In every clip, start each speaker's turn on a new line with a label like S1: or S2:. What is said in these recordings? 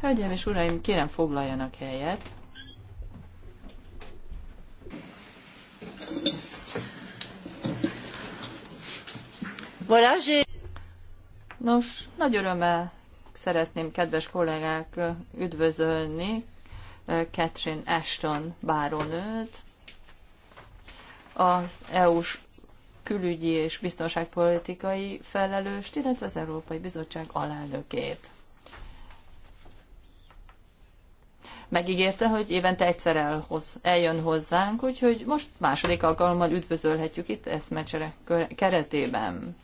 S1: Hölgyeim és uraim, kérem foglaljanak helyet. Nos, nagy örömmel szeretném kedves kollégák üdvözölni eh, Catherine Ashton bárónőt az EU-s külügyi és biztonságpolitikai felelőst, illetve az Európai Bizottság alelnökét. megígérte, hogy évente egyszer elhoz, eljön hozzánk, úgyhogy most második alkalommal üdvözölhetjük itt eszmecsere keretében.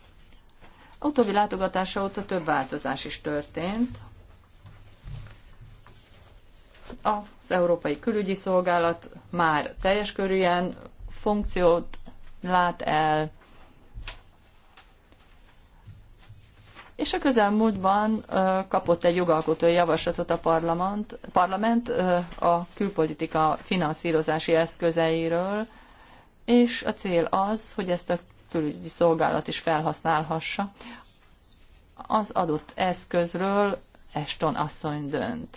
S1: Utóbbi látogatása óta több változás is történt. Az Európai Külügyi Szolgálat már teljes körűen funkciót lát el, és a közelmúltban kapott egy jogalkotói javaslatot a parlament, parlament a külpolitika finanszírozási eszközeiről, és a cél az, hogy ezt a külügyi szolgálat is felhasználhassa. Az adott eszközről Eston asszony dönt.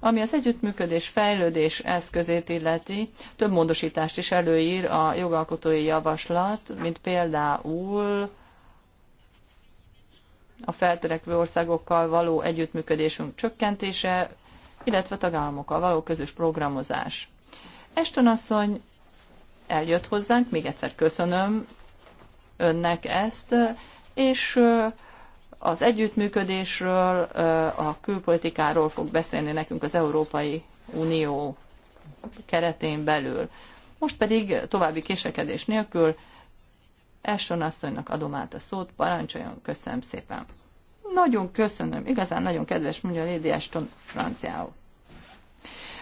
S1: Ami az együttműködés fejlődés eszközét illeti, több módosítást is előír a jogalkotói javaslat, mint például a feltörekvő országokkal való együttműködésünk csökkentése, illetve tagállamokkal való közös programozás. Eston asszony eljött hozzánk, még egyszer köszönöm önnek ezt, és az együttműködésről, a külpolitikáról fog beszélni nekünk az Európai Unió keretén belül. Most pedig további késekedés nélkül Esson asszonynak adom át a szót, parancsoljon, köszönöm szépen. Nagyon köszönöm, igazán nagyon kedves, mondja Lady Ashton franciául.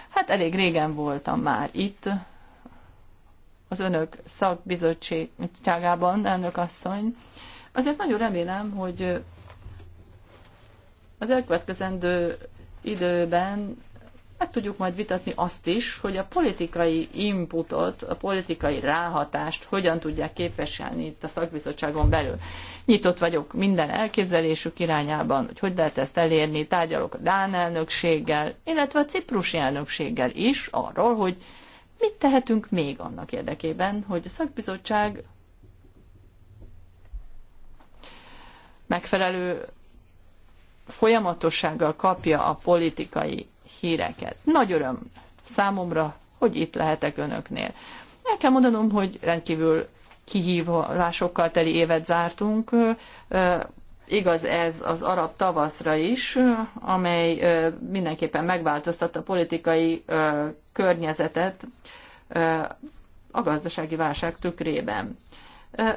S1: Hát elég régen voltam már itt, az önök szakbizottságában, elnök asszony. Azért nagyon remélem, hogy az elkövetkezendő időben meg hát tudjuk majd vitatni azt is, hogy a politikai inputot, a politikai ráhatást hogyan tudják képviselni itt a szakbizottságon belül. Nyitott vagyok minden elképzelésük irányában, hogy hogy lehet ezt elérni, tárgyalok a Dán elnökséggel, illetve a Ciprusi elnökséggel is arról, hogy mit tehetünk még annak érdekében, hogy a szakbizottság megfelelő folyamatossággal kapja a politikai híreket. Nagy öröm számomra, hogy itt lehetek önöknél. El kell mondanom, hogy rendkívül kihívásokkal teli évet zártunk. Igaz ez az arab tavaszra is, amely mindenképpen megváltoztatta a politikai környezetet a gazdasági válság tükrében.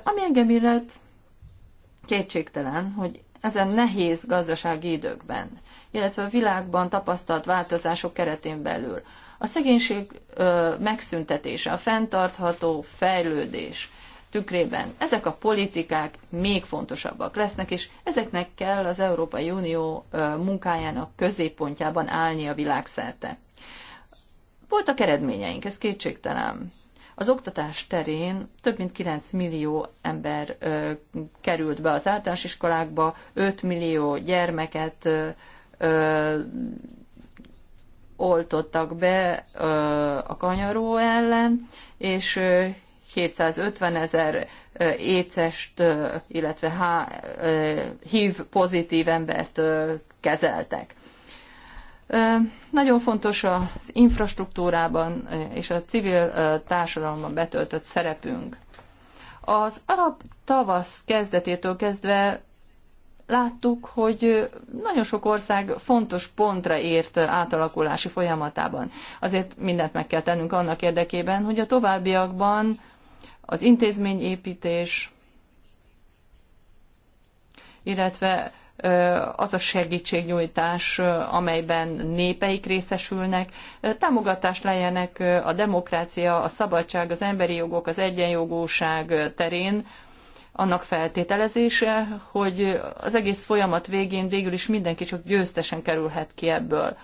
S1: Ami engem illet, kétségtelen, hogy ezen nehéz gazdasági időkben illetve a világban tapasztalt változások keretén belül. A szegénység megszüntetése, a fenntartható fejlődés tükrében ezek a politikák még fontosabbak lesznek, és ezeknek kell az Európai Unió munkájának középpontjában állni a világszerte. Voltak eredményeink, ez kétségtelen. Az oktatás terén több mint 9 millió ember ö, került be az általános iskolákba, 5 millió gyermeket ö, ö, oltottak be ö, a kanyaró ellen, és ö, 750 ezer écest, illetve há, HIV pozitív embert kezeltek. Nagyon fontos az infrastruktúrában és a civil társadalomban betöltött szerepünk. Az arab tavasz kezdetétől kezdve láttuk, hogy nagyon sok ország fontos pontra ért átalakulási folyamatában. Azért mindent meg kell tennünk annak érdekében, hogy a továbbiakban az intézményépítés, illetve az a segítségnyújtás, amelyben népeik részesülnek, támogatást lejjenek a demokrácia, a szabadság, az emberi jogok, az egyenjogóság terén, annak feltételezése, hogy az egész folyamat végén végül is mindenki csak győztesen kerülhet ki ebből.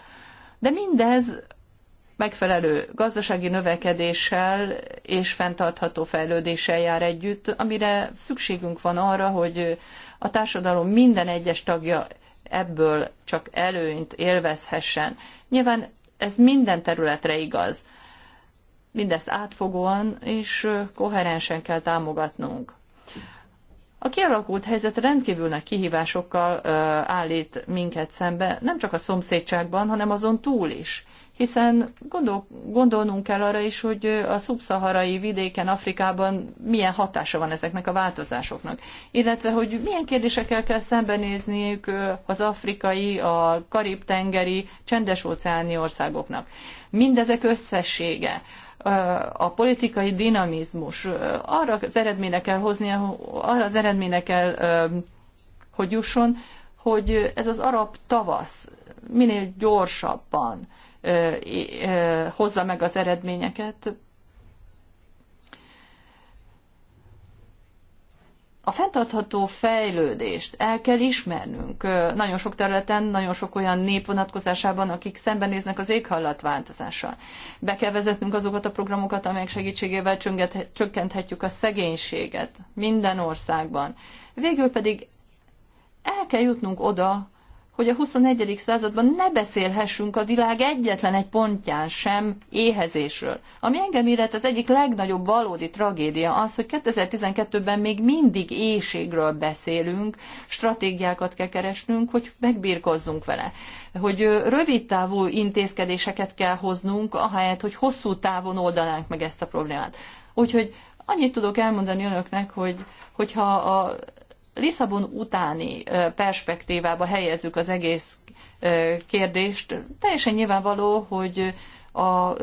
S1: De mindez megfelelő gazdasági növekedéssel és fenntartható fejlődéssel jár együtt, amire szükségünk van arra, hogy a társadalom minden egyes tagja ebből csak előnyt élvezhessen. Nyilván ez minden területre igaz. Mindezt átfogóan és koherensen kell támogatnunk. A kialakult helyzet rendkívül nagy kihívásokkal ö, állít minket szembe, nem csak a szomszédságban, hanem azon túl is. Hiszen gondol, gondolnunk kell arra is, hogy a szubszaharai vidéken, Afrikában milyen hatása van ezeknek a változásoknak. Illetve, hogy milyen kérdésekkel kell szembenézniük az afrikai, a karib-tengeri, csendes-óceáni országoknak. Mindezek összessége a politikai dinamizmus arra az eredményre kell hoznia, arra az eredményre kell, hogy jusson, hogy ez az arab tavasz minél gyorsabban hozza meg az eredményeket, a fenntartható fejlődést el kell ismernünk. Nagyon sok területen, nagyon sok olyan nép vonatkozásában, akik szembenéznek az éghajlatváltozással. Be kell vezetnünk azokat a programokat, amelyek segítségével csökkenthetjük a szegénységet minden országban. Végül pedig el kell jutnunk oda, hogy a XXI. században ne beszélhessünk a világ egyetlen egy pontján sem éhezésről. Ami engem illet az egyik legnagyobb valódi tragédia az, hogy 2012-ben még mindig éjségről beszélünk, stratégiákat kell keresnünk, hogy megbírkozzunk vele. Hogy rövid távú intézkedéseket kell hoznunk, ahelyett, hogy hosszú távon oldanánk meg ezt a problémát. Úgyhogy annyit tudok elmondani önöknek, hogy hogyha a Lisszabon utáni perspektívába helyezzük az egész kérdést, teljesen nyilvánvaló, hogy a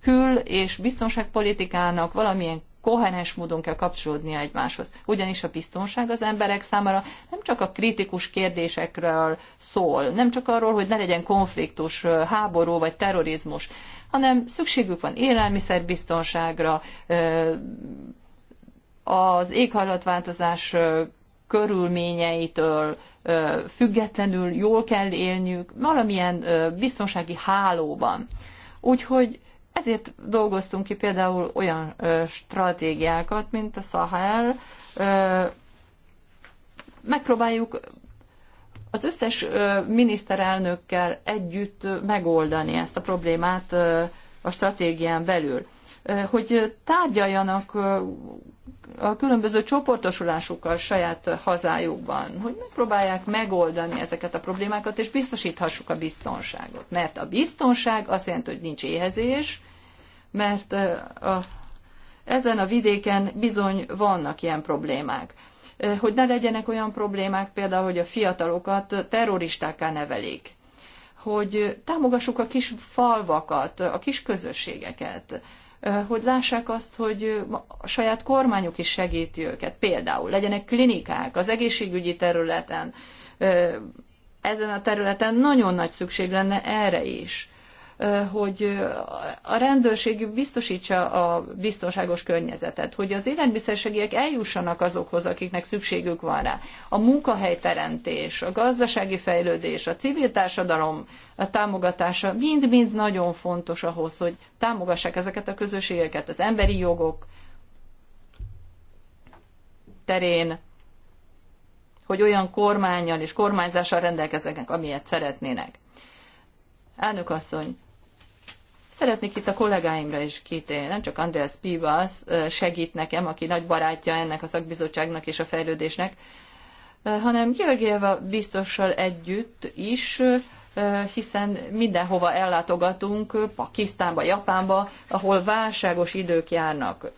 S1: kül- és biztonságpolitikának valamilyen koherens módon kell kapcsolódnia egymáshoz. Ugyanis a biztonság az emberek számára nem csak a kritikus kérdésekről szól, nem csak arról, hogy ne legyen konfliktus, háború vagy terrorizmus, hanem szükségük van élelmiszerbiztonságra, az éghajlatváltozás körülményeitől függetlenül jól kell élniük valamilyen biztonsági hálóban. Úgyhogy ezért dolgoztunk ki például olyan stratégiákat, mint a Sahel. Megpróbáljuk az összes miniszterelnökkel együtt megoldani ezt a problémát a stratégián belül hogy tárgyaljanak a különböző csoportosulásukkal saját hazájukban, hogy megpróbálják megoldani ezeket a problémákat, és biztosíthassuk a biztonságot. Mert a biztonság azt jelenti, hogy nincs éhezés, mert a, ezen a vidéken bizony vannak ilyen problémák. Hogy ne legyenek olyan problémák, például, hogy a fiatalokat terroristákká nevelik, hogy támogassuk a kis falvakat, a kis közösségeket, hogy lássák azt, hogy a saját kormányuk is segíti őket. Például legyenek klinikák az egészségügyi területen, ezen a területen nagyon nagy szükség lenne erre is hogy a rendőrség biztosítsa a biztonságos környezetet, hogy az élelmiszersegélyek eljussanak azokhoz, akiknek szükségük van rá. A munkahelyteremtés, a gazdasági fejlődés, a civil társadalom a támogatása mind-mind nagyon fontos ahhoz, hogy támogassák ezeket a közösségeket, az emberi jogok terén, hogy olyan kormányjal és kormányzással rendelkeznek, amilyet szeretnének. Elnök asszony, Szeretnék itt a kollégáimra is kitérni, nem csak Andreas Pivas segít nekem, aki nagy barátja ennek a szakbizottságnak és a fejlődésnek, hanem Györgyéva biztossal együtt is, hiszen mindenhova ellátogatunk, Pakisztánba, Japánba, ahol válságos idők járnak.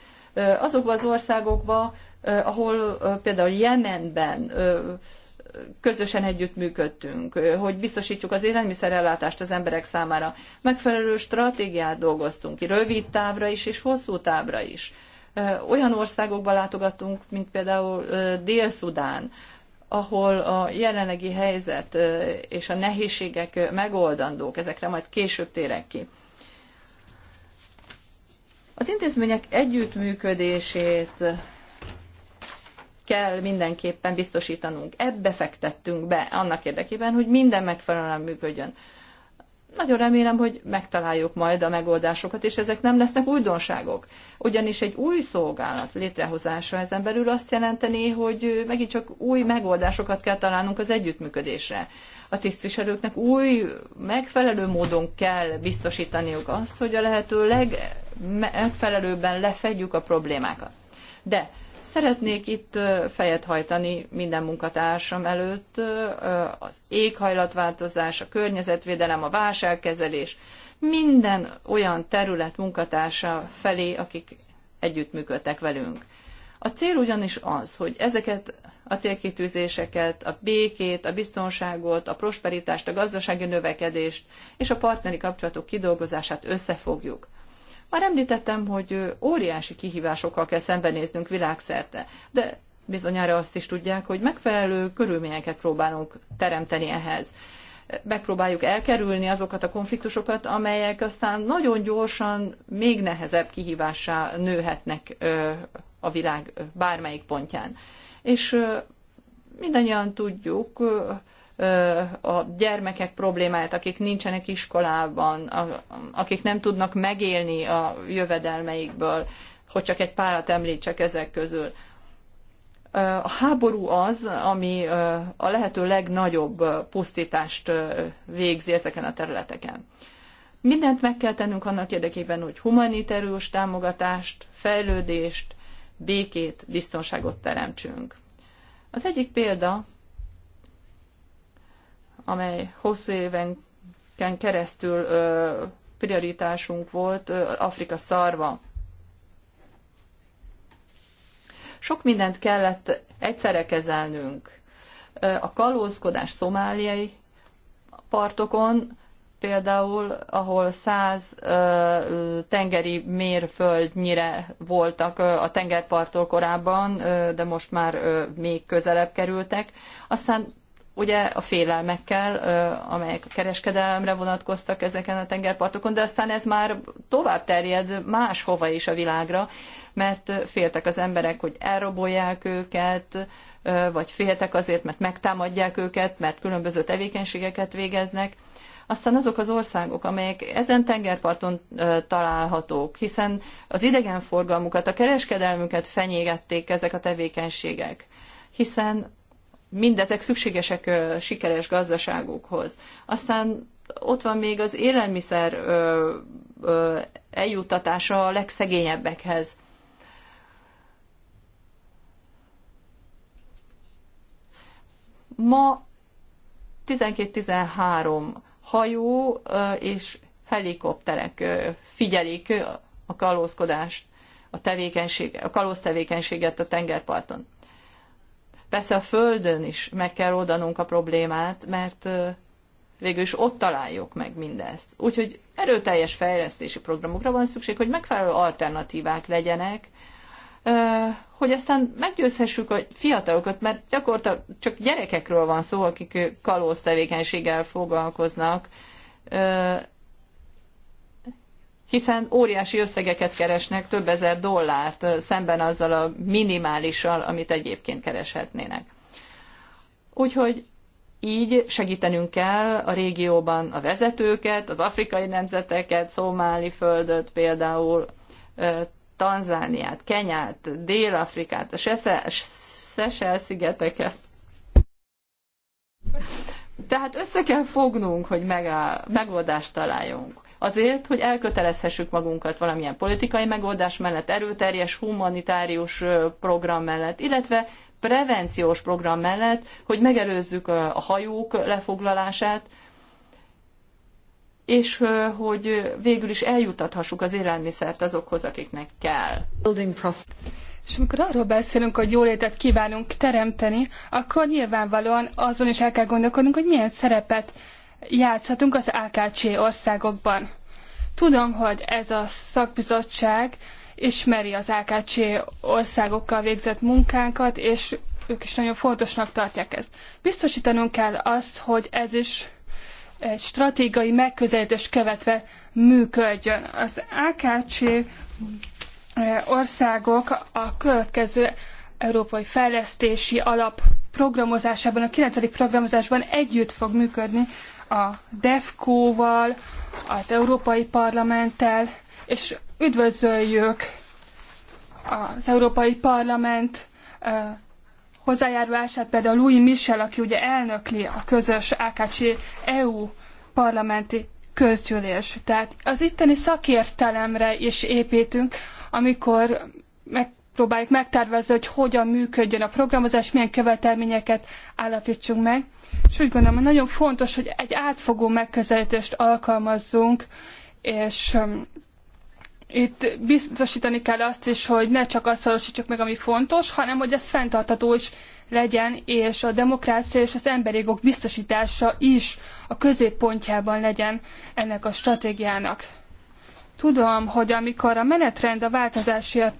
S1: azokban az országokban, ahol például Jemenben közösen együttműködtünk, hogy biztosítsuk az élelmiszerellátást az emberek számára. Megfelelő stratégiát dolgoztunk ki, rövid távra is és hosszú távra is. Olyan országokba látogatunk, mint például Dél-Szudán, ahol a jelenlegi helyzet és a nehézségek megoldandók, ezekre majd később térek ki. Az intézmények együttműködését kell mindenképpen biztosítanunk. Ebbe fektettünk be annak érdekében, hogy minden megfelelően működjön. Nagyon remélem, hogy megtaláljuk majd a megoldásokat, és ezek nem lesznek újdonságok. Ugyanis egy új szolgálat létrehozása ezen belül azt jelenteni, hogy megint csak új megoldásokat kell találnunk az együttműködésre. A tisztviselőknek új, megfelelő módon kell biztosítaniuk azt, hogy a lehető legmegfelelőbben lefedjük a problémákat. De Szeretnék itt fejet hajtani minden munkatársam előtt, az éghajlatváltozás, a környezetvédelem, a válságkezelés, minden olyan terület munkatársa felé, akik együttműködtek velünk. A cél ugyanis az, hogy ezeket a célkitűzéseket, a békét, a biztonságot, a prosperitást, a gazdasági növekedést és a partneri kapcsolatok kidolgozását összefogjuk. Már említettem, hogy óriási kihívásokkal kell szembenéznünk világszerte, de bizonyára azt is tudják, hogy megfelelő körülményeket próbálunk teremteni ehhez. Megpróbáljuk elkerülni azokat a konfliktusokat, amelyek aztán nagyon gyorsan még nehezebb kihívássá nőhetnek a világ bármelyik pontján. És mindannyian tudjuk, a gyermekek problémáját, akik nincsenek iskolában, akik nem tudnak megélni a jövedelmeikből, hogy csak egy párat említsek ezek közül. A háború az, ami a lehető legnagyobb pusztítást végzi ezeken a területeken. Mindent meg kell tennünk annak érdekében, hogy humanitárius támogatást, fejlődést, békét, biztonságot teremtsünk. Az egyik példa amely hosszú éven keresztül prioritásunk volt, Afrika szarva. Sok mindent kellett egyszerre kezelnünk. A kalózkodás szomáliai partokon, például, ahol száz tengeri mérföldnyire voltak a tengerparttól korábban, de most már még közelebb kerültek. Aztán ugye a félelmekkel, amelyek a kereskedelemre vonatkoztak ezeken a tengerpartokon, de aztán ez már tovább terjed máshova is a világra, mert féltek az emberek, hogy elrabolják őket, vagy féltek azért, mert megtámadják őket, mert különböző tevékenységeket végeznek. Aztán azok az országok, amelyek ezen tengerparton találhatók, hiszen az idegenforgalmukat, a kereskedelmüket fenyegették ezek a tevékenységek, hiszen mindezek szükségesek sikeres gazdaságokhoz. Aztán ott van még az élelmiszer eljuttatása a legszegényebbekhez. Ma 12-13 hajó és helikopterek figyelik a kalózkodást, a, tevékenység, a kalóz tevékenységet a tengerparton. Persze a Földön is meg kell oldanunk a problémát, mert végül is ott találjuk meg mindezt. Úgyhogy erőteljes fejlesztési programokra van szükség, hogy megfelelő alternatívák legyenek, hogy aztán meggyőzhessük a fiatalokat, mert gyakorta csak gyerekekről van szó, akik kalóz tevékenységgel foglalkoznak, hiszen óriási összegeket keresnek, több ezer dollárt szemben azzal a minimálissal, amit egyébként kereshetnének. Úgyhogy így segítenünk kell a régióban a vezetőket, az afrikai nemzeteket, Szomáli földöt például, Tanzániát, Kenyát, Dél-Afrikát, a Seychelles-szigeteket. Tehát össze kell fognunk, hogy megáll, megoldást találjunk azért, hogy elkötelezhessük magunkat valamilyen politikai megoldás mellett, erőteljes humanitárius program mellett, illetve prevenciós program mellett, hogy megelőzzük a hajók lefoglalását, és hogy végül is eljutathassuk az élelmiszert azokhoz,
S2: akiknek kell. És amikor arról beszélünk, hogy jólétet kívánunk teremteni, akkor nyilvánvalóan azon is el kell gondolkodnunk, hogy milyen szerepet játszhatunk az AKC országokban. Tudom, hogy ez a szakbizottság ismeri az AKC országokkal végzett munkánkat, és ők is nagyon fontosnak tartják ezt. Biztosítanunk kell azt, hogy ez is egy stratégiai megközelítés követve működjön. Az AKC e, országok a következő Európai Fejlesztési Alap programozásában, a 9. programozásban együtt fog működni a DEFCO-val, az Európai Parlamenttel, és üdvözöljük az Európai Parlament hozzájárulását, például Louis Michel, aki ugye elnökli a közös AKC EU parlamenti közgyűlés. Tehát az itteni szakértelemre is építünk, amikor meg próbáljuk megtervezni, hogy hogyan működjön a programozás, milyen követelményeket állapítsunk meg. És úgy gondolom, hogy nagyon fontos, hogy egy átfogó megközelítést alkalmazzunk, és um, itt biztosítani kell azt is, hogy ne csak azt valósítsuk meg, ami fontos, hanem hogy ez fenntartható is legyen, és a demokrácia és az emberi jogok biztosítása is a középpontjában legyen ennek a stratégiának. Tudom, hogy amikor a menetrend a változásért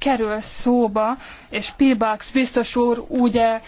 S2: kerül szóba, és Pibax biztos úr ugye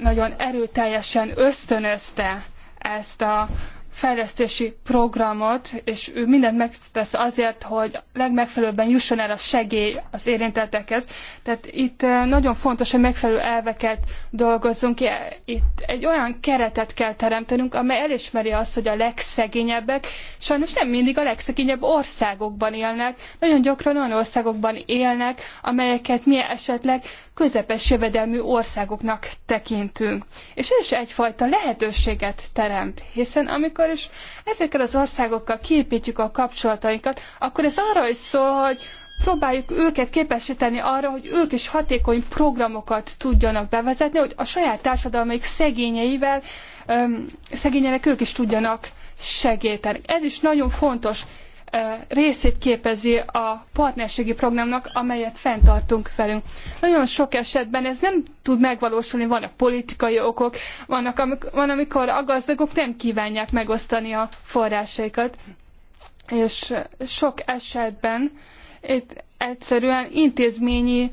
S2: nagyon erőteljesen ösztönözte ezt a fejlesztési programot, és ő mindent megtesz azért, hogy legmegfelelőbben jusson el a segély az érintettekhez. Tehát itt eh, nagyon fontos, hogy megfelelő elveket dolgozzunk ki. Itt egy olyan keretet kell teremtenünk, amely elismeri azt, hogy a legszegényebbek sajnos nem mindig a legszegényebb országokban élnek, nagyon gyakran olyan országokban élnek, amelyeket mi esetleg közepes jövedelmű országoknak tekintünk. És ez is egyfajta lehetőséget teremt, hiszen amikor országokkal, és ezekkel az országokkal kiépítjük a kapcsolatainkat, akkor ez arra is szól, hogy próbáljuk őket képesíteni arra, hogy ők is hatékony programokat tudjanak bevezetni, hogy a saját társadalmaik szegényeivel, öm, szegényeinek ők is tudjanak segíteni. Ez is nagyon fontos részét képezi a partnerségi programnak, amelyet fenntartunk velünk. Nagyon sok esetben ez nem tud megvalósulni, vannak politikai okok, vannak, amikor, van amikor a gazdagok nem kívánják megosztani a forrásaikat, és sok esetben itt egyszerűen intézményi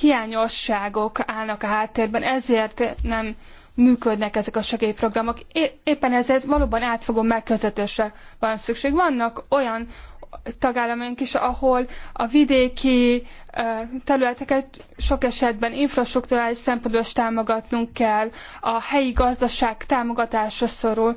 S2: hiányosságok állnak a háttérben, ezért nem működnek ezek a segélyprogramok. Éppen ezért valóban átfogó megközelítésre van szükség. Vannak olyan tagállamunk is, ahol a vidéki területeket sok esetben infrastruktúrális szempontból is támogatnunk kell, a helyi gazdaság támogatásra szorul,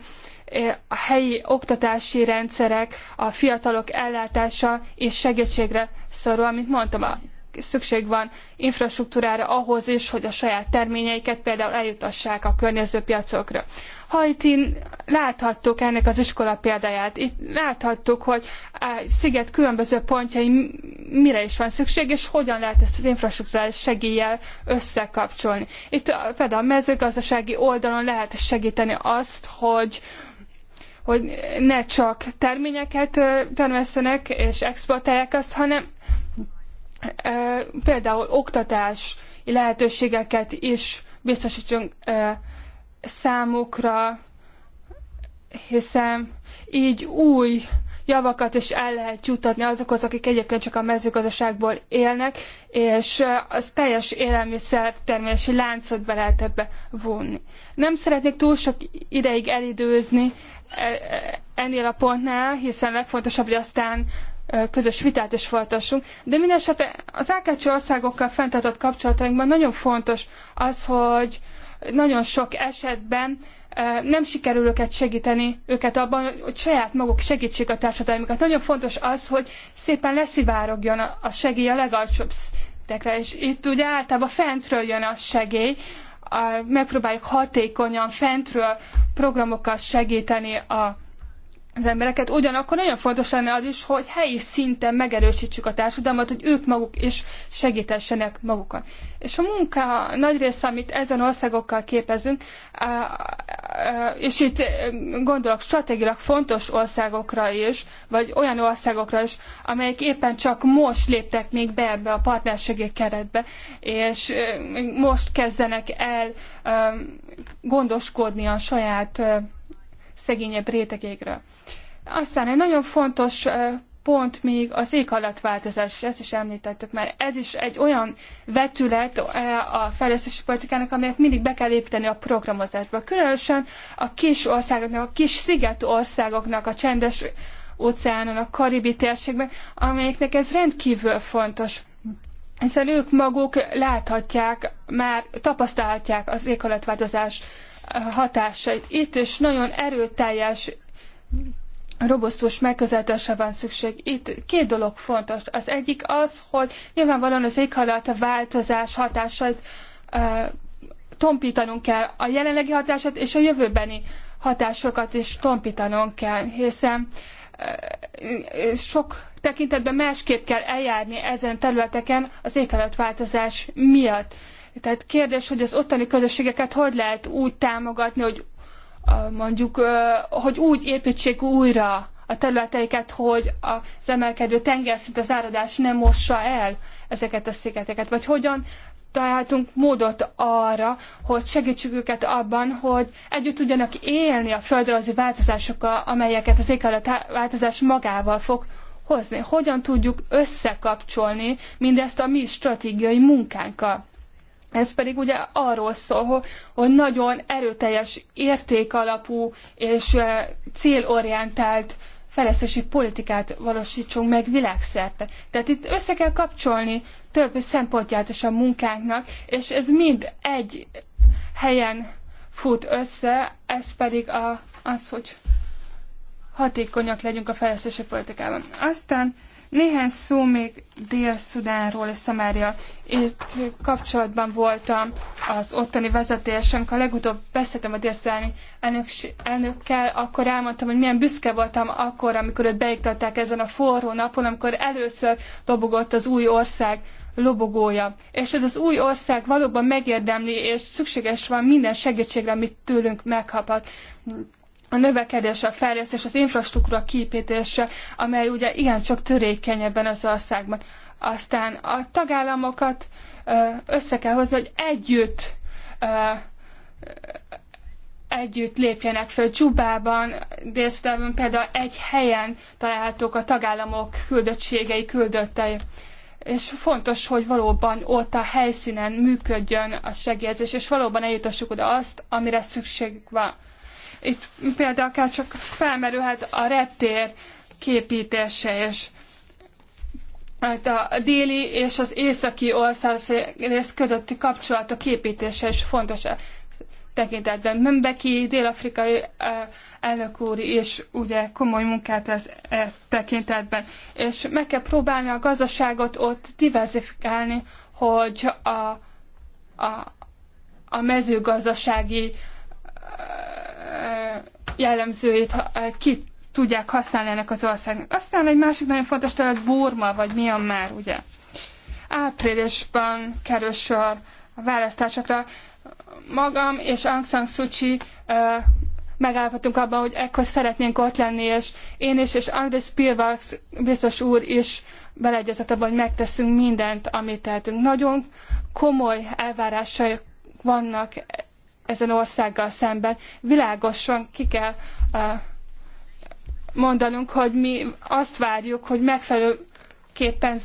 S2: a helyi oktatási rendszerek, a fiatalok ellátása és segítségre szorul, amit mondtam, a szükség van infrastruktúrára ahhoz is, hogy a saját terményeiket például eljutassák a környező piacokra. Haitin láthattuk ennek az iskola példáját. Itt láthattuk, hogy a sziget különböző pontjai mire is van szükség, és hogyan lehet ezt az infrastruktúrális segéllyel összekapcsolni. Itt például a mezőgazdasági oldalon lehet segíteni azt, hogy hogy ne csak terményeket termesztenek és exportálják azt, hanem például oktatási lehetőségeket is biztosítsunk számukra, hiszen így új javakat is el lehet juttatni azokhoz, akik egyébként csak a mezőgazdaságból élnek, és az teljes élelmiszertermelési láncot be lehet ebbe vonni. Nem szeretnék túl sok ideig elidőzni ennél a pontnál, hiszen legfontosabb, hogy aztán közös vitát is folytassunk. De minden esetre az AKC országokkal fenntartott kapcsolatainkban nagyon fontos az, hogy nagyon sok esetben nem sikerül őket segíteni, őket abban, hogy saját maguk segítsék a társadalmukat. Nagyon fontos az, hogy szépen leszivárogjon a segély a legalsóbb szintekre, és itt ugye általában fentről jön a segély, megpróbáljuk hatékonyan fentről programokkal segíteni a az embereket, ugyanakkor nagyon fontos lenne az is, hogy helyi szinten megerősítsük a társadalmat, hogy ők maguk is segítessenek magukon. És a munka nagy része, amit ezen országokkal képezünk, és itt gondolok stratégilag fontos országokra is, vagy olyan országokra is, amelyek éppen csak most léptek még be ebbe a partnerségi keretbe, és most kezdenek el gondoskodni a saját legszegényebb rétegékre. Aztán egy nagyon fontos pont még az változás, ezt is említettük mert Ez is egy olyan vetület a fejlesztési politikának, amelyet mindig be kell építeni a programozásba. Különösen a kis országoknak, a kis sziget országoknak, a csendes óceánon, a karibi térségben, amelyeknek ez rendkívül fontos hiszen ők maguk láthatják, már tapasztalhatják az éghajlatváltozás hatásait. Itt is nagyon erőteljes robosztus megközelítésre van szükség. Itt két dolog fontos. Az egyik az, hogy nyilvánvalóan az éghajlat változás hatásait e, tompítanunk kell, a jelenlegi hatását és a jövőbeni hatásokat is tompítanunk kell, hiszen e, sok tekintetben másképp kell eljárni ezen területeken az éghajlatváltozás miatt. Tehát kérdés, hogy az ottani közösségeket hogy lehet úgy támogatni, hogy mondjuk, hogy úgy építsék újra a területeiket, hogy az emelkedő tengerszint, az áradás nem mossa el ezeket a szigeteket, vagy hogyan találtunk módot arra, hogy segítsük őket abban, hogy együtt tudjanak élni a földrajzi változásokkal, amelyeket az változás magával fog hozni. Hogyan tudjuk összekapcsolni mindezt a mi stratégiai munkánkkal. Ez pedig ugye arról szól, hogy nagyon erőteljes értékalapú és eh, célorientált fejlesztési politikát valósítsunk meg világszerte. Tehát itt össze kell kapcsolni több szempontját is a munkánknak, és ez mind egy helyen fut össze, ez pedig a, az, hogy hatékonyak legyünk a fejlesztési politikában. Aztán néhány szó még Dél-Szudánról és Szamária. Itt kapcsolatban voltam az ottani vezetés, amikor a legutóbb beszéltem a dél-szudáni elnökkel, akkor elmondtam, hogy milyen büszke voltam akkor, amikor őt beiktatták ezen a forró napon, amikor először lobogott az új ország lobogója. És ez az új ország valóban megérdemli, és szükséges van minden segítségre, amit tőlünk megkaphat a növekedés, a fejlesztés, az infrastruktúra kiépítése, amely ugye igencsak törékeny ebben az országban. Aztán a tagállamokat össze kell hozni, hogy együtt együtt lépjenek föl Csubában, Délszudában például egy helyen találhatók a tagállamok küldöttségei, küldöttei. És fontos, hogy valóban ott a helyszínen működjön a segélyezés, és valóban eljutassuk oda azt, amire szükségük van itt például akár csak felmerülhet a reptér képítése és hát a déli és az északi ország rész közötti kapcsolatok képítése is fontos a e tekintetben. Mömbeki, dél-afrikai e, elnök úr is ugye komoly munkát ez e tekintetben. És meg kell próbálni a gazdaságot ott diversifikálni, hogy a, a, a mezőgazdasági uh, jellemzőit eh, ki tudják használni ennek az országnak. Aztán egy másik nagyon fontos terület Burma vagy Myanmar, ugye. Áprilisban kerül sor a választásokra. Magam és Aung San Suu Kyi eh, megállapodtunk abban, hogy ekkor szeretnénk ott lenni, és én is, és Andrész Spielberg biztos úr is beleegyezett abban, hogy megteszünk mindent, amit tehetünk. Nagyon komoly elvárásai vannak ezen országgal szemben. Világosan ki kell mondanunk, hogy mi azt várjuk, hogy megfelelőképpen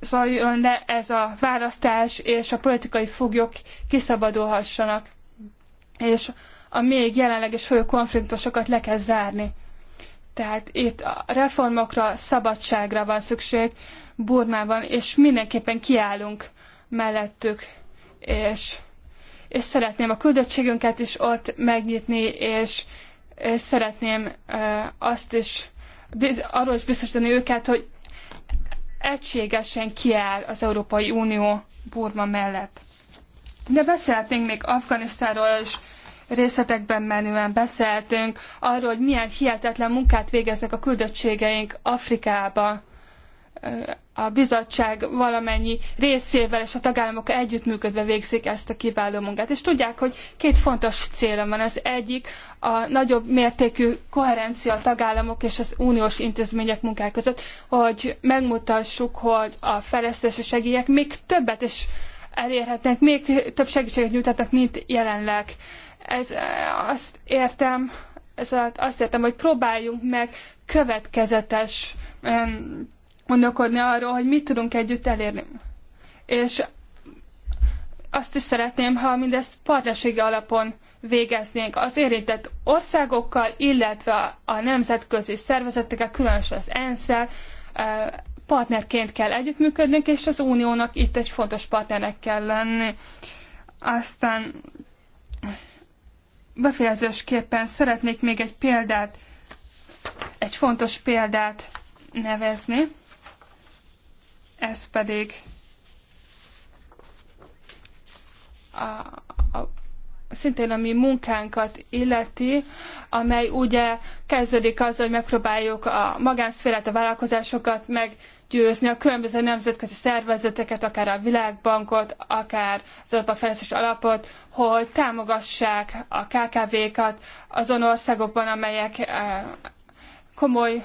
S2: zajljon le ez a választás, és a politikai foglyok kiszabadulhassanak, és a még jelenleg is folyó konfliktusokat le kell zárni. Tehát itt a reformokra, szabadságra van szükség Burmában, és mindenképpen kiállunk mellettük, és és szeretném a küldöttségünket is ott megnyitni, és szeretném azt is, arról is biztosítani őket, hogy egységesen kiáll az Európai Unió Burma mellett. De beszéltünk még Afganisztáról is, részletekben menően beszéltünk arról, hogy milyen hihetetlen munkát végeznek a küldöttségeink Afrikába, a bizottság valamennyi részével és a tagállamok együttműködve végzik ezt a kiváló munkát. És tudják, hogy két fontos célom van. Az egyik a nagyobb mértékű koherencia a tagállamok és az uniós intézmények munkák között, hogy megmutassuk, hogy a fejlesztési segélyek még többet is elérhetnek, még több segítséget nyújtatnak, mint jelenleg. Ez, e, azt értem, ez azt értem, hogy próbáljunk meg következetes um, gondolkodni arról, hogy mit tudunk együtt elérni. És azt is szeretném, ha mindezt partnerségi alapon végeznénk az érintett országokkal, illetve a nemzetközi szervezetekkel, különösen az ensz partnerként kell együttműködnünk, és az uniónak itt egy fontos partnernek kell lenni. Aztán befejezésképpen szeretnék még egy példát, egy fontos példát nevezni ez pedig a, a, szintén a mi munkánkat illeti, amely ugye kezdődik azzal, hogy megpróbáljuk a magánszférát, a vállalkozásokat meggyőzni, a különböző nemzetközi szervezeteket, akár a Világbankot, akár az Európa Fejlesztés Alapot, hogy támogassák a KKV-kat azon országokban, amelyek eh, komoly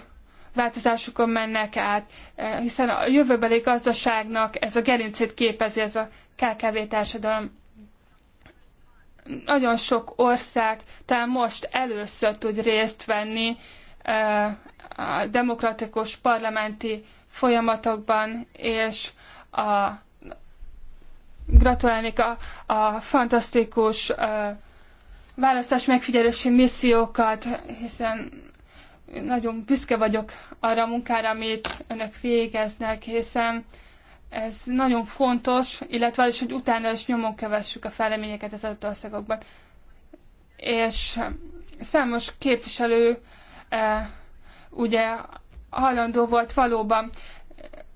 S2: változásokon mennek át, eh, hiszen a jövőbeli gazdaságnak ez a gerincét képezi, ez a KKV társadalom. Nagyon sok ország talán most először tud részt venni eh, a demokratikus parlamenti folyamatokban, és a, gratulálnék a, a fantasztikus eh, választás megfigyelési missziókat, hiszen nagyon büszke vagyok arra a munkára, amit önök végeznek, hiszen ez nagyon fontos, illetve az is, hogy utána is nyomon kövessük a fejleményeket az adott országokban. És számos képviselő e, ugye hajlandó volt valóban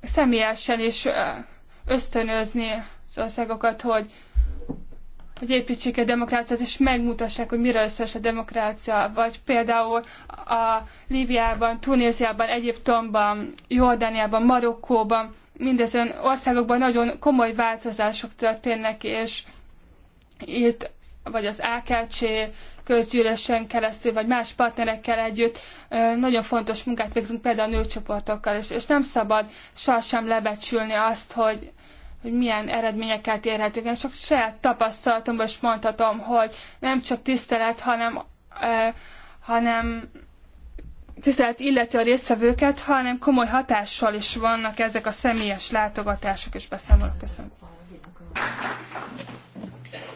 S2: személyesen is eh, ösztönözni az országokat, hogy hogy építsék a demokráciát, és megmutassák, hogy mire összes a demokrácia, vagy például a Líbiában, Tunéziában, Egyiptomban, Jordániában, Marokkóban, mindezen országokban nagyon komoly változások történnek, és itt vagy az AKC közgyűlésen keresztül, vagy más partnerekkel együtt nagyon fontos munkát végzünk például a nőcsoportokkal, és, és nem szabad sohasem lebecsülni azt, hogy hogy milyen eredményeket érhetünk. Én csak saját tapasztalatomból is mondhatom, hogy nem csak tisztelet, hanem, eh, hanem tisztelet illeti a résztvevőket, hanem komoly hatással is vannak ezek a személyes látogatások és beszámolók. Köszönöm.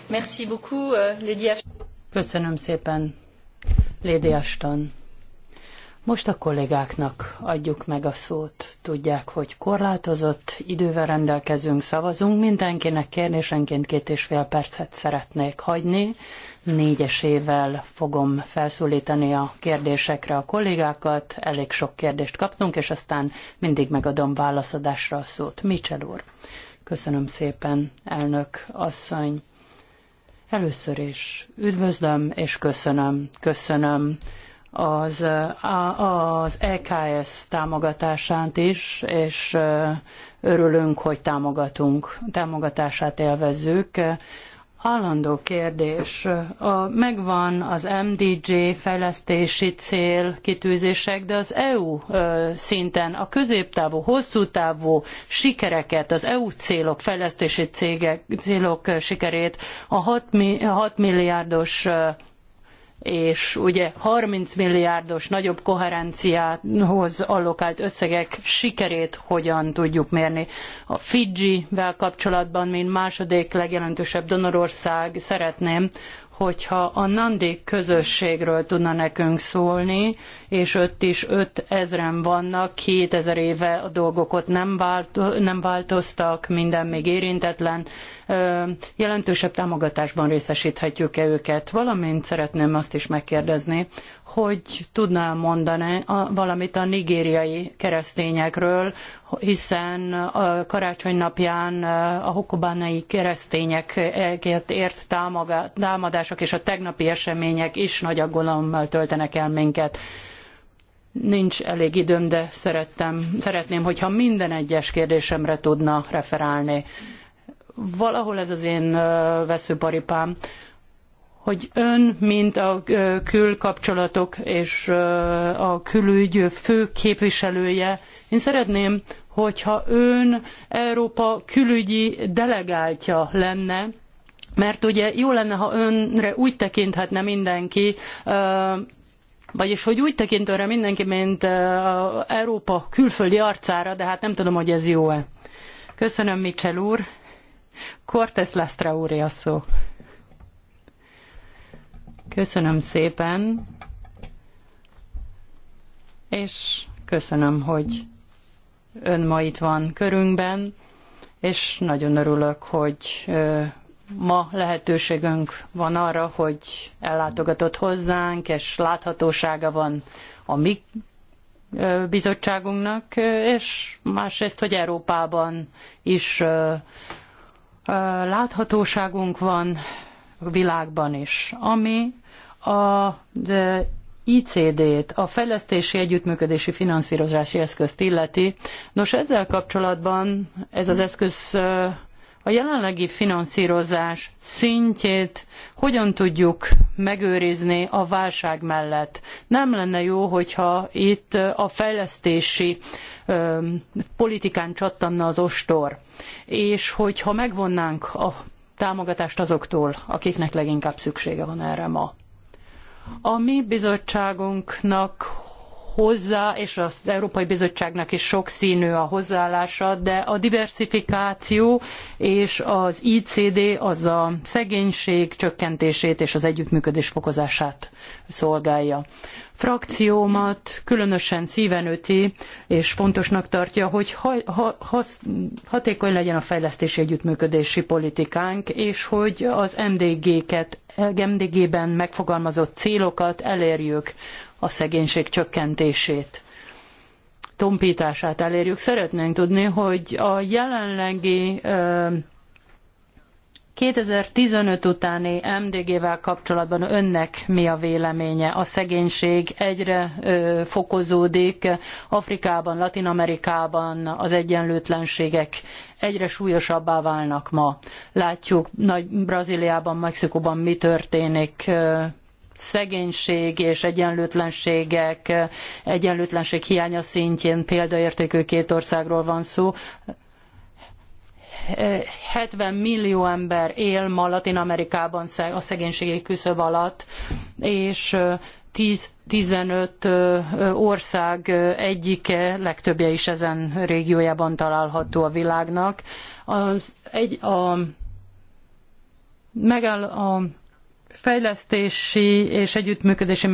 S2: Merci beaucoup, euh, Lady Ashton.
S3: Köszönöm szépen, Lady Ashton. Most a kollégáknak adjuk meg a szót. Tudják, hogy korlátozott idővel rendelkezünk, szavazunk. Mindenkinek kérdésenként két és fél percet szeretnék hagyni. Négyesével fogom felszólítani a kérdésekre a kollégákat. Elég sok kérdést kaptunk, és aztán mindig megadom válaszadásra a szót. Mitchell úr. Köszönöm szépen, elnök asszony. Először is üdvözlöm és köszönöm. Köszönöm az, az EKS támogatását is, és örülünk, hogy támogatunk, támogatását élvezzük. Állandó kérdés. megvan az MDG fejlesztési cél kitűzések, de az EU szinten a középtávú, hosszú távú sikereket, az EU célok, fejlesztési cégek, célok sikerét, a 6, milliárdos és ugye 30 milliárdos nagyobb koherenciához allokált összegek sikerét hogyan tudjuk mérni. A Fidzsivel kapcsolatban, mint második legjelentősebb donorország szeretném, hogyha a Nandi közösségről tudna nekünk szólni, és ott is 5000-en vannak, 2000 éve a dolgok ott nem, nem változtak, minden még érintetlen, jelentősebb támogatásban részesíthetjük-e őket, valamint szeretném azt is megkérdezni, hogy tudná mondani a, valamit a nigériai keresztényekről, hiszen a karácsony napján a hokobánai keresztényeket ért támadások és a tegnapi események is nagy aggodalommal töltenek el minket. Nincs elég időm, de szerettem, szeretném, hogyha minden egyes kérdésemre tudna referálni valahol ez az én veszőparipám, hogy ön, mint a külkapcsolatok és a külügy fő képviselője, én szeretném, hogyha ön Európa külügyi delegáltja lenne, mert ugye jó lenne, ha önre úgy tekinthetne mindenki, vagyis hogy úgy tekint önre mindenki, mint Európa külföldi arcára, de hát nem tudom, hogy ez jó-e. Köszönöm, Mitchell úr. Cortes Lastra a szó. Köszönöm szépen, és köszönöm, hogy ön ma itt van körünkben, és nagyon örülök, hogy ma lehetőségünk van arra, hogy ellátogatott hozzánk, és láthatósága van a mi bizottságunknak, és másrészt, hogy Európában is láthatóságunk van a világban is, ami a ICD-t, a fejlesztési együttműködési finanszírozási eszközt illeti. Nos, ezzel kapcsolatban ez az eszköz a jelenlegi finanszírozás szintjét hogyan tudjuk megőrizni a válság mellett. Nem lenne jó, hogyha itt a fejlesztési politikán csattanna az ostor. És hogyha megvonnánk a támogatást azoktól, akiknek leginkább szüksége van erre ma. A mi bizottságunknak hozzá, és az Európai Bizottságnak is sokszínű a hozzáállása, de a diversifikáció és az ICD az a szegénység csökkentését és az együttműködés fokozását szolgálja frakciómat különösen szíven üti, és fontosnak tartja, hogy ha, ha, has, hatékony legyen a fejlesztési együttműködési politikánk, és hogy az MDG-ket, MDG-ben megfogalmazott célokat elérjük a szegénység csökkentését tompítását elérjük. Szeretnénk tudni, hogy a jelenlegi 2015 utáni MDG-vel kapcsolatban önnek mi a véleménye? A szegénység egyre fokozódik, Afrikában, Latin Amerikában az egyenlőtlenségek egyre súlyosabbá válnak ma. Látjuk Nagy Brazíliában, Mexikóban mi történik, szegénység és egyenlőtlenségek, egyenlőtlenség hiánya szintjén példaértékű két országról van szó. 70 millió ember él ma Latin Amerikában a szegénységi küszöb alatt, és 10-15 ország egyike, legtöbbje is ezen régiójában található a világnak. Az egy, a, megáll, a fejlesztési és együttműködési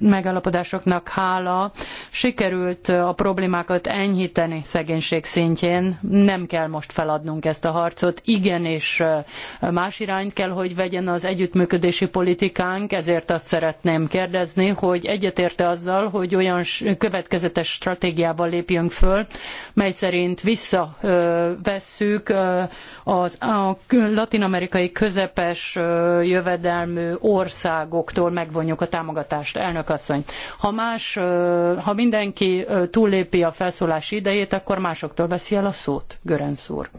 S3: megállapodásoknak hála sikerült a problémákat enyhíteni szegénység szintjén. Nem kell most feladnunk ezt a harcot. Igen, és más irányt kell, hogy vegyen az együttműködési politikánk, ezért azt szeretném kérdezni, hogy egyetérte azzal, hogy olyan következetes stratégiával lépjünk föl, mely szerint visszavesszük az a latin-amerikai közepes jövedelmű országoktól megvonjuk a támogatást, elnök asszony. Ha más, ha mindenki túllépi a felszólási idejét, akkor másoktól veszi el a szót, Görenc úr.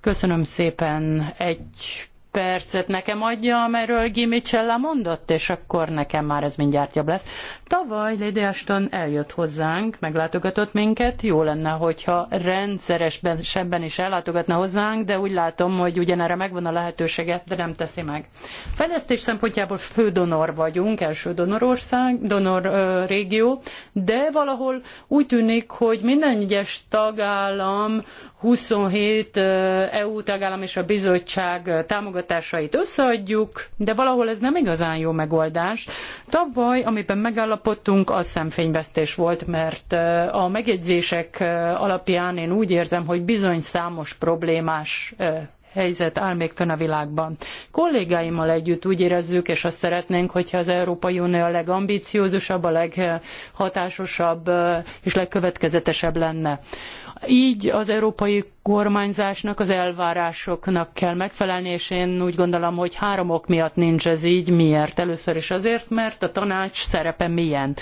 S3: Köszönöm szépen. Egy percet nekem adja, amiről Gimicella mondott, és akkor nekem már ez mindjárt jobb lesz. Tavaly Lady Ashton eljött hozzánk, meglátogatott minket, jó lenne, hogyha rendszeresben sebben is ellátogatna hozzánk, de úgy látom, hogy ugyanerre megvan a lehetősége, de nem teszi meg. Fejlesztés szempontjából fő donor vagyunk, első donorország, donor ö, régió, de valahol úgy tűnik, hogy minden egyes tagállam 27 EU tagállam és a bizottság támogatásait összeadjuk, de valahol ez nem igazán jó megoldás. Tavaly, amiben megállapodtunk, az szemfényvesztés volt, mert a megjegyzések alapján én úgy érzem, hogy bizony számos problémás helyzet áll még fönn a világban. Kollégáimmal együtt úgy érezzük, és azt szeretnénk, hogyha az Európai Unió a legambiciózusabb, a leghatásosabb és legkövetkezetesebb lenne. Így az európai kormányzásnak, az elvárásoknak kell megfelelni, és én úgy gondolom, hogy három ok miatt nincs ez így. Miért? Először is azért, mert a tanács szerepe milyen.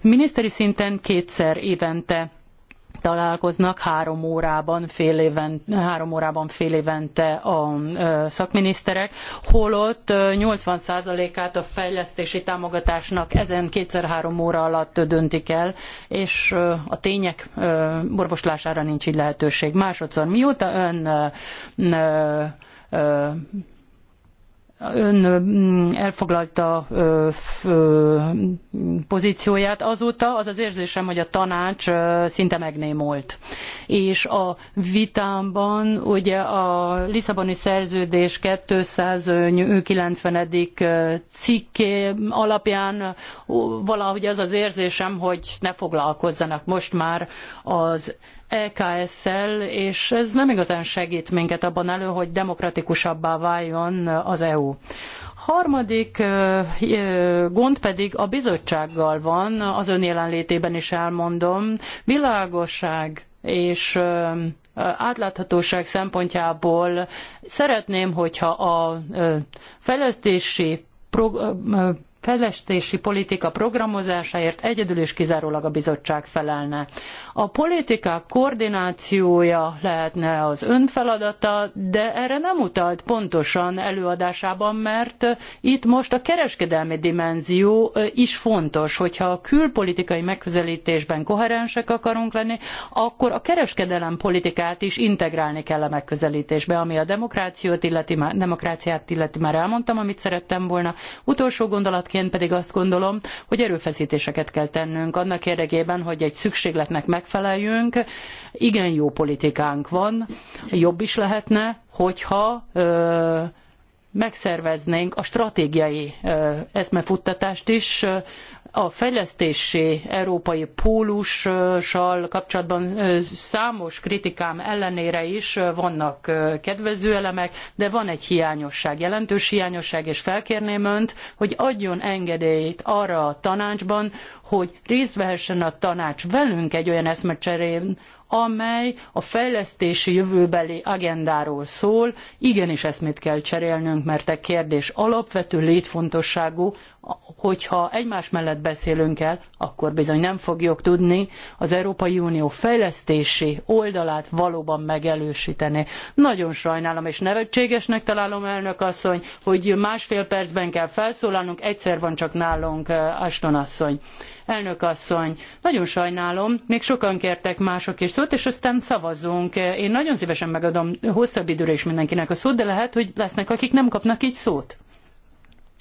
S3: Miniszteri szinten kétszer évente találkoznak három órában fél, éven, három órában fél évente a szakminiszterek, holott 80%-át a fejlesztési támogatásnak ezen kétszer-három óra alatt döntik el, és a tények orvoslására nincs így lehetőség. Másodszor, miután ön, ön, ön mm, elfoglalta pozícióját azóta, az az érzésem, hogy a tanács szinte megnémult. És a vitámban ugye a Lisszaboni szerződés 290. cikké alapján valahogy az az érzésem, hogy ne foglalkozzanak most már az EKS-szel, és ez nem igazán segít minket abban elő, hogy demokratikusabbá váljon az EU. Harmadik gond pedig a bizottsággal van, az ön jelenlétében is elmondom. Világosság és átláthatóság szempontjából szeretném, hogyha a fejlesztési fejlesztési politika programozásáért egyedül és kizárólag a bizottság felelne. A politikák koordinációja lehetne az ön feladata, de erre nem utalt pontosan előadásában, mert itt most a kereskedelmi dimenzió is fontos, hogyha a külpolitikai megközelítésben koherensek akarunk lenni, akkor a kereskedelem politikát is integrálni kell a megközelítésbe, ami a demokráciát illeti, már, demokráciát illeti már elmondtam, amit szerettem volna. Utolsó gondolat Egyébként pedig azt gondolom, hogy erőfeszítéseket kell tennünk annak érdekében, hogy egy szükségletnek megfeleljünk. Igen jó politikánk van, jobb is lehetne, hogyha ö, megszerveznénk a stratégiai eszmefuttatást is a fejlesztési európai pólussal kapcsolatban számos kritikám ellenére is vannak kedvező elemek, de van egy hiányosság, jelentős hiányosság, és felkérném önt, hogy adjon engedélyt arra a tanácsban, hogy részt vehessen a tanács velünk egy olyan eszmecserén, amely a fejlesztési jövőbeli agendáról szól. Igenis eszmét kell cserélnünk, mert a e kérdés alapvető létfontosságú hogyha egymás mellett beszélünk el, akkor bizony nem fogjuk tudni az Európai Unió fejlesztési oldalát valóban megelősíteni. Nagyon sajnálom, és nevetségesnek találom elnök asszony, hogy másfél percben kell felszólalnunk, egyszer van csak nálunk eh, Aston asszony. Elnök asszony, nagyon sajnálom, még sokan kértek mások is szót, és aztán szavazunk. Én nagyon szívesen megadom hosszabb időre is mindenkinek a szót, de lehet, hogy lesznek, akik nem kapnak így szót.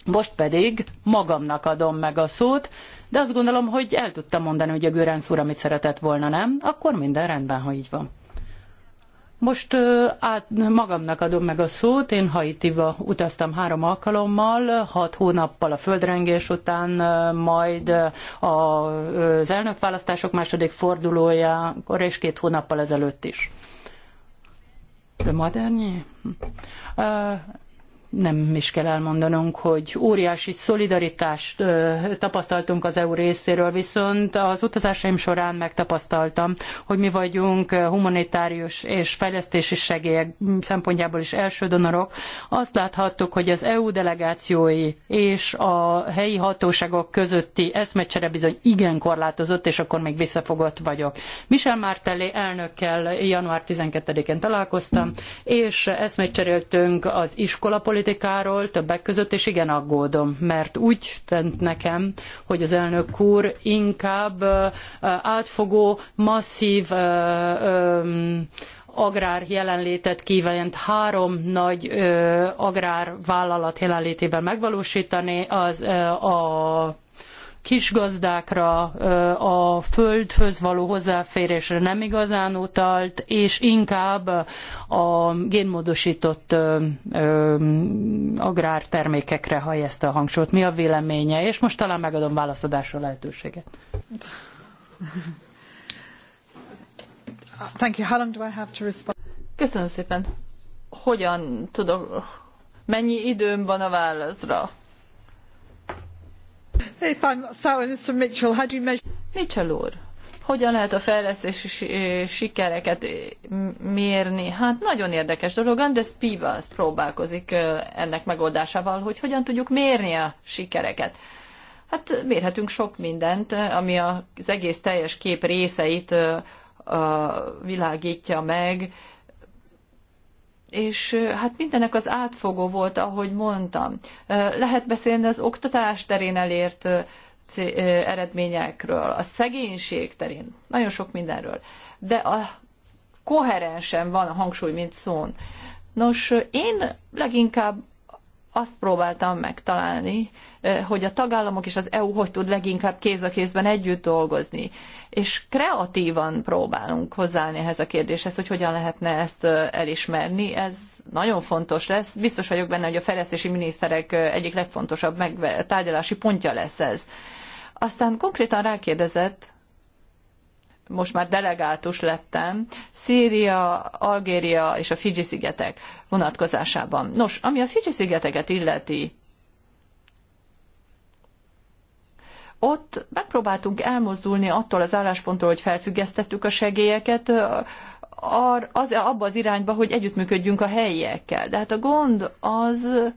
S3: Most pedig magamnak adom meg a szót, de azt gondolom, hogy el tudtam mondani, hogy a Görenc úr, amit szeretett volna, nem? Akkor minden rendben, ha így van. Most át, magamnak adom meg a szót, én Haitiba utaztam három alkalommal, hat hónappal a földrengés után, majd az elnökválasztások második fordulójakor, és két hónappal ezelőtt is. Le modernyi? nem is kell elmondanunk, hogy óriási szolidaritást ö, tapasztaltunk az EU részéről, viszont az utazásaim során megtapasztaltam, hogy mi vagyunk humanitárius és fejlesztési segélyek szempontjából is első donorok. Azt láthattuk, hogy az EU delegációi és a helyi hatóságok közötti eszmecsere bizony igen korlátozott, és akkor még visszafogott vagyok. Michel Martelly elnökkel január 12-én találkoztam, és eszmecseréltünk az iskolapolitikával, politikáról többek között, és igen aggódom, mert úgy tett nekem, hogy az elnök úr inkább átfogó, masszív agrár jelenlétet kívánt három nagy agrárvállalat jelenlétével megvalósítani az a kisgazdákra, a földhöz való hozzáférésre nem igazán utalt, és inkább a génmódosított agrártermékekre hajezte a hangsúlyt. Mi a véleménye? És most talán megadom válaszadásra lehetőséget.
S2: Thank you. How long do I have to respond?
S1: Köszönöm szépen. Hogyan tudok, mennyi időm van a válaszra?
S2: Mr. Mitchell,
S1: Mitchell úr, hogyan lehet a fejlesztési eh, sikereket eh, mérni? Hát nagyon érdekes dolog. Andres Pivas próbálkozik eh, ennek megoldásával, hogy hogyan tudjuk mérni a sikereket. Hát mérhetünk sok mindent, ami az egész teljes kép részeit világítja meg, és hát mindenek az átfogó volt, ahogy mondtam. Lehet beszélni az oktatás terén elért eredményekről, a szegénység terén, nagyon sok mindenről, de a koherensen van a hangsúly, mint szón. Nos, én leginkább azt próbáltam megtalálni, hogy a tagállamok és az EU hogy tud leginkább kéz a kézben együtt dolgozni. És kreatívan próbálunk hozzáállni ehhez a kérdéshez, hogy hogyan lehetne ezt elismerni. Ez nagyon fontos lesz. Biztos vagyok benne, hogy a fejlesztési miniszterek egyik legfontosabb tárgyalási pontja lesz ez. Aztán konkrétan rákérdezett most már delegátus lettem, Szíria, Algéria és a Fidzsi-szigetek vonatkozásában. Nos, ami a Fidzsi-szigeteket illeti, ott megpróbáltunk elmozdulni attól az állásponttól, hogy felfüggesztettük a segélyeket, ar, az, abba az irányba, hogy együttműködjünk a helyiekkel. De hát a gond az,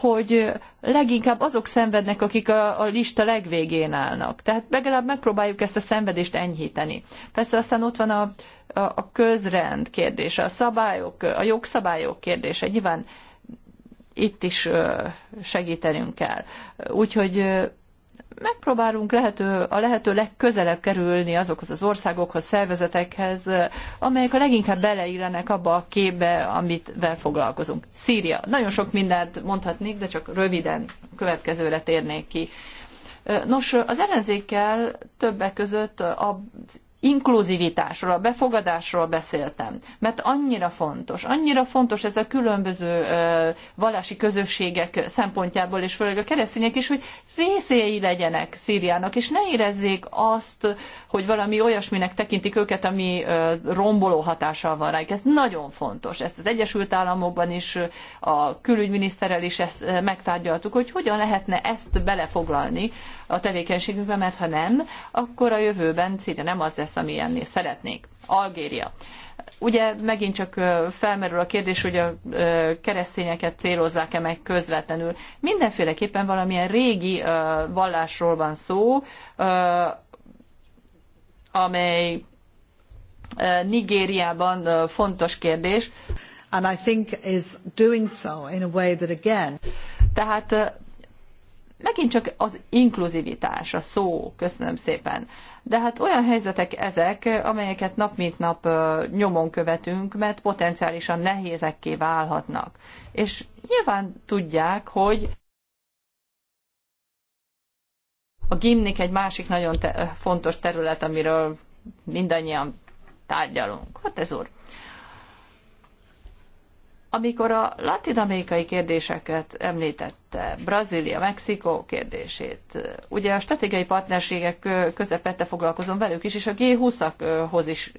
S1: hogy leginkább azok szenvednek, akik a, a lista legvégén állnak. Tehát legalább megpróbáljuk ezt a szenvedést enyhíteni. Persze aztán ott van a, a, a közrend kérdése, a szabályok, a jogszabályok kérdése. Nyilván itt is segítenünk kell. Úgyhogy megpróbálunk lehető, a lehető legközelebb kerülni azokhoz az országokhoz, szervezetekhez, amelyek a leginkább beleillenek abba a képbe, amit foglalkozunk. Szíria. Nagyon sok mindent mondhatnék, de csak röviden következőre térnék ki. Nos, az ellenzékkel többek között az inkluzivitásról, a befogadásról beszéltem, mert annyira fontos, annyira fontos ez a különböző ö, vallási közösségek szempontjából, és főleg a keresztények is, hogy részéi legyenek Szíriának, és ne érezzék azt, hogy valami olyasminek tekintik őket, ami romboló hatással van rájuk. Ez nagyon fontos. Ezt az Egyesült Államokban is a külügyminiszterrel is ezt megtárgyaltuk, hogy hogyan lehetne ezt belefoglalni a tevékenységünkbe, mert ha nem, akkor a jövőben szinte nem az lesz, amilyennél szeretnék. Algéria. Ugye megint csak felmerül a kérdés, hogy a keresztényeket célozzák-e meg közvetlenül. Mindenféleképpen valamilyen régi vallásról van szó, amely eh, Nigériában eh, fontos kérdés. And I think is doing so in a way that again. Tehát eh, megint csak az inkluzivitás, a szó, köszönöm szépen. De hát olyan helyzetek ezek, amelyeket nap mint nap nyomon követünk, mert potenciálisan nehézekké válhatnak. És nyilván tudják, hogy a gimnik egy másik nagyon te- fontos terület, amiről mindannyian tárgyalunk. Hát ez úr. Amikor a latin-amerikai kérdéseket említette, Brazília, Mexikó kérdését, ugye a stratégiai partnerségek közepette foglalkozom velük is, és a G20-akhoz is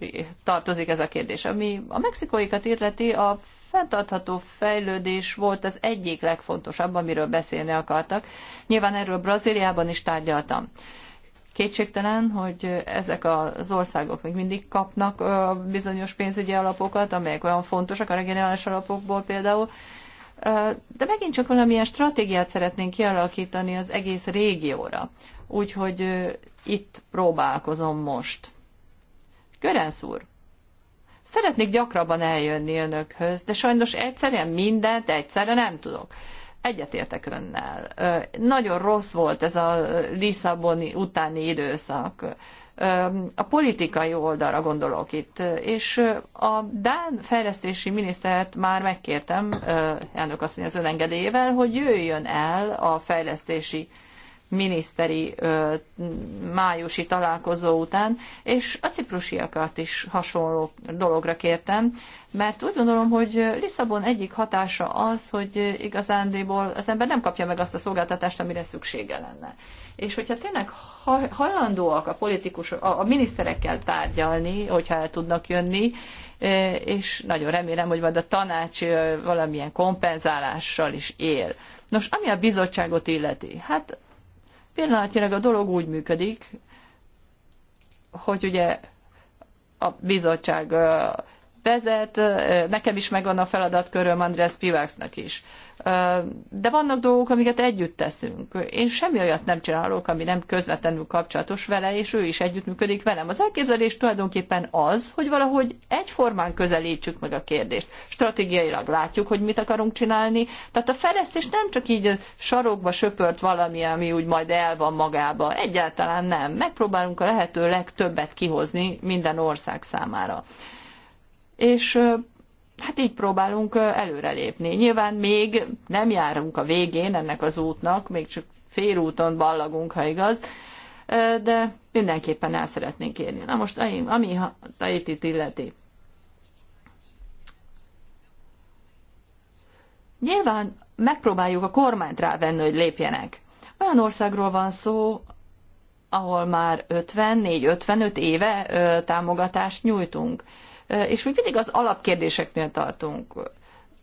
S1: tartozik ez a kérdés. Ami a mexikóikat illeti, a fenntartható fejlődés volt az egyik legfontosabb, amiről beszélni akartak. Nyilván erről Brazíliában is tárgyaltam. Kétségtelen, hogy ezek az országok még mindig kapnak bizonyos pénzügyi alapokat, amelyek olyan fontosak a regionális alapokból például, de megint csak valamilyen stratégiát szeretnénk kialakítani az egész régióra. Úgyhogy itt próbálkozom most. Körensz úr, Szeretnék gyakrabban eljönni önökhöz, de sajnos egyszerűen mindent egyszerre nem tudok. Egyetértek önnel. Nagyon rossz volt ez a Lisszaboni utáni időszak. A politikai oldalra gondolok itt, és a Dán fejlesztési minisztert már megkértem, elnök asszony az önengedélyével, hogy jöjjön el a fejlesztési miniszteri májusi találkozó után, és a ciprusiakat is hasonló dologra kértem, mert úgy gondolom, hogy Lisszabon egyik hatása az, hogy igazándiból az ember nem kapja meg azt a szolgáltatást, amire szüksége lenne. És hogyha tényleg hajlandóak a politikus, a miniszterekkel tárgyalni, hogyha el tudnak jönni, és nagyon remélem, hogy majd a tanács valamilyen kompenzálással is él. Nos, ami a bizottságot illeti, hát Pillanatnyilag a dolog úgy működik, hogy ugye a bizottság vezet, nekem is megvan a feladatköröm, András Pivaxnak is. De vannak dolgok, amiket együtt teszünk. Én semmi olyat nem csinálok, ami nem közvetlenül kapcsolatos vele, és ő is együttműködik velem. Az elképzelés tulajdonképpen az, hogy valahogy egyformán közelítsük meg a kérdést. Stratégiailag látjuk, hogy mit akarunk csinálni. Tehát a fejlesztés nem csak így sarokba söpört valami, ami úgy majd el van magába. Egyáltalán nem. Megpróbálunk a lehető legtöbbet kihozni minden ország számára és hát így próbálunk előrelépni. Nyilván még nem járunk a végén ennek az útnak, még csak félúton ballagunk, ha igaz, de mindenképpen el szeretnénk érni. Na most, ami a Taitit illeti. Nyilván megpróbáljuk a kormányt rávenni, hogy lépjenek. Olyan országról van szó, ahol már 54-55 éve támogatást nyújtunk és még mindig az alapkérdéseknél tartunk.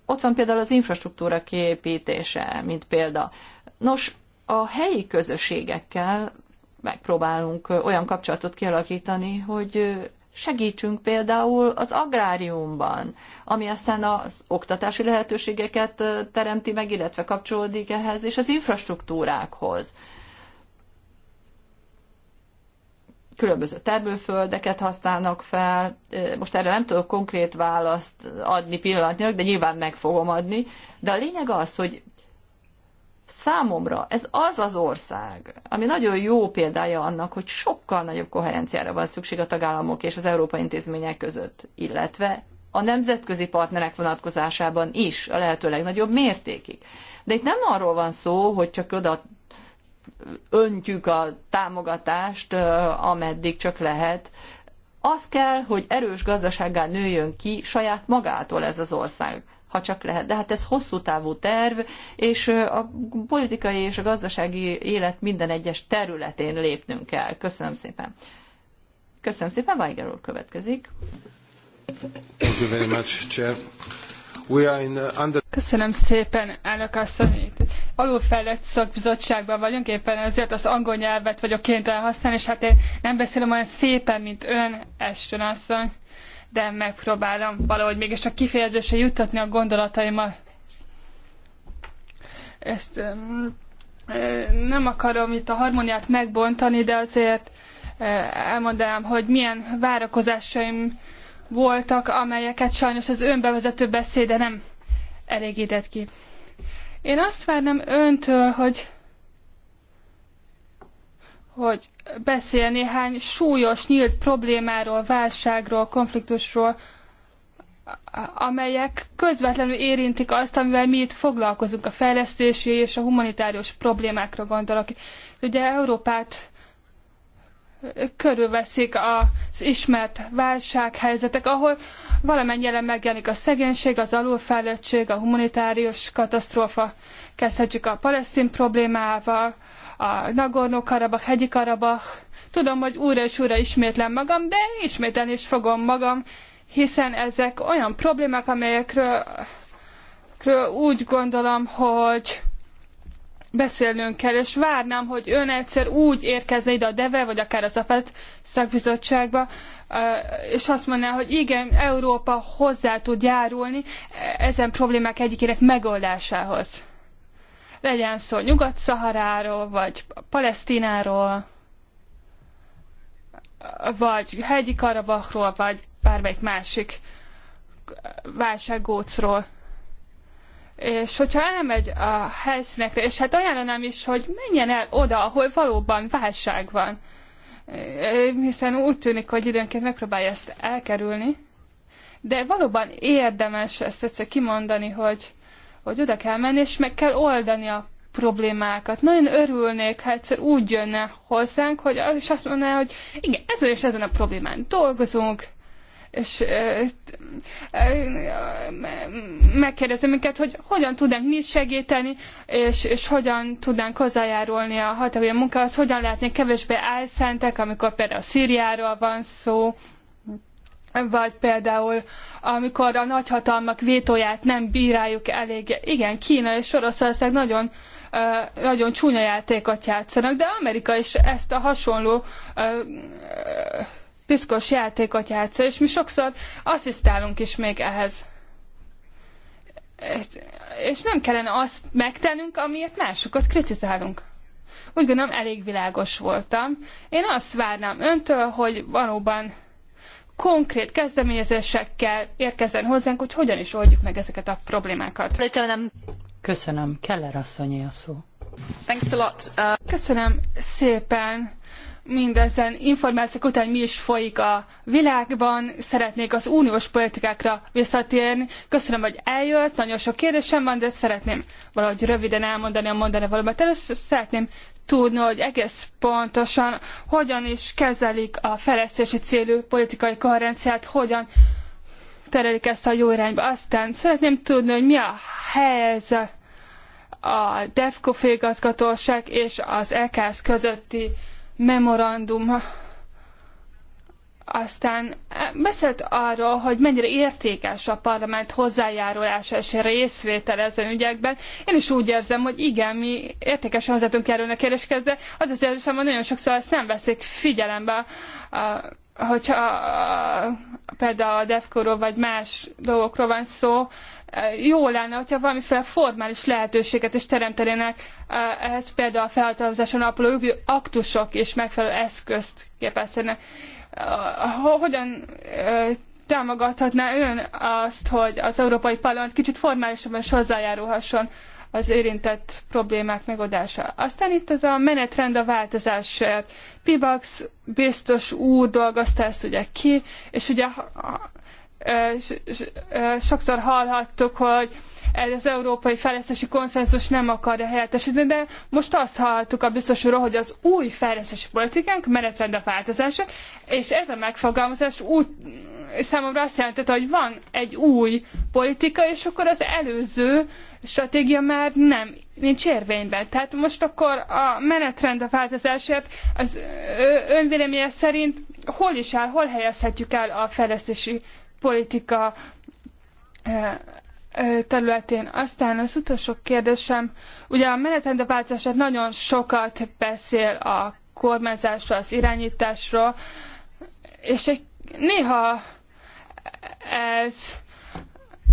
S1: Ott van például az infrastruktúra kiépítése, mint példa. Nos, a helyi közösségekkel megpróbálunk olyan kapcsolatot kialakítani, hogy segítsünk például az agráriumban, ami aztán az oktatási lehetőségeket teremti meg, illetve kapcsolódik ehhez, és az infrastruktúrákhoz. különböző termőföldeket használnak fel. Most erre nem tudok konkrét választ adni pillanatnyilag, de nyilván meg fogom adni. De a lényeg az, hogy számomra ez az az ország, ami nagyon jó példája annak, hogy sokkal nagyobb koherenciára van szükség a tagállamok és az európai intézmények között, illetve a nemzetközi partnerek vonatkozásában is a lehető legnagyobb mértékig. De itt nem arról van szó, hogy csak oda öntjük a támogatást, ameddig csak lehet. Az kell, hogy erős gazdasággá nőjön ki saját magától ez az ország ha csak lehet. De hát ez hosszú távú terv, és a politikai és a gazdasági élet minden egyes területén lépnünk kell. Köszönöm szépen. Köszönöm szépen, Weiger úr
S2: következik.
S1: Thank you very much, Chair. Uh,
S2: Köszönöm szépen, elnök asszony. Alulfejlett szakbizottságban vagyunk, éppen ezért az angol nyelvet vagyok kénytelen használni, és hát én nem beszélem olyan szépen, mint ön, Eston asszony, de megpróbálom valahogy mégis csak kifejezésre juttatni a gondolataimat. Ezt um, nem akarom itt a harmóniát megbontani, de azért elmondanám, hogy milyen várakozásaim voltak, amelyeket sajnos az önbevezető beszéde nem elégített ki. Én azt várnám öntől, hogy hogy beszél néhány súlyos, nyílt problémáról, válságról, konfliktusról, amelyek közvetlenül érintik azt, amivel mi itt foglalkozunk, a fejlesztési és a humanitárius problémákra gondolok. Ugye Európát körülveszik az ismert válsághelyzetek, ahol valamennyire megjelenik a szegénység, az alulfejlettség, a humanitárius katasztrófa. Kezdhetjük a palesztin problémával, a Nagorno-Karabakh, hegyi Karabakh. Tudom, hogy újra és újra ismétlem magam, de ismételni is fogom magam, hiszen ezek olyan problémák, amelyekről úgy gondolom, hogy beszélnünk kell, és várnám, hogy ön egyszer úgy érkezne ide a DEVE, vagy akár az APET szakbizottságba, és azt mondaná, hogy igen, Európa hozzá tud járulni ezen problémák egyikének megoldásához. Legyen szó Nyugat-Szaharáról, vagy Palesztináról, vagy Hegyi Karabachról, vagy bármelyik másik válsággócról és hogyha elmegy a helyszínekre, és hát ajánlanám is, hogy menjen el oda, ahol valóban válság van. Hiszen úgy tűnik, hogy időnként megpróbálja ezt elkerülni. De valóban érdemes ezt egyszer kimondani, hogy, hogy oda kell menni, és meg kell oldani a problémákat. Nagyon örülnék, ha egyszer úgy jönne hozzánk, hogy az is azt mondaná, hogy igen, ezen és ezen a problémán dolgozunk, és megkérdezi minket, hogy hogyan tudnánk mi segíteni, és, és hogyan tudnánk hozzájárulni a hatalmi munkához, hogyan lehetnék kevésbé álszentek, amikor például Szíriáról van szó, vagy például amikor a nagyhatalmak vétóját nem bíráljuk elég. Igen, Kína és Oroszország nagyon nagyon csúnya játékot játszanak, de Amerika is ezt a hasonló piszkos játékot játsza, és mi sokszor asszisztálunk is még ehhez. És, és nem kellene azt megtennünk, amiért másokat kritizálunk. Úgy gondolom, elég világos voltam. Én azt várnám öntől, hogy valóban konkrét kezdeményezésekkel érkezzen hozzánk, hogy hogyan is oldjuk meg ezeket a problémákat. Köszönöm.
S3: köszönöm Keller asszonyi a szó.
S2: Thanks a lot. Uh, köszönöm szépen mindezen információk után mi is folyik a világban, szeretnék az uniós politikákra visszatérni. Köszönöm, hogy eljött, nagyon sok kérdésem van, de szeretném valahogy röviden elmondani a mondani valamit. Először szeretném tudni, hogy egész pontosan hogyan is kezelik a fejlesztési célú politikai koherenciát, hogyan terelik ezt a jó irányba. Aztán szeretném tudni, hogy mi a helyzet a DEFCO főigazgatóság és az EKS közötti memorandum aztán eh, beszélt arról, hogy mennyire értékes a parlament hozzájárulása és részvétel ezen ügyekben. Én is úgy érzem, hogy igen, mi értékesen hozzátunk járulni a kérdéskezde. az az érzésem, hogy nagyon sokszor ezt nem veszik figyelembe a, a hogyha például a defkorról vagy más dolgokról van szó, e, jó lenne, hogyha valamiféle formális lehetőséget is teremtenének e, ehhez például a felhatalmazáson alapuló jogi aktusok és megfelelő eszközt képeztenek. E, hogyan támogathatná ön azt, hogy az Európai Parlament kicsit formálisabban is hozzájárulhasson az érintett problémák megoldása. Aztán itt az a menetrend a változásért. Pibax biztos úr dolgozta ezt ugye ki, és ugye sokszor hallhattuk, hogy ez az európai fejlesztési konszenzus nem akarja helyettesíteni, de most azt hallottuk a biztos úr, hogy az új fejlesztési politikánk menetrend a változása, és ez a megfogalmazás úgy számomra azt jelentette, hogy van egy új politika, és akkor az előző stratégia már nem nincs érvényben. Tehát most akkor a menetrend a változásért az önvéleménye szerint hol is áll, hol helyezhetjük el a fejlesztési politika területén. Aztán az utolsó kérdésem, ugye a menetrend a változását nagyon sokat beszél a kormányzásról, az irányításról, és egy, néha ez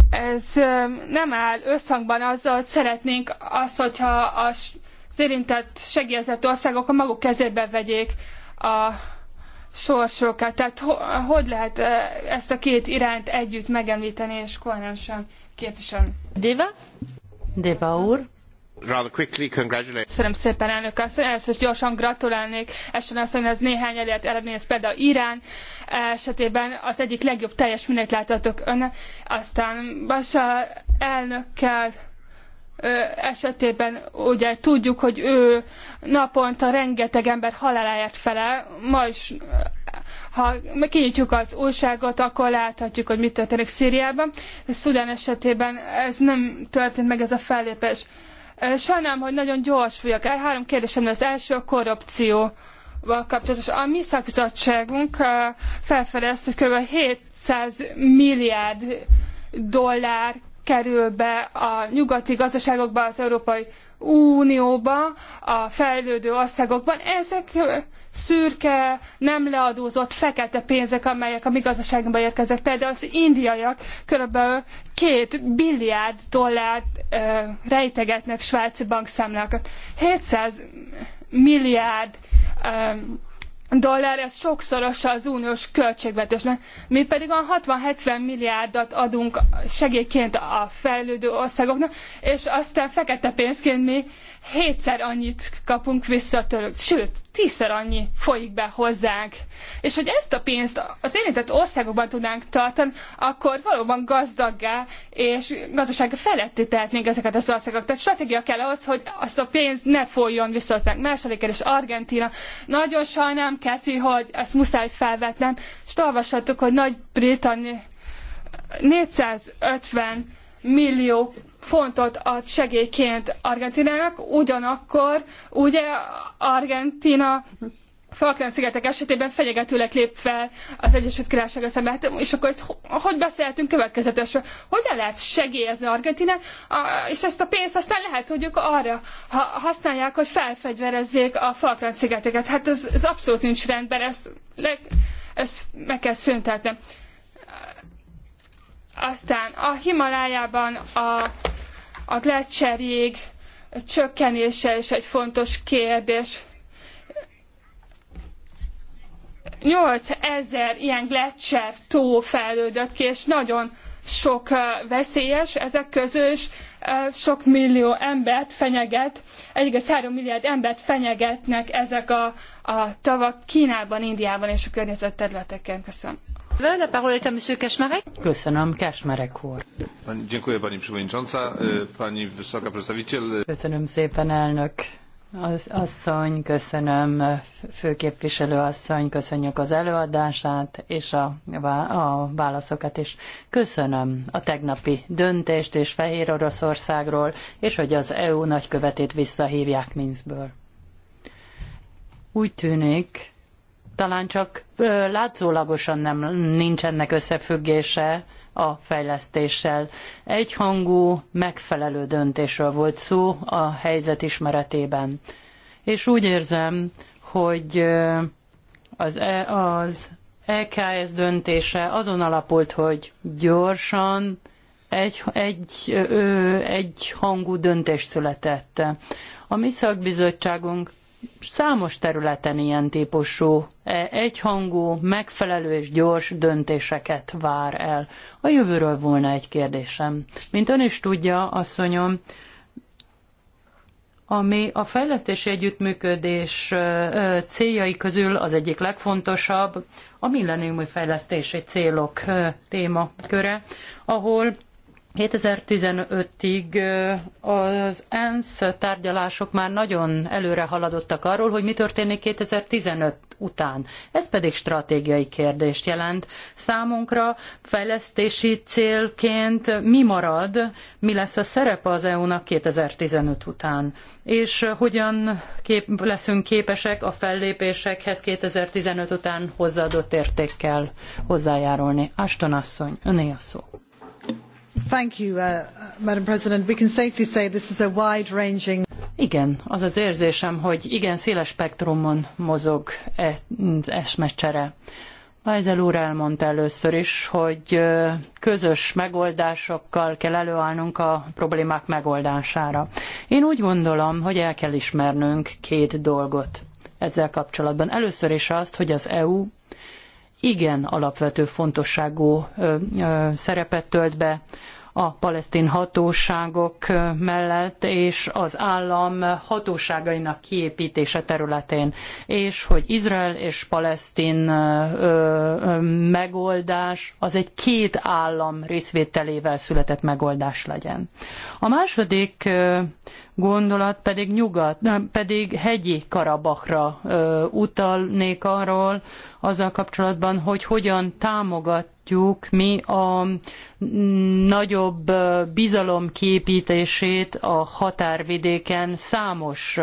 S2: ez nem áll összhangban azzal, hogy szeretnénk azt, hogyha az érintett segélyezett országok a maguk kezébe vegyék a sorsokat. Tehát hogy lehet ezt a két irányt együtt megemlíteni és koherensen képviselni? Diva? Diva úr? Köszönöm szépen, elnök asszony. Először gyorsan gratulálnék Eston asszonyhoz néhány elért eredményhez, például Irán esetében az egyik legjobb teljes minőt láthatok aztán Basa elnökkel esetében ugye tudjuk, hogy ő naponta rengeteg ember haláláért fele, ma is ha kinyitjuk az újságot, akkor láthatjuk, hogy mi történik Szíriában. Szudán esetében ez nem történt meg ez a fellépés. Sajnálom, hogy nagyon gyors vagyok. Három kérdésem az első a korrupció kapcsolatos. A mi szakbizottságunk felfedezte, hogy kb. 700 milliárd dollár kerül be a nyugati gazdaságokba az Európai Unióban, a fejlődő országokban, ezek szürke, nem leadózott, fekete pénzek, amelyek a mi gazdaságunkba érkeznek. Például az indiaiak körülbelül két billiárd dollárt e, rejtegetnek svájci bankszámlákat. 700 milliárd dollár, ez sokszorosa az uniós költségvetésnek. Mi pedig a 60-70 milliárdat adunk segélyként a fejlődő országoknak, és aztán fekete pénzként mi hétszer annyit kapunk vissza tőlük, sőt, tízszer annyi folyik be hozzánk. És hogy ezt a pénzt az érintett országokban tudnánk tartani, akkor valóban gazdaggá és gazdasága feletti tehetnénk ezeket az országokat. Tehát stratégia kell ahhoz, hogy azt a pénzt ne folyjon vissza hozzánk. Második és Argentina. Nagyon sajnálom, Kathy, hogy ezt muszáj felvetnem. És olvashattuk, hogy Nagy-Britannia 450 millió fontot ad segélyként Argentinának, ugyanakkor ugye Argentina Falkland-szigetek esetében fenyegetőleg lép fel az Egyesült Királyság szemben. Hát, és akkor itt hogy beszélhetünk következetesről? Hogyan lehet segélyezni Argentinát? és ezt a pénzt aztán lehet, hogy ők arra ha, használják, hogy felfegyverezzék a Falkland-szigeteket. Hát ez, ez abszolút nincs rendben, ezt, le, ezt meg kell szüntetni. Aztán a Himalájában a a gletszerjég csökkenése is egy fontos kérdés. 8000 ilyen gletszer tó fejlődött ki, és nagyon sok veszélyes, ezek közül is sok millió embert fenyeget, 1,3 milliárd embert fenyegetnek ezek a, a tavak Kínában, Indiában és a környező területeken. Köszönöm.
S3: Köszönöm, Kaczmarek úr.
S1: dziękuję pani przewodnicząca, e, pani wysoka przedstawiciel. E-
S3: köszönöm szépen, elnök. Az asszony, köszönöm, főképviselő asszony, köszönjük az előadását és a, a válaszokat is. Köszönöm a tegnapi döntést és Fehér Oroszországról, és hogy az EU nagykövetét visszahívják Minskből. Úgy tűnik, talán csak látszólagosan nem nincs ennek összefüggése a fejlesztéssel. Egyhangú, megfelelő döntésről volt szó a helyzet ismeretében. És úgy érzem, hogy az, e, az EKS döntése azon alapult, hogy gyorsan, egy, egy, egy hangú döntés született. A mi szakbizottságunk számos területen ilyen típusú e, egyhangú, megfelelő és gyors döntéseket vár el. A jövőről volna egy kérdésem. Mint ön is tudja, asszonyom, ami a fejlesztési együttműködés céljai közül az egyik legfontosabb, a milleniumi fejlesztési célok témaköre, ahol 2015-ig az ENSZ tárgyalások már nagyon előre haladottak arról, hogy mi történik 2015 után. Ez pedig stratégiai kérdést jelent. Számunkra fejlesztési célként mi marad, mi lesz a szerepe az EU-nak 2015 után, és hogyan kép- leszünk képesek a fellépésekhez 2015 után hozzáadott értékkel hozzájárulni. Ashton asszony, öné a szó igen, az az érzésem, hogy igen, széles spektrumon mozog e, az esmecsere. Vajzel úr elmondta először is, hogy közös megoldásokkal kell előállnunk a problémák megoldására. Én úgy gondolom, hogy el kell ismernünk két dolgot ezzel kapcsolatban. Először is azt, hogy az EU igen alapvető fontosságú szerepet tölt be a palesztin hatóságok mellett és az állam hatóságainak kiépítése területén, és hogy Izrael és palesztin megoldás az egy két állam részvételével született megoldás legyen. A második gondolat pedig nyugat, pedig hegyi Karabakra utalnék arról azzal kapcsolatban, hogy hogyan támogat látjuk mi a nagyobb bizalom kiépítését a határvidéken. Számos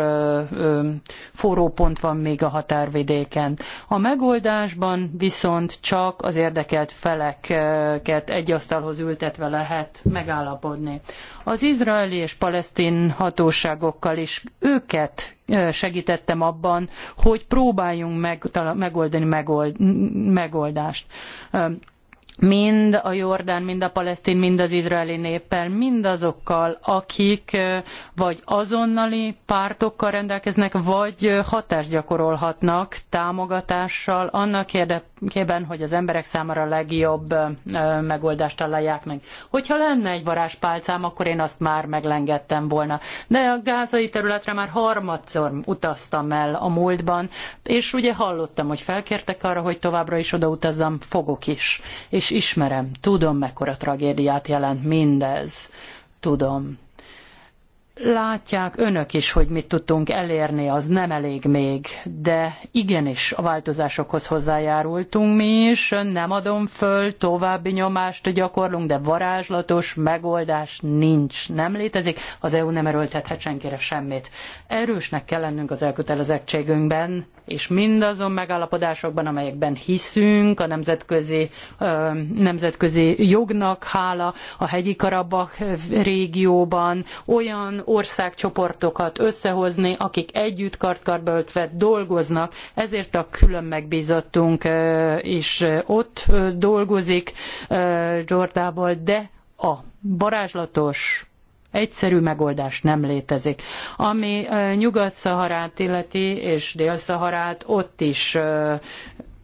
S3: forró pont van még a határvidéken. A megoldásban viszont csak az érdekelt feleket egy asztalhoz ültetve lehet megállapodni. Az izraeli és palesztin hatóságokkal is őket segítettem abban, hogy próbáljunk meg, megoldani megoldást mind a Jordán, mind a palesztin, mind az izraeli néppel, mindazokkal, akik vagy azonnali pártokkal rendelkeznek, vagy hatást gyakorolhatnak támogatással annak érdekében, hogy az emberek számára a legjobb megoldást találják meg. Hogyha lenne egy varázspálcám, akkor én azt már meglengettem volna. De a gázai területre már harmadszor utaztam el a múltban, és ugye hallottam, hogy felkértek arra, hogy továbbra is oda utazzam, fogok is. És ismerem, tudom, mekkora tragédiát jelent mindez. Tudom, Látják önök is, hogy mit tudtunk elérni, az nem elég még, de igenis a változásokhoz hozzájárultunk mi is, nem adom föl, további nyomást gyakorlunk, de varázslatos megoldás nincs, nem létezik, az EU nem erőltethet senkire semmit. Erősnek kell lennünk az elkötelezettségünkben, és mindazon megállapodásokban, amelyekben hiszünk, a nemzetközi, nemzetközi jognak hála, a hegyi Karabach régióban, olyan országcsoportokat összehozni, akik együtt kartkarba ötve dolgoznak, ezért a külön megbízottunk is ott dolgozik Jordából, de a varázslatos Egyszerű megoldás nem létezik. Ami Nyugat-Szaharát illeti, és Dél-Szaharát, ott is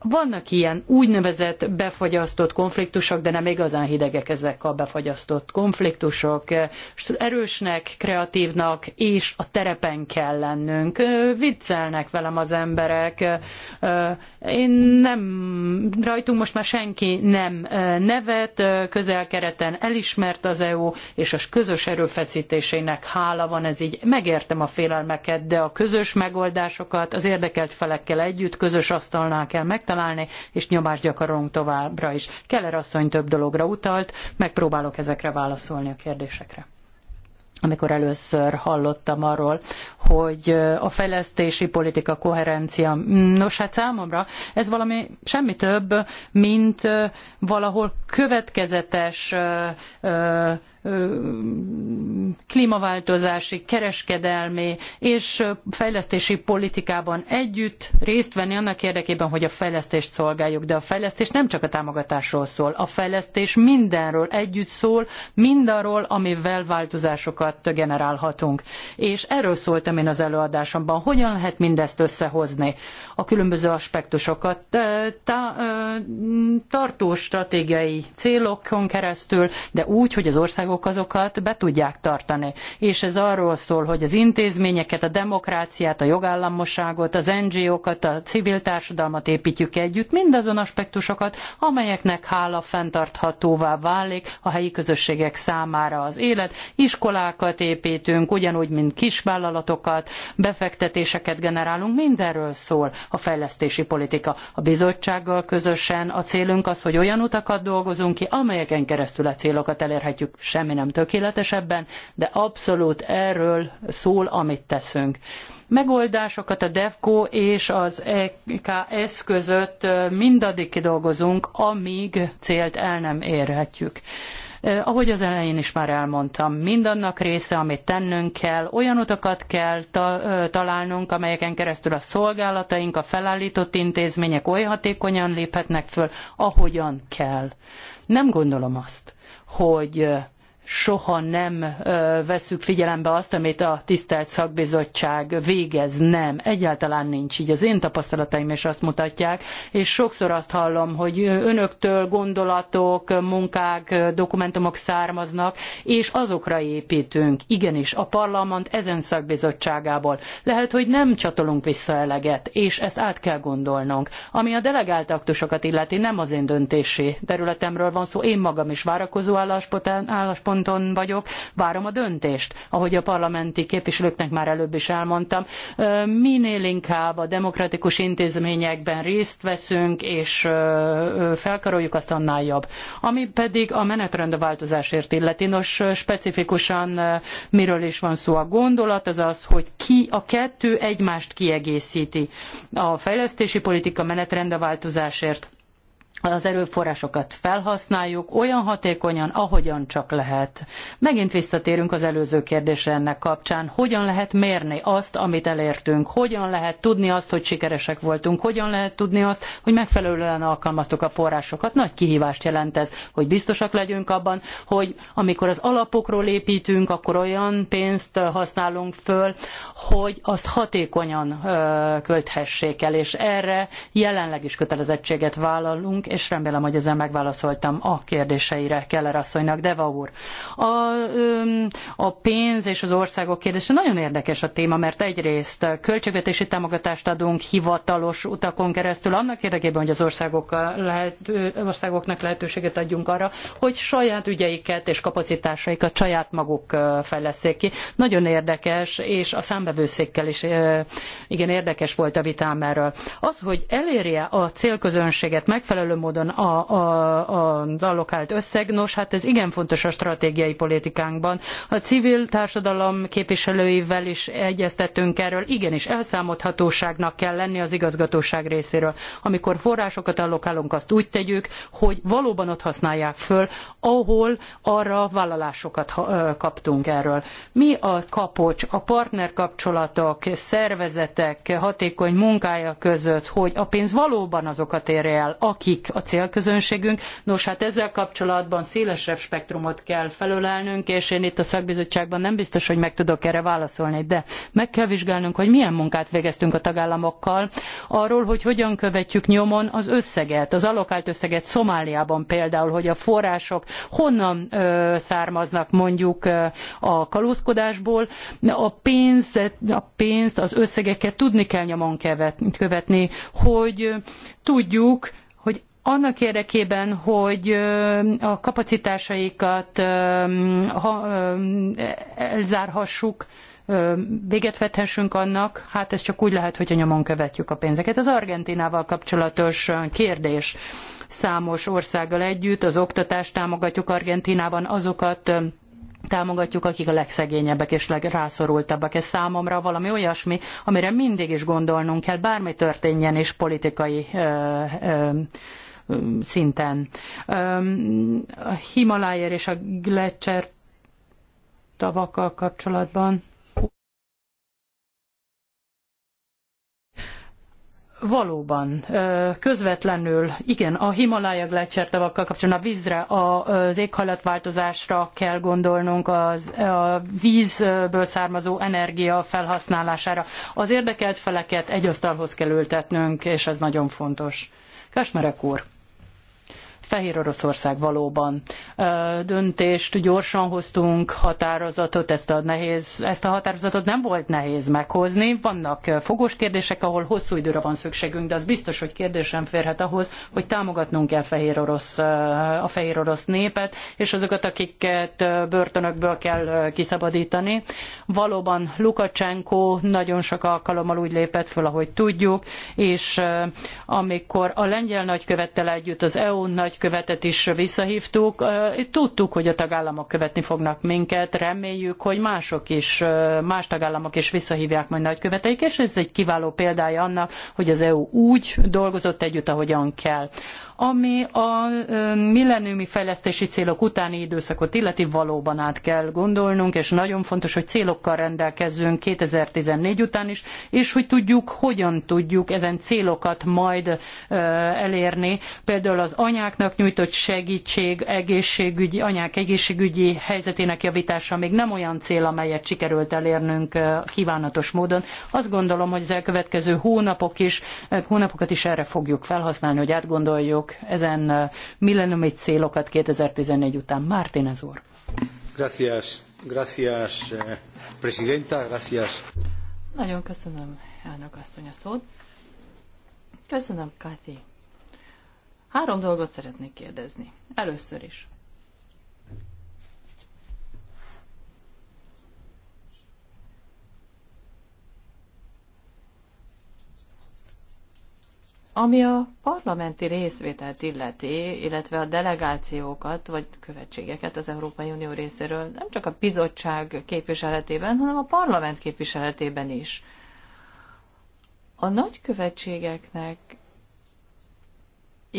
S3: vannak ilyen úgynevezett befagyasztott konfliktusok, de nem igazán hidegek ezek a befagyasztott konfliktusok. Erősnek, kreatívnak és a terepen kell lennünk. Viccelnek velem az emberek. Én nem, rajtunk most már senki nem nevet, közelkereten elismert az EU, és a közös erőfeszítésének hála van ez így. Megértem a félelmeket, de a közös megoldásokat az érdekelt felekkel együtt, közös asztalnál kell megtalálni, találni, és nyomást gyakorolunk továbbra is. Keller asszony több dologra utalt, megpróbálok ezekre válaszolni a kérdésekre amikor először hallottam arról, hogy a fejlesztési politika koherencia, nos hát számomra ez valami semmi több, mint valahol következetes klímaváltozási, kereskedelmi és fejlesztési politikában együtt részt venni annak érdekében, hogy a fejlesztést szolgáljuk. De a fejlesztés nem csak a támogatásról szól, a fejlesztés mindenről együtt szól, mindarról, amivel változásokat generálhatunk. És erről szóltam én az előadásomban, hogyan lehet mindezt összehozni, a különböző aspektusokat, tartós stratégiai célokon keresztül, de úgy, hogy az országok országok azokat be tudják tartani. És ez arról szól, hogy az intézményeket, a demokráciát, a jogállamosságot, az NGO-kat, a civil társadalmat építjük együtt, mindazon aspektusokat, amelyeknek hála fenntarthatóvá válik a helyi közösségek számára az élet. Iskolákat építünk, ugyanúgy, mint kisvállalatokat, befektetéseket generálunk, mindenről szól a fejlesztési politika. A bizottsággal közösen a célunk az, hogy olyan utakat dolgozunk ki, amelyeken keresztül a célokat elérhetjük. sem semmi nem tökéletesebben, de abszolút erről szól, amit teszünk megoldásokat a DEVCO és az EKS között mindaddig kidolgozunk, amíg célt el nem érhetjük. Ahogy az elején is már elmondtam, mindannak része, amit tennünk kell, olyan utakat kell ta találnunk, amelyeken keresztül a szolgálataink, a felállított intézmények oly hatékonyan léphetnek föl, ahogyan kell. Nem gondolom azt, hogy soha nem vesszük figyelembe azt, amit a tisztelt szakbizottság végez. Nem, egyáltalán nincs így. Az én tapasztalataim is azt mutatják, és sokszor azt hallom, hogy önöktől gondolatok, munkák, dokumentumok származnak, és azokra építünk. Igenis, a parlament ezen szakbizottságából. Lehet, hogy nem csatolunk vissza eleget, és ezt át kell gondolnunk. Ami a delegált aktusokat illeti, nem az én döntési területemről van szó, én magam is várakozó álláspont ponton vagyok, várom a döntést, ahogy a parlamenti képviselőknek már előbb is elmondtam. Minél inkább a demokratikus intézményekben részt veszünk, és felkaroljuk, azt annál jobb. Ami pedig a változásért illeti, nos specifikusan miről is van szó a gondolat, az az, hogy ki a kettő egymást kiegészíti. A fejlesztési politika menetrendváltozásért az erőforrásokat felhasználjuk olyan hatékonyan, ahogyan csak lehet. Megint visszatérünk az előző kérdésre ennek kapcsán. Hogyan lehet mérni azt, amit elértünk? Hogyan lehet tudni azt, hogy sikeresek voltunk? Hogyan lehet tudni azt, hogy megfelelően alkalmaztuk a forrásokat? Nagy kihívást jelent ez, hogy biztosak legyünk abban, hogy amikor az alapokról építünk, akkor olyan pénzt használunk föl, hogy azt hatékonyan költhessék el, és erre jelenleg is kötelezettséget vállalunk, és remélem, hogy ezzel megválaszoltam a kérdéseire Keller asszonynak. Deva úr, a, a pénz és az országok kérdése nagyon érdekes a téma, mert egyrészt költségvetési támogatást adunk hivatalos utakon keresztül, annak érdekében, hogy az országokkal lehet, országoknak lehetőséget adjunk arra, hogy saját ügyeiket és kapacitásaikat saját maguk fejleszék ki. Nagyon érdekes, és a számbevőszékkel is igen érdekes volt a vitám erről. Az, hogy elérje a célközönséget megfelelő módon a, a, az allokált összeg. Nos, hát ez igen fontos a stratégiai politikánkban. A civil társadalom képviselőivel is egyeztettünk erről. Igenis, elszámolhatóságnak kell lenni az igazgatóság részéről. Amikor forrásokat allokálunk, azt úgy tegyük, hogy valóban ott használják föl, ahol arra vállalásokat kaptunk erről. Mi a kapocs, a partnerkapcsolatok, szervezetek hatékony munkája között, hogy a pénz valóban azokat érje el, akik a célközönségünk. Nos, hát ezzel kapcsolatban szélesebb spektrumot kell felölelnünk, és én itt a szakbizottságban nem biztos, hogy meg tudok erre válaszolni, de meg kell vizsgálnunk, hogy milyen munkát végeztünk a tagállamokkal, arról, hogy hogyan követjük nyomon az összeget, az alokált összeget Szomáliában például, hogy a források honnan ö, származnak mondjuk ö, a kalózkodásból, a pénzt, a pénzt, az összegeket tudni kell nyomon követni, hogy tudjuk, annak érdekében, hogy a kapacitásaikat elzárhassuk, véget vethessünk annak, hát ez csak úgy lehet, hogyha nyomon követjük a pénzeket. Az Argentinával kapcsolatos kérdés számos országgal együtt, az oktatást támogatjuk Argentinában azokat, támogatjuk, akik a legszegényebbek és legrászorultabbak. Ez számomra valami olyasmi, amire mindig is gondolnunk kell, bármi történjen és politikai ö, ö, szinten. A Himalájer és a Gletscher tavakkal kapcsolatban. Valóban, közvetlenül, igen, a Himalája tavakkal kapcsolatban a vízre, az éghajlatváltozásra kell gondolnunk, az, a vízből származó energia felhasználására. Az érdekelt feleket egy asztalhoz kell ültetnünk, és ez nagyon fontos. Kasmerek úr! Fehér Oroszország valóban döntést gyorsan hoztunk, határozatot, ezt a, nehéz, ezt a határozatot nem volt nehéz meghozni. Vannak fogós kérdések, ahol hosszú időre van szükségünk, de az biztos, hogy kérdés sem férhet ahhoz, hogy támogatnunk kell fehér orosz, a fehér orosz népet, és azokat, akiket börtönökből kell kiszabadítani. Valóban Lukacsenko nagyon sok alkalommal úgy lépett föl, ahogy tudjuk, és amikor a lengyel nagykövettel együtt, az EU nagy követet is visszahívtuk. Tudtuk, hogy a tagállamok követni fognak minket, reméljük, hogy mások is, más tagállamok is visszahívják majd nagyköveteik, és ez egy kiváló példája annak, hogy az EU úgy dolgozott együtt, ahogyan kell. Ami a millenniumi fejlesztési célok utáni időszakot illeti, valóban át kell gondolnunk, és nagyon fontos, hogy célokkal rendelkezzünk 2014 után is, és hogy tudjuk, hogyan tudjuk ezen célokat majd elérni. Például az anyáknak nőknek nyújtott segítség egészségügyi, anyák egészségügyi helyzetének javítása még nem olyan cél, amelyet sikerült elérnünk kívánatos módon. Azt gondolom, hogy az elkövetkező hónapok is, hónapokat is erre fogjuk felhasználni, hogy átgondoljuk ezen millenniumi célokat 2014 után. Mártinez úr.
S1: Gracias. Gracias, eh, presidenta. Gracias. Nagyon köszönöm, elnök asszony a szót. Köszönöm, Kathy. Három dolgot szeretnék kérdezni. Először is. Ami a parlamenti részvételt illeti, illetve a delegációkat vagy követségeket az Európai Unió részéről, nem csak a bizottság képviseletében, hanem a parlament képviseletében is. A nagykövetségeknek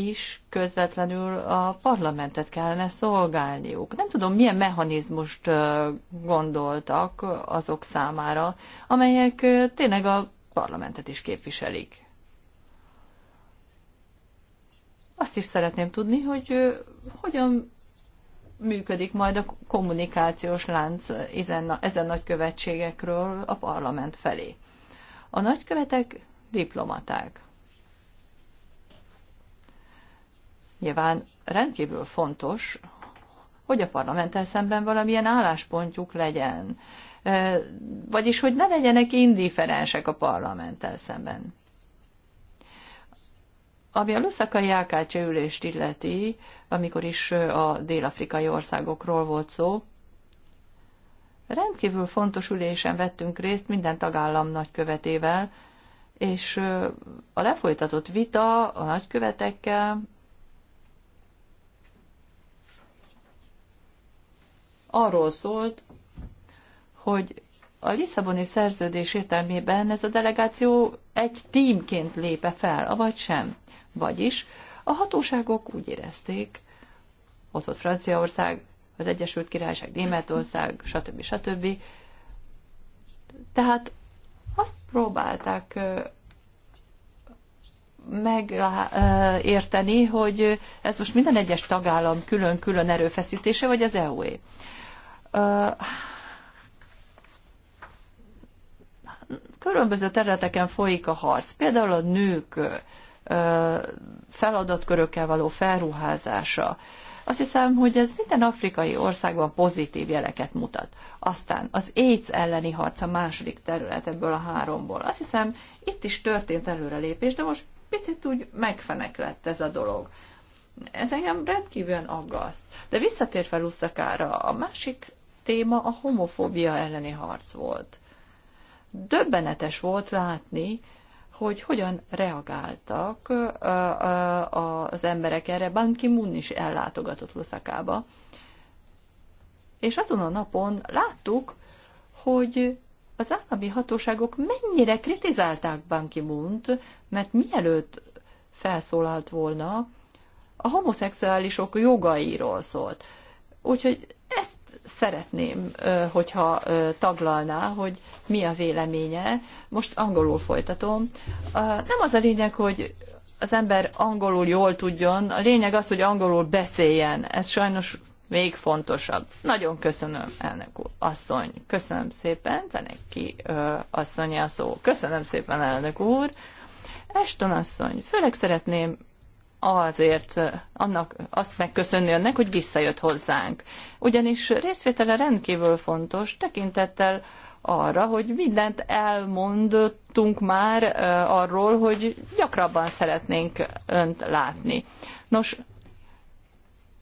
S1: is közvetlenül a parlamentet kellene szolgálniuk. Nem tudom, milyen mechanizmust gondoltak azok számára, amelyek tényleg a parlamentet is képviselik. Azt is szeretném tudni, hogy hogyan működik majd a kommunikációs lánc ezen nagykövetségekről a parlament felé. A nagykövetek diplomaták Nyilván rendkívül fontos, hogy a parlamenttel szemben valamilyen álláspontjuk legyen, vagyis hogy ne legyenek indiferensek a parlamenttel szemben. Ami a luszakai AKC ülést illeti, amikor is a dél-afrikai országokról volt szó, rendkívül fontos ülésen vettünk részt minden tagállam nagykövetével, és a lefolytatott vita a nagykövetekkel arról szólt, hogy a Lisszaboni szerződés értelmében ez a delegáció egy tímként lépe fel, avagy sem. Vagyis a hatóságok úgy érezték, ott volt Franciaország, az Egyesült Királyság, Németország, stb. stb. Tehát azt próbálták megérteni, hogy ez most minden egyes tagállam külön-külön erőfeszítése, vagy az EU-é. E. Uh, különböző területeken folyik a harc. Például a nők uh, feladatkörökkel való felruházása. Azt hiszem, hogy ez minden afrikai országban pozitív jeleket mutat. Aztán az AIDS elleni harc a második terület ebből a háromból. Azt hiszem, itt is történt előrelépés, de most picit úgy megfenek lett ez a dolog. Ez engem rendkívülen aggaszt. De visszatérve Luszakára, a másik téma a homofóbia elleni harc volt. Döbbenetes volt látni, hogy hogyan reagáltak az emberek erre. Ban Ki-moon is ellátogatott Luszakába. És azon a napon láttuk, hogy az állami hatóságok mennyire kritizálták Ban ki mert mielőtt felszólalt volna, a homoszexuálisok jogairól szólt. Úgyhogy ezt szeretném, hogyha taglalná, hogy mi a véleménye. Most angolul folytatom. Nem az a lényeg, hogy az ember angolul jól tudjon, a lényeg az, hogy angolul beszéljen. Ez sajnos még fontosabb. Nagyon köszönöm, elnök úr, asszony. Köszönöm szépen, Zeneki asszony a szó. Köszönöm szépen, elnök úr. Eston asszony, főleg szeretném azért eh, annak azt megköszönni önnek, hogy visszajött hozzánk. Ugyanis részvétele rendkívül fontos, tekintettel arra, hogy mindent elmondottunk már eh, arról, hogy gyakrabban szeretnénk önt látni. Nos,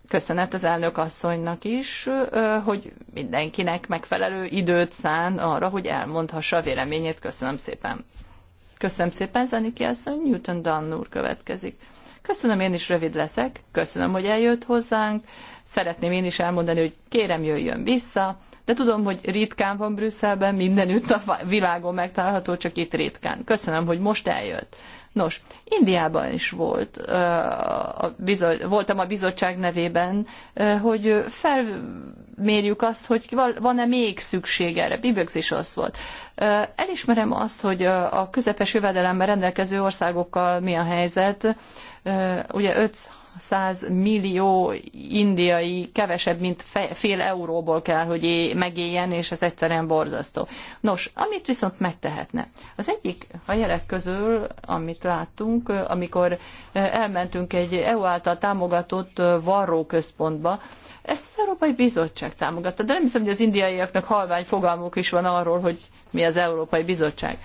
S1: köszönet az elnök asszonynak is, eh, hogy mindenkinek megfelelő időt szán arra, hogy elmondhassa a véleményét. Köszönöm szépen. Köszönöm szépen, Zeniki asszony, Newton Dunn úr következik. Köszönöm, én is rövid leszek. Köszönöm, hogy eljött hozzánk. Szeretném én is elmondani, hogy kérem jöjjön vissza, de tudom, hogy ritkán van Brüsszelben, mindenütt a világon megtalálható, csak itt ritkán. Köszönöm, hogy most eljött. Nos, Indiában is volt, a bizony, voltam a bizottság nevében, hogy felmérjük azt, hogy van-e még szükség erre. Biböx is az volt. Elismerem azt, hogy a közepes jövedelemben rendelkező országokkal mi a helyzet, ugye 500 millió indiai kevesebb, mint fél euróból kell, hogy megéljen, és ez egyszerűen borzasztó. Nos, amit viszont megtehetne. Az egyik a jelek közül, amit láttunk, amikor elmentünk egy EU által támogatott varróközpontba, ezt az Európai Bizottság támogatta, de nem hiszem, hogy az indiaiaknak halvány fogalmuk is van arról, hogy mi az Európai Bizottság.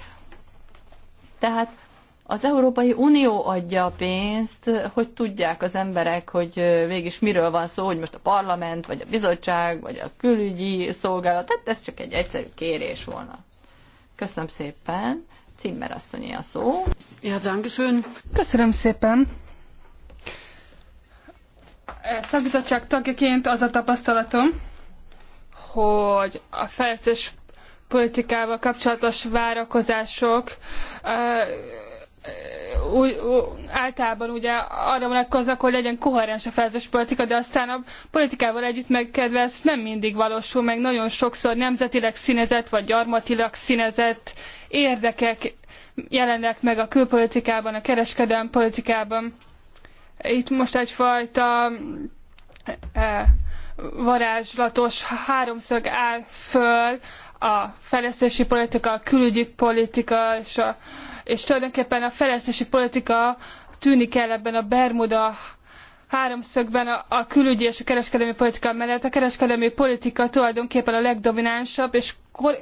S1: Tehát az Európai Unió adja a pénzt, hogy tudják az emberek, hogy végig miről van szó, hogy most a parlament, vagy a bizottság, vagy a külügyi szolgálat. Tehát ez csak egy egyszerű kérés volna. Köszönöm szépen. Cimmer asszonyé a szó. Ja, dankeschön.
S2: Köszönöm szépen. E, szakbizottság tagjaként az a tapasztalatom, hogy a fejlesztés politikával kapcsolatos várakozások e, úgy, általában ugye arra vonatkoznak, hogy legyen koherens a felelős politika, de aztán a politikával együtt megkedve ez nem mindig valósul, meg nagyon sokszor nemzetileg színezett, vagy gyarmatilag színezett érdekek jelennek meg a külpolitikában, a kereskedelmi politikában. Itt most egyfajta e, varázslatos háromszög áll föl a fejlesztési politika, a külügyi politika és a, és tulajdonképpen a fejlesztési politika tűnik el ebben a Bermuda háromszögben a, a külügyi és a kereskedelmi politika mellett. A kereskedelmi politika tulajdonképpen a legdominánsabb, és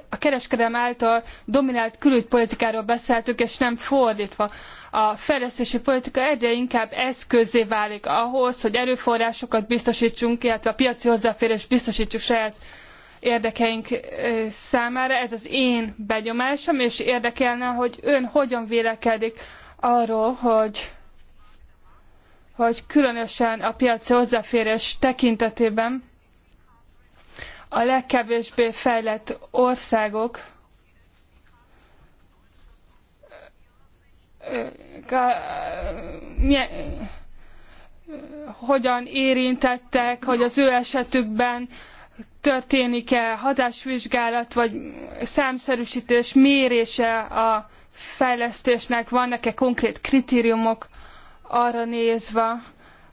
S2: a kereskedelem által dominált külügypolitikáról beszéltük, és nem fordítva. A fejlesztési politika egyre inkább eszközé válik ahhoz, hogy erőforrásokat biztosítsunk, illetve a piaci hozzáférés biztosítsuk saját érdekeink számára. Ez az én benyomásom, és érdekelne, hogy ön hogyan vélekedik arról, hogy hogy különösen a piaci hozzáférés tekintetében a legkevésbé fejlett országok hogyan érintettek, hogy az ő esetükben történik-e hatásvizsgálat, vagy számszerűsítés, mérése a fejlesztésnek, vannak-e konkrét kritériumok arra nézve,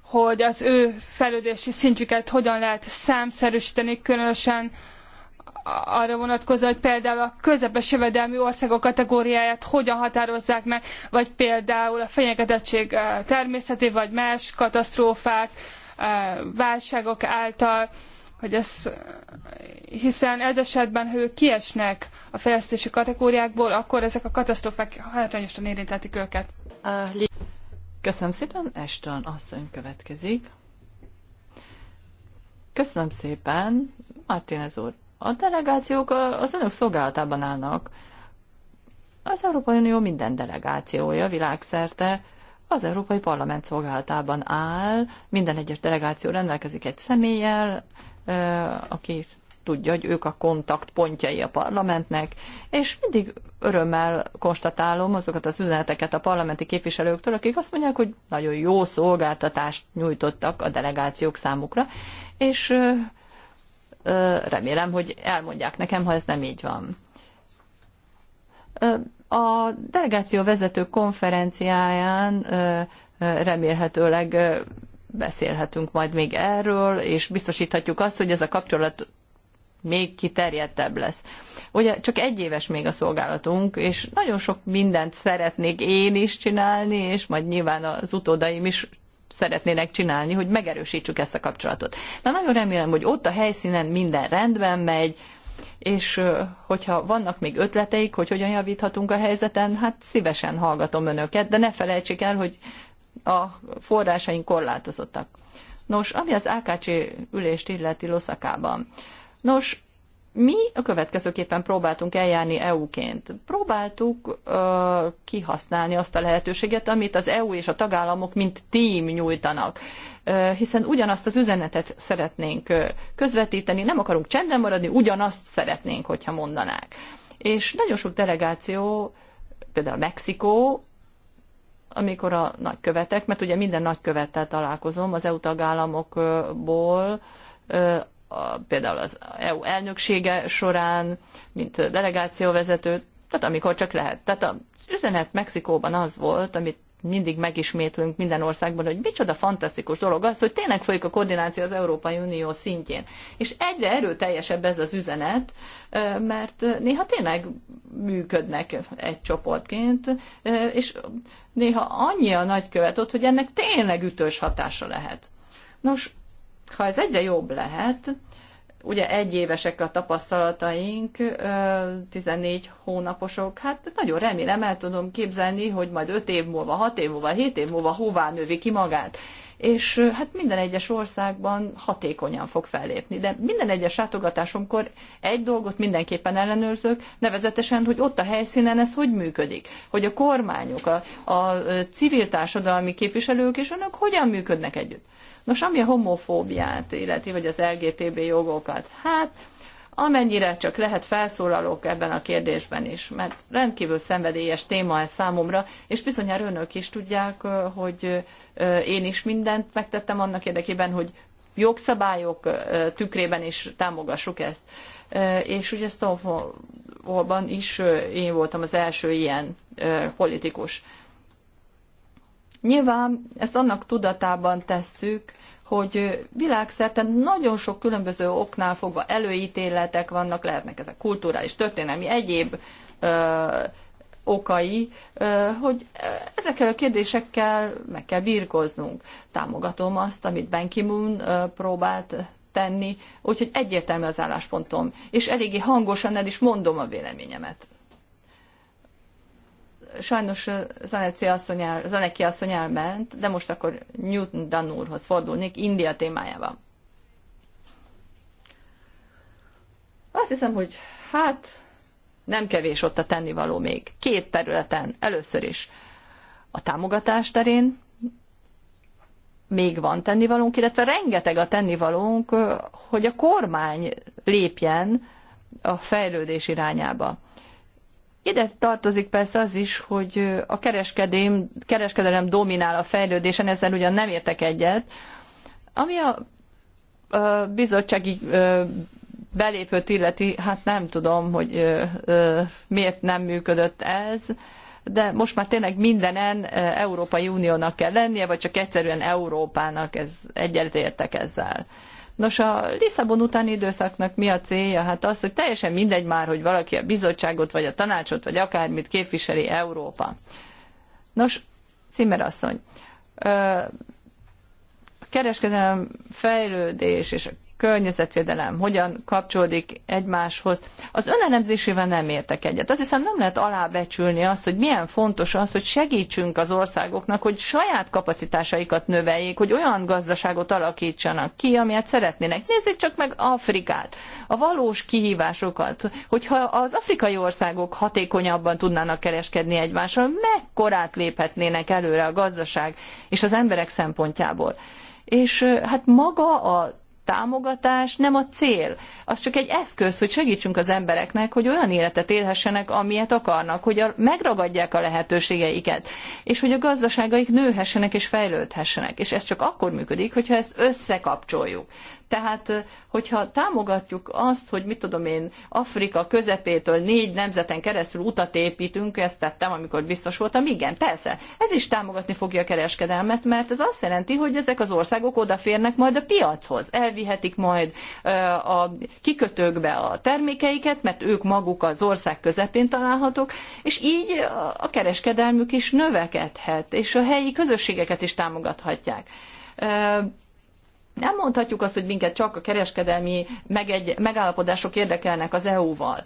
S2: hogy az ő fejlődési szintjüket hogyan lehet számszerűsíteni, különösen arra vonatkozóan, hogy például a közepes jövedelmi országok kategóriáját hogyan határozzák meg, vagy például a fenyegetettség eh, természeti vagy más katasztrófák, eh, válságok által hogy ez, hiszen ez esetben, ha ők kiesnek a fejlesztési kategóriákból, akkor ezek a katasztrófák hátrányosan érintetik őket. Köszönöm szépen, Eston asszony következik.
S1: Köszönöm szépen, Martínez úr. A delegációk az önök szolgálatában állnak. Az Európai Unió minden delegációja világszerte az Európai Parlament szolgálatában áll, minden egyes delegáció rendelkezik egy személlyel, aki tudja, hogy ők a kontaktpontjai a parlamentnek, és mindig örömmel konstatálom azokat az üzeneteket a parlamenti képviselőktől, akik azt mondják, hogy nagyon jó szolgáltatást nyújtottak a delegációk számukra, és remélem, hogy elmondják nekem, ha ez nem így van. A delegáció vezető konferenciáján remélhetőleg beszélhetünk majd még erről, és biztosíthatjuk azt, hogy ez a kapcsolat még kiterjedtebb lesz. Ugye csak egy éves még a szolgálatunk, és nagyon sok mindent szeretnék én is csinálni, és majd nyilván az utódaim is szeretnének csinálni, hogy megerősítsük ezt a kapcsolatot. Na nagyon remélem, hogy ott a helyszínen minden rendben megy, és hogyha vannak még ötleteik, hogy hogyan javíthatunk a helyzeten, hát szívesen hallgatom önöket, de ne felejtsék el, hogy a forrásaink korlátozottak. Nos, ami az AKC ülést illeti Loszakában. Nos, mi a következőképpen próbáltunk eljárni EU-ként. Próbáltuk ö, kihasználni azt a lehetőséget, amit az EU és a tagállamok mint tím nyújtanak. Ö, hiszen ugyanazt az üzenetet szeretnénk közvetíteni, nem akarunk csendben maradni, ugyanazt szeretnénk, hogyha mondanák. És nagyon sok delegáció, például Mexikó, amikor a nagykövetek, mert ugye minden nagykövettel találkozom az EU tagállamokból, például az EU elnöksége során, mint delegációvezető, tehát amikor csak lehet. Tehát az üzenet Mexikóban az volt, amit mindig megismétlünk minden országban, hogy micsoda fantasztikus dolog az, hogy tényleg folyik a koordináció az Európai Unió szintjén. És egyre erőteljesebb ez az üzenet, mert néha tényleg működnek egy csoportként, és néha annyi a nagykövet ott, hogy ennek tényleg ütős hatása lehet. Nos, ha ez egyre jobb lehet, ugye egy évesek a tapasztalataink, 14 hónaposok, hát nagyon remélem, el tudom képzelni, hogy majd 5 év múlva, 6 év múlva, 7 év múlva hová növi ki magát és hát minden egyes országban hatékonyan fog fellépni. De minden egyes látogatásomkor egy dolgot mindenképpen ellenőrzök, nevezetesen, hogy ott a helyszínen ez hogy működik, hogy a kormányok, a, a civil társadalmi képviselők és önök hogyan működnek együtt. Nos, ami a homofóbiát illeti, vagy az LGTB jogokat, hát amennyire csak lehet felszólalok ebben a kérdésben is, mert rendkívül szenvedélyes téma ez számomra, és bizonyára önök is tudják, hogy én is mindent megtettem annak érdekében, hogy jogszabályok tükrében is támogassuk ezt. És ugye Stonewallban is én voltam az első ilyen politikus. Nyilván ezt annak tudatában tesszük, hogy világszerte nagyon sok különböző oknál fogva előítéletek vannak, lehetnek ezek kulturális, történelmi, egyéb ö, okai, ö, hogy ezekkel a kérdésekkel meg kell birkoznunk. Támogatom azt, amit Ben Ki-moon próbált tenni, úgyhogy egyértelmű az álláspontom, és eléggé hangosan el is mondom a véleményemet sajnos Zaneci asszony el, Zaneki asszony elment, de most akkor Newton Danúrhoz fordulnék India témájában. Azt hiszem, hogy hát nem kevés ott a tennivaló még. Két területen, először is a támogatás terén még van tennivalónk, illetve rengeteg a tennivalónk, hogy a kormány lépjen a fejlődés irányába. Ide tartozik persze az is, hogy a kereskedém, kereskedelem dominál a fejlődésen, ezzel ugyan nem értek egyet. Ami a, a bizottsági belépőt illeti, hát nem tudom, hogy a, a, miért nem működött ez, de most már tényleg mindenen Európai Uniónak kell lennie, vagy csak egyszerűen Európának, ez értek ezzel. Nos, a Lisszabon utáni időszaknak mi a célja? Hát az, hogy teljesen mindegy már, hogy valaki a bizottságot, vagy a tanácsot, vagy akármit képviseli Európa. Nos, Cimerasszony, a kereskedelem fejlődés és a környezetvédelem hogyan kapcsolódik egymáshoz. Az önelemzésével nem értek egyet. Azt hiszem nem lehet alábecsülni azt, hogy milyen fontos az, hogy segítsünk az országoknak, hogy saját kapacitásaikat növeljék, hogy olyan gazdaságot alakítsanak ki, amilyet szeretnének. Nézzék csak meg Afrikát, a valós kihívásokat, hogyha az afrikai országok hatékonyabban tudnának kereskedni egymással, mekkorát léphetnének előre a gazdaság és az emberek szempontjából. És hát maga a támogatás nem a cél, az csak egy eszköz, hogy segítsünk az embereknek, hogy olyan életet élhessenek, amilyet akarnak, hogy a, megragadják a lehetőségeiket, és hogy a gazdaságaik nőhessenek és fejlődhessenek. És ez csak akkor működik, hogyha ezt összekapcsoljuk. Tehát, hogyha támogatjuk azt, hogy mit tudom én, Afrika közepétől négy nemzeten keresztül utat építünk, ezt tettem, amikor biztos voltam, igen, persze, ez is támogatni fogja a kereskedelmet, mert ez azt jelenti, hogy ezek az országok odaférnek majd a piachoz, elvihetik majd a kikötőkbe a termékeiket, mert ők maguk az ország közepén találhatók, és így a kereskedelmük is növekedhet, és a helyi közösségeket is támogathatják nem mondhatjuk azt, hogy minket csak a kereskedelmi megegy, megállapodások érdekelnek az EU-val.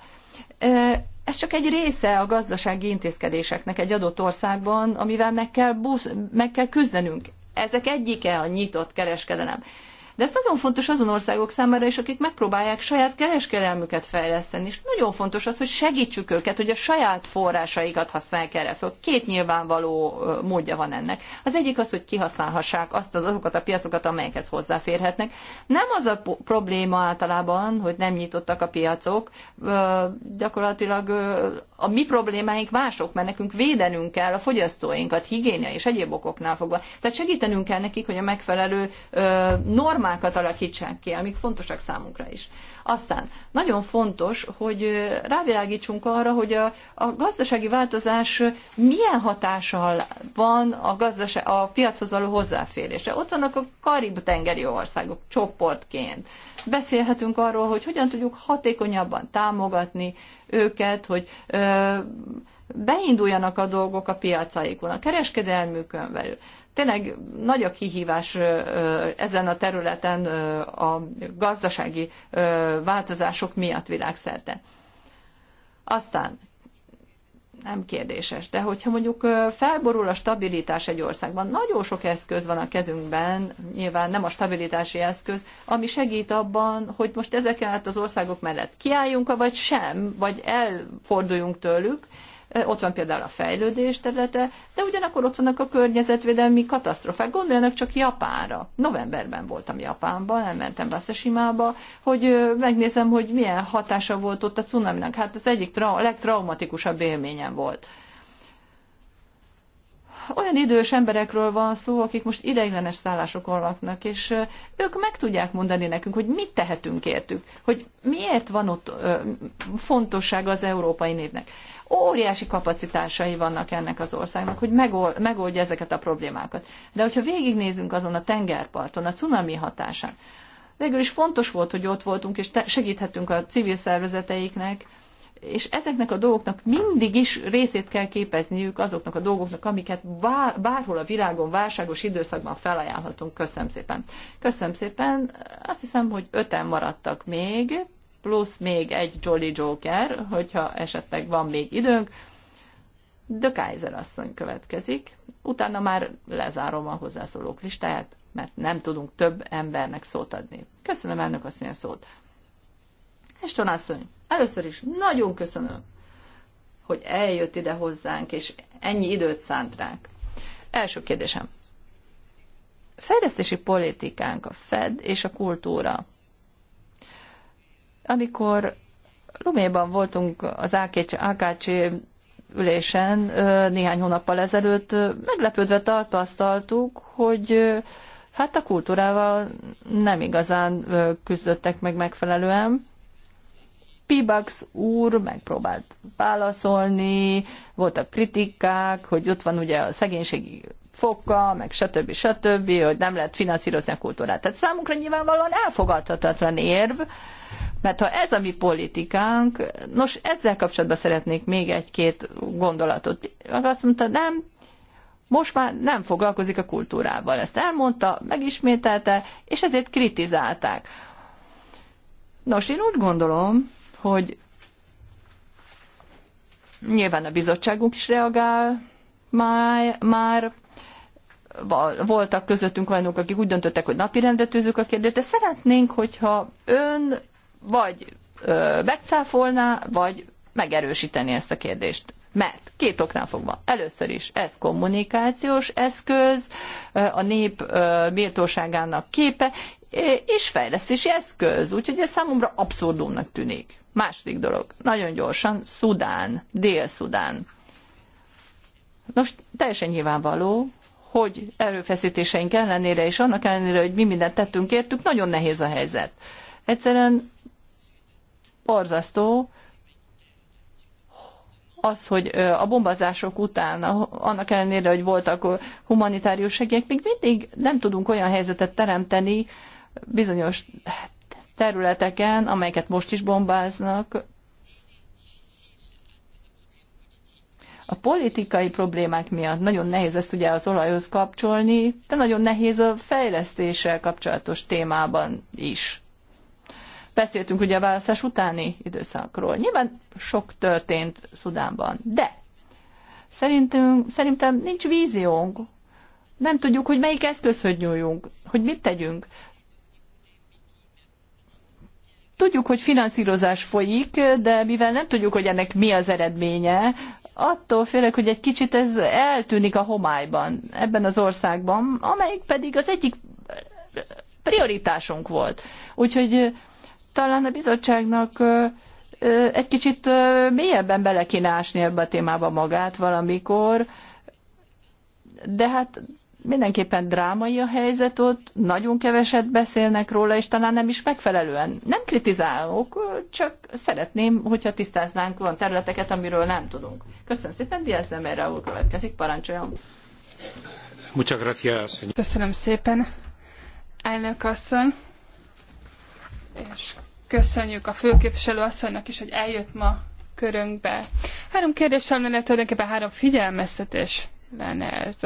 S1: Ez csak egy része a gazdasági intézkedéseknek egy adott országban, amivel meg kell, busz, meg kell küzdenünk. Ezek egyike a nyitott kereskedelem. De ez nagyon fontos azon országok számára is, akik megpróbálják saját kereskedelmüket fejleszteni, és nagyon fontos az, hogy segítsük őket, hogy a saját forrásaikat használják erre Szóval Két nyilvánvaló módja van ennek. Az egyik az, hogy kihasználhassák azt az azokat a piacokat, amelyekhez hozzáférhetnek. Nem az a probléma általában, hogy nem nyitottak a piacok, gyakorlatilag a mi problémáink mások, mert nekünk védenünk kell a fogyasztóinkat, higiénia és egyéb okoknál fogva. Tehát segítenünk kell nekik, hogy a megfelelő ö, normákat alakítsák ki, amik fontosak számunkra is. Aztán nagyon fontos, hogy rávilágítsunk arra, hogy a, a gazdasági változás milyen hatással van a, gazdase, a piachoz való hozzáférésre. Ott vannak a Karib-tengeri országok csoportként. Beszélhetünk arról, hogy hogyan tudjuk hatékonyabban támogatni őket, hogy beinduljanak a dolgok a piacaikon, a kereskedelmükön belül. Tényleg nagy a kihívás ezen a területen a gazdasági változások miatt világszerte. Aztán nem kérdéses. De hogyha mondjuk felborul a stabilitás egy országban, nagyon sok eszköz van a kezünkben, nyilván nem a stabilitási eszköz, ami segít abban, hogy most ezeket az országok mellett kiálljunk, vagy sem, vagy elforduljunk tőlük, ott van például a fejlődés területe, de ugyanakkor ott vannak a környezetvédelmi katasztrofák. Gondoljanak csak Japánra. Novemberben voltam Japánban, elmentem Wasashimába, hogy megnézem, hogy milyen hatása volt ott a cunaminak. Hát ez egyik tra- legtraumatikusabb élményem volt olyan idős emberekről van szó, akik most ideiglenes szállásokon laknak, és ők meg tudják mondani nekünk, hogy mit tehetünk értük, hogy miért van ott fontossága az európai névnek. Óriási kapacitásai vannak ennek az országnak, hogy megoldja ezeket a problémákat. De hogyha végignézünk azon a tengerparton, a cunami hatásán, végül is fontos volt, hogy ott voltunk, és segíthettünk a civil szervezeteiknek, és ezeknek a dolgoknak mindig is részét kell képezniük azoknak a dolgoknak, amiket bár, bárhol a világon válságos időszakban felajánlhatunk. Köszönöm szépen. Köszönöm szépen. Azt hiszem, hogy öten maradtak még plusz még egy Jolly Joker, hogyha esetleg van még időnk. De Kaiser asszony következik. Utána már lezárom a hozzászólók listáját, mert nem tudunk több embernek szót adni. Köszönöm elnök asszony a szót. És asszony, először is nagyon köszönöm, hogy eljött ide hozzánk, és ennyi időt szánt ránk. Első kérdésem. Fejlesztési politikánk a Fed és a kultúra amikor Luméban voltunk az AKC ülésen néhány hónappal ezelőtt, meglepődve tapasztaltuk, hogy hát a kultúrával nem igazán küzdöttek meg megfelelően. Pibax úr megpróbált válaszolni, voltak kritikák, hogy ott van ugye a szegénységi foka, meg stb. stb., hogy nem lehet finanszírozni a kultúrát. Tehát számunkra nyilvánvalóan elfogadhatatlan érv, mert ha ez a mi politikánk, nos, ezzel kapcsolatban szeretnék még egy-két gondolatot. Azt mondta, nem, most már nem foglalkozik a kultúrával. Ezt elmondta, megismételte, és ezért kritizálták. Nos, én úgy gondolom, hogy nyilván a bizottságunk is reagál már, már voltak közöttünk olyanok, akik úgy döntöttek, hogy napirendre tűzük a kérdést, de szeretnénk, hogyha ön vagy megcáfolná, vagy megerősíteni ezt a kérdést. Mert két oknál fogva. Először is ez kommunikációs eszköz, a nép méltóságának képe, és fejlesztési eszköz. Úgyhogy ez számomra abszurdumnak tűnik. Második dolog, nagyon gyorsan, Szudán, Dél-Szudán. Nos, teljesen nyilvánvaló, hogy erőfeszítéseink ellenére és annak ellenére, hogy mi mindent tettünk értük, nagyon nehéz a helyzet. Egyszerűen Borzasztó az, hogy a bombazások után, annak ellenére, hogy voltak humanitárius segélyek, még mindig nem tudunk olyan helyzetet teremteni bizonyos területeken, amelyeket most is bombáznak, a politikai problémák miatt nagyon nehéz ezt ugye az olajhoz kapcsolni, de nagyon nehéz a fejlesztéssel kapcsolatos témában is. Beszéltünk ugye a választás utáni időszakról. Nyilván sok történt Szudánban, de szerintünk, szerintem nincs víziónk. Nem tudjuk, hogy melyik eszközhöz nyúljunk, hogy mit tegyünk. Tudjuk, hogy finanszírozás folyik, de mivel nem tudjuk, hogy ennek mi az eredménye, attól félek, hogy egy kicsit ez eltűnik a homályban ebben az országban, amelyik pedig az egyik prioritásunk volt. Úgyhogy talán a bizottságnak egy kicsit mélyebben bele kéne ásni ebbe a témába magát valamikor, de hát mindenképpen drámai a helyzet ott, nagyon keveset beszélnek róla, és talán nem is megfelelően. Nem kritizálok, csak szeretném, hogyha tisztáznánk olyan területeket, amiről nem tudunk. Köszönöm szépen, Diaz nem erre úr következik, parancsoljon.
S2: Köszönöm szépen, elnök asszony, és köszönjük a főképviselő asszonynak is, hogy eljött ma körünkbe. Három kérdésem lenne, tulajdonképpen három figyelmeztetés lenne ez.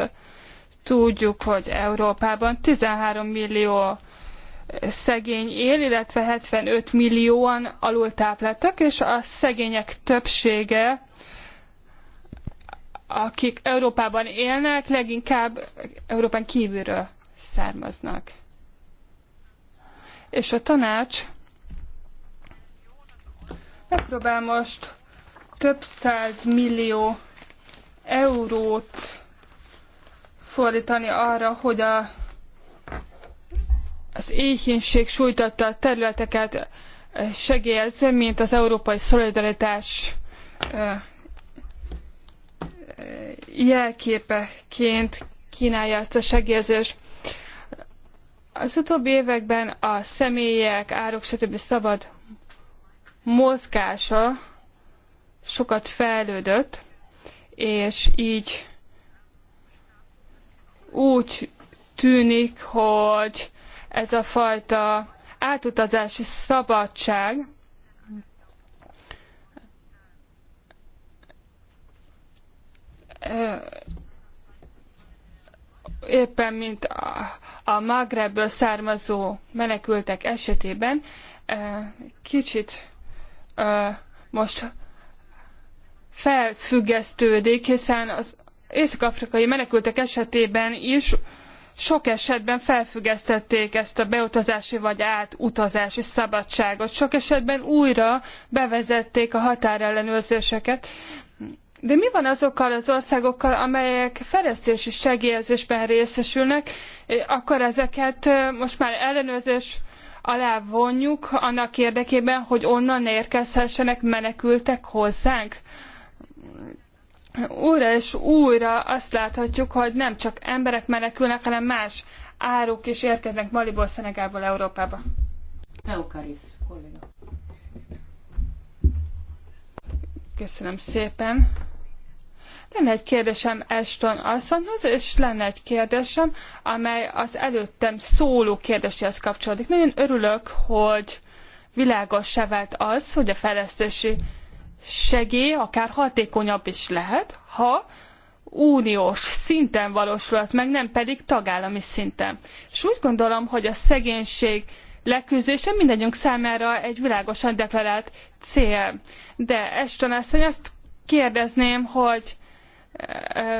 S2: Tudjuk, hogy Európában 13 millió szegény él, illetve 75 millióan alultápláltak, és a szegények többsége, akik Európában élnek, leginkább Európán kívülről származnak. És a tanács megpróbál most több száz millió eurót fordítani arra, hogy a, az éhínség sújtotta a területeket eh, segélyezze, mint az Európai Szolidaritás eh, eh, jelképeként kínálja ezt a segélyezést. Az utóbbi években a személyek, árok, stb. szabad mozgása sokat fejlődött, és így úgy tűnik, hogy ez a fajta átutazási szabadság éppen mint a, a Magrebből származó menekültek esetében eh, kicsit most felfüggesztődik, hiszen az észak-afrikai menekültek esetében is sok esetben felfüggesztették ezt a beutazási vagy átutazási szabadságot. Sok esetben újra bevezették a határellenőrzéseket. De mi van azokkal az országokkal, amelyek fejlesztési segélyezésben részesülnek, akkor ezeket most már ellenőrzés alá vonjuk annak érdekében, hogy onnan érkezhessenek menekültek hozzánk? Újra és újra azt láthatjuk, hogy nem csak emberek menekülnek, hanem más áruk is érkeznek Maliból, Szenegából, Európába. Teokaris kolléga. Köszönöm szépen. Lenne egy kérdésem Eston asszonyhoz, és lenne egy kérdésem, amely az előttem szóló kérdéséhez kapcsolódik. Nagyon örülök, hogy se vált az, hogy a fejlesztési segély akár hatékonyabb is lehet, ha uniós szinten valósul az meg, nem pedig tagállami szinten. És úgy gondolom, hogy a szegénység leküzdése mindegyünk számára egy világosan deklarált cél. De Eston asszony, azt kérdezném, hogy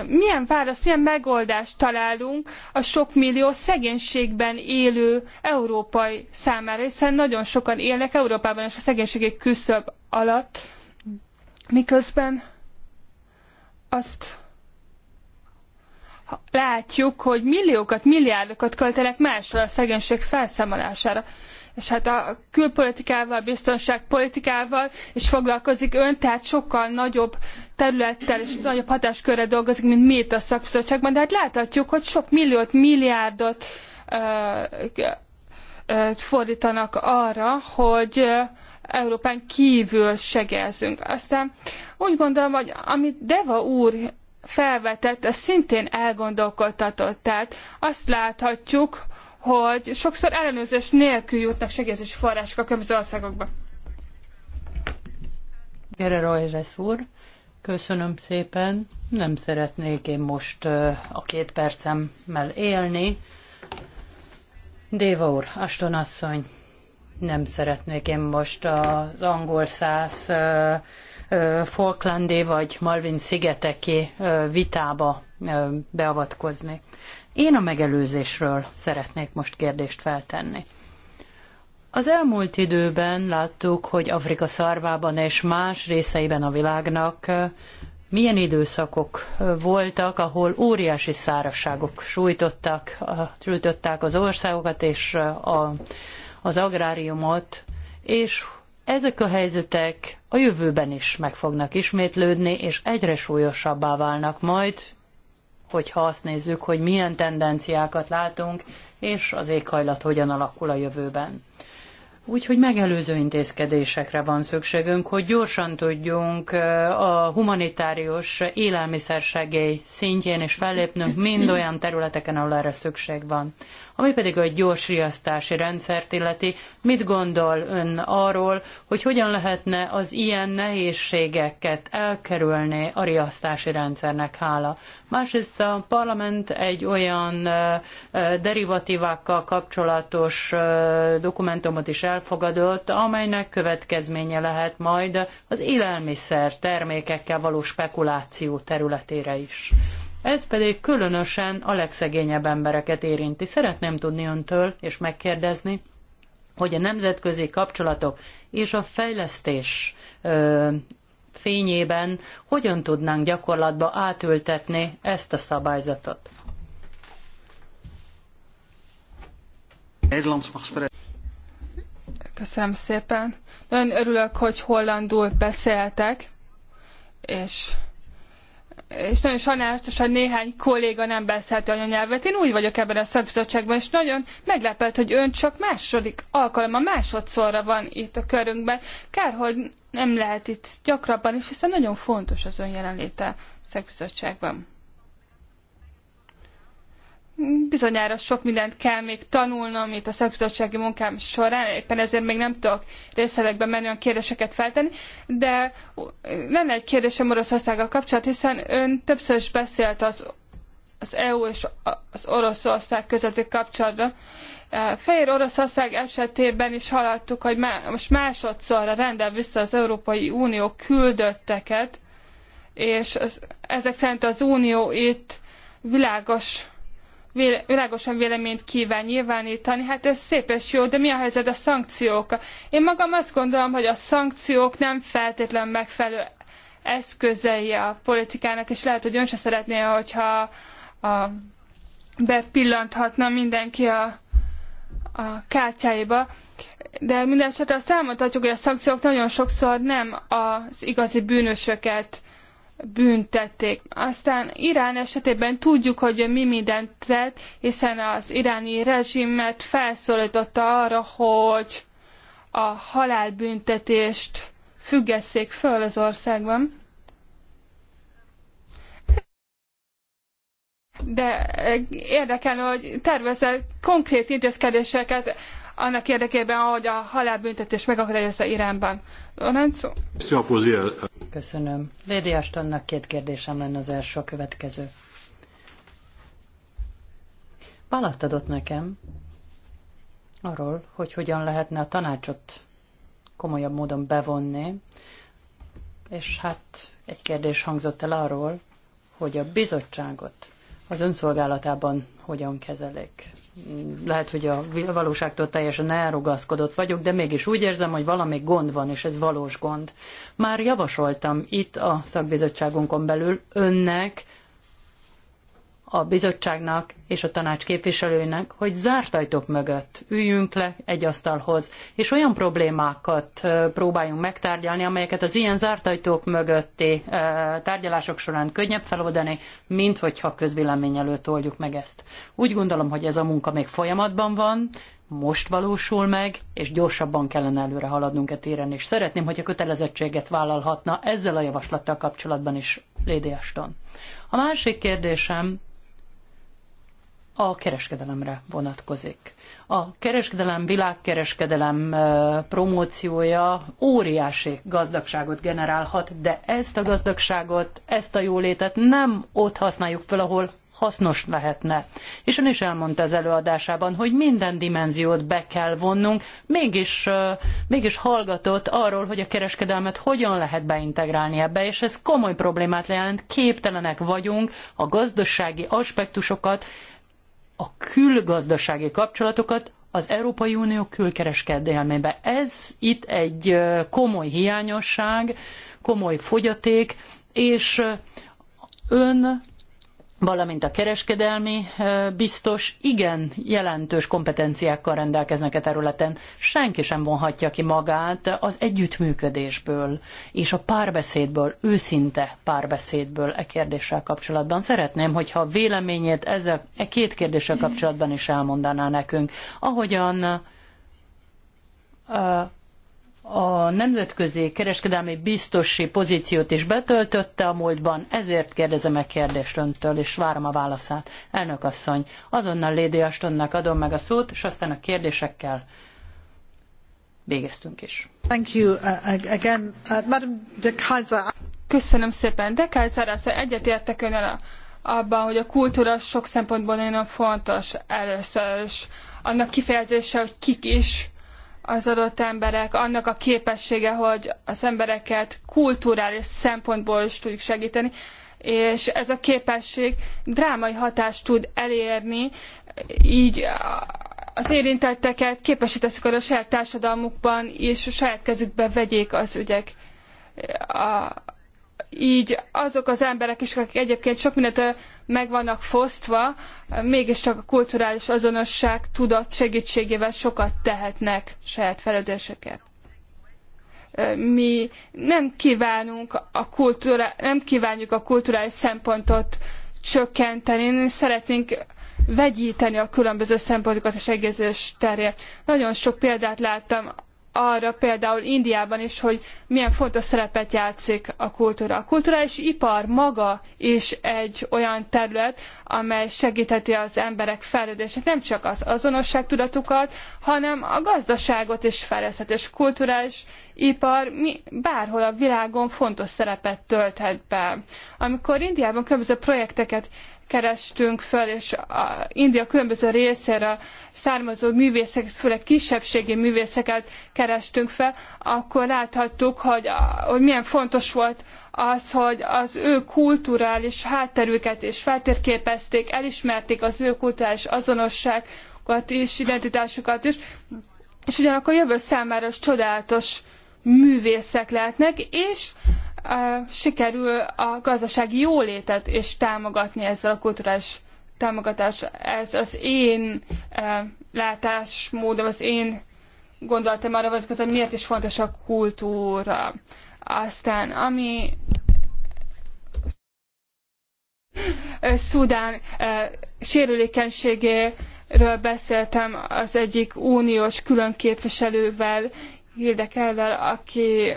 S2: milyen választ, milyen megoldást találunk a sok millió szegénységben élő európai számára, hiszen nagyon sokan élnek Európában és a szegénységi küszöb alatt, miközben azt látjuk, hogy milliókat, milliárdokat költenek másra a szegénység felszámolására és hát a külpolitikával, biztonságpolitikával is foglalkozik ön, tehát sokkal nagyobb területtel és nagyobb hatáskörre dolgozik, mint mi itt a szakbizottságban, de hát láthatjuk, hogy sok milliót, milliárdot ö, ö, fordítanak arra, hogy Európán kívül segélyezünk. Aztán úgy gondolom, hogy amit Deva úr felvetett, az szintén elgondolkodtatott. Tehát azt láthatjuk, hogy sokszor ellenőrzés nélkül jutnak segélyezési források a különböző országokba.
S3: Guerrero úr, köszönöm szépen. Nem szeretnék én most a két percemmel élni. Déva úr, Aston asszony, nem szeretnék én most az angol száz Falklandi vagy Malvin szigeteki vitába beavatkozni. Én a megelőzésről szeretnék most kérdést feltenni. Az elmúlt időben láttuk, hogy Afrika szarvában és más részeiben a világnak eh, milyen időszakok eh, voltak, ahol óriási szárazságok sújtottak, sújtották az országokat és eh, a, az agráriumot, és ezek a helyzetek a jövőben is meg fognak ismétlődni, és egyre súlyosabbá válnak majd, hogyha azt nézzük, hogy milyen tendenciákat látunk, és az éghajlat hogyan alakul a jövőben. Úgyhogy megelőző intézkedésekre van szükségünk, hogy gyorsan tudjunk a humanitárius élelmiszersegély szintjén is fellépnünk mind olyan területeken, ahol erre szükség van. Ami pedig a gyors riasztási rendszert illeti, mit gondol ön arról, hogy hogyan lehetne az ilyen nehézségeket elkerülni a riasztási rendszernek hála? Másrészt a parlament egy olyan derivatívákkal kapcsolatos dokumentumot is el elfogadott, amelynek következménye lehet majd az élelmiszer termékekkel való spekuláció területére is. Ez pedig különösen a legszegényebb embereket érinti. Szeretném tudni öntől és megkérdezni, hogy a nemzetközi kapcsolatok és a fejlesztés ö, fényében hogyan tudnánk gyakorlatba átültetni ezt a szabályzatot.
S2: Köszönöm szépen. Nagyon örülök, hogy hollandul beszéltek, és, és nagyon sajnálatos, hogy néhány kolléga nem beszélt anyanyelvet. Én úgy vagyok ebben a szakbizottságban, és nagyon meglepett, hogy ön csak második alkalommal, másodszorra van itt a körünkben. Kár, hogy nem lehet itt gyakrabban, és hiszen nagyon fontos az ön jelenléte a szakbizottságban bizonyára sok mindent kell még tanulnom itt a szakbizottsági munkám során, éppen ezért még nem tudok részletekben menni olyan kérdéseket feltenni, de lenne egy kérdésem Oroszországgal kapcsolatban, hiszen ön többször is beszélt az, az EU és az Oroszország közötti kapcsolatban. E, Fehér Oroszország esetében is hallottuk, hogy má, most másodszorra rendel vissza az Európai Unió küldötteket, és az, ezek szerint az Unió itt világos véle, világosan véleményt kíván nyilvánítani. Hát ez szép és jó, de mi a helyzet a szankciókkal? Én magam azt gondolom, hogy a szankciók nem feltétlen megfelelő eszközei a politikának, és lehet, hogy ön se szeretné, hogyha a, bepillanthatna mindenki a, a kártyáiba. De minden esetre azt elmondhatjuk, hogy a szankciók nagyon sokszor nem az igazi bűnösöket büntették. Aztán Irán esetében tudjuk, hogy mi mindent tett, hiszen az iráni rezsimet felszólította arra, hogy a halálbüntetést függesszék föl az országban. De eh, érdekelne, hogy tervezett konkrét intézkedéseket annak érdekében, hogy a halálbüntetés megakadályozza Iránban. Lorenzo?
S3: Köszönöm. Lady Ashtonnak két kérdésem lenne az első a következő. Választ adott nekem arról, hogy hogyan lehetne a tanácsot komolyabb módon bevonni, és hát egy kérdés hangzott el arról, hogy a bizottságot az önszolgálatában hogyan kezelik. Lehet, hogy a valóságtól teljesen elrugaszkodott vagyok, de mégis úgy érzem, hogy valami gond van, és ez valós gond. Már javasoltam itt a szakbizottságunkon belül önnek, a bizottságnak és a tanács képviselőinek, hogy zárt ajtók mögött üljünk le egy asztalhoz, és olyan problémákat próbáljunk megtárgyalni, amelyeket az ilyen zárt ajtók mögötti tárgyalások során könnyebb feloldani, mint hogyha közvélemény előtt oldjuk meg ezt. Úgy gondolom, hogy ez a munka még folyamatban van, most valósul meg, és gyorsabban kellene előre haladnunk e téren, és szeretném, hogy a kötelezettséget vállalhatna ezzel a javaslattal kapcsolatban is Lady Ashton. A másik kérdésem a kereskedelemre vonatkozik. A kereskedelem, világkereskedelem promóciója óriási gazdagságot generálhat, de ezt a gazdagságot, ezt a jólétet nem ott használjuk fel, ahol hasznos lehetne. És ön is elmondta az előadásában, hogy minden dimenziót be kell vonnunk, mégis, mégis hallgatott arról, hogy a kereskedelmet hogyan lehet beintegrálni ebbe, és ez komoly problémát jelent, képtelenek vagyunk a gazdasági aspektusokat a külgazdasági kapcsolatokat az Európai Unió külkereskedelmébe. Ez itt egy komoly hiányosság, komoly fogyaték, és ön valamint a kereskedelmi biztos igen jelentős kompetenciákkal rendelkeznek a e területen. Senki sem vonhatja ki magát az együttműködésből és a párbeszédből, őszinte párbeszédből e kérdéssel kapcsolatban. Szeretném, hogyha a véleményét ezzel, e két kérdéssel kapcsolatban is elmondaná nekünk. Ahogyan a nemzetközi kereskedelmi biztosi pozíciót is betöltötte a múltban, ezért kérdezem a kérdést öntől, és várom a válaszát. Elnök asszony, azonnal Lady Astonnak adom meg a szót, és aztán a kérdésekkel végeztünk is.
S2: Thank you uh, again. Uh, Madam de Kaiser. Köszönöm szépen. De Kaiser, egyetértek önnel abban, hogy a kultúra sok szempontból nagyon fontos először is. Annak kifejezése, hogy kik is az adott emberek, annak a képessége, hogy az embereket kulturális szempontból is tudjuk segíteni, és ez a képesség drámai hatást tud elérni, így az érintetteket képesíteszik, hogy a saját társadalmukban és a saját kezükbe vegyék az ügyek. A, így azok az emberek is, akik egyébként sok mindent meg vannak fosztva, mégiscsak a kulturális azonosság tudat segítségével sokat tehetnek saját felelősöket. Mi nem kívánunk a kultúra, nem kívánjuk a kulturális szempontot csökkenteni, szeretnénk vegyíteni a különböző szempontokat és egészés terén. Nagyon sok példát láttam arra például Indiában is, hogy milyen fontos szerepet játszik a kultúra. A kulturális ipar maga is egy olyan terület, amely segítheti az emberek fejlődését, nem csak az azonosságtudatukat, hanem a gazdaságot is fejleszthet, és kulturális ipar mi, bárhol a világon fontos szerepet tölthet be. Amikor Indiában különböző projekteket kerestünk föl, és a India különböző részére származó művészeket, főleg kisebbségi művészeket kerestünk fel, akkor láthattuk, hogy, hogy milyen fontos volt az, hogy az ő kulturális hátterüket is feltérképezték, elismerték az ő kulturális azonosságukat is, identitásukat is, és ugyanakkor jövő számára is csodálatos művészek lehetnek, és sikerül a gazdasági jólétet is támogatni ezzel a kulturális támogatás. Ez az én látásmódom, az én gondolatom arra vonatkozóan, hogy miért is fontos a kultúra. Aztán, ami Szudán sérülékenységéről beszéltem az egyik uniós külön képviselővel, Hilde Keller, aki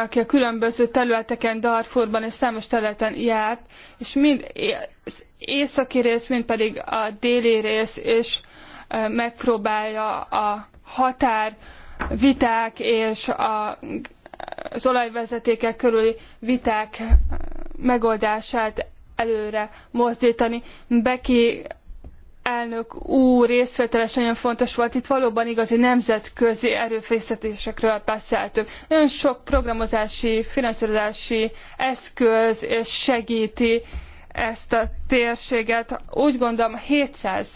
S2: aki a különböző területeken, Darfurban és számos területen járt, és mind az északi rész, mind pedig a déli rész is megpróbálja a határ viták és a, az olajvezetékek körüli viták megoldását előre mozdítani. Beki elnök úr részvételes nagyon fontos volt. Itt valóban igazi nemzetközi erőfeszítésekről beszéltünk. Nagyon sok programozási, finanszírozási eszköz és segíti ezt a térséget. Úgy gondolom 700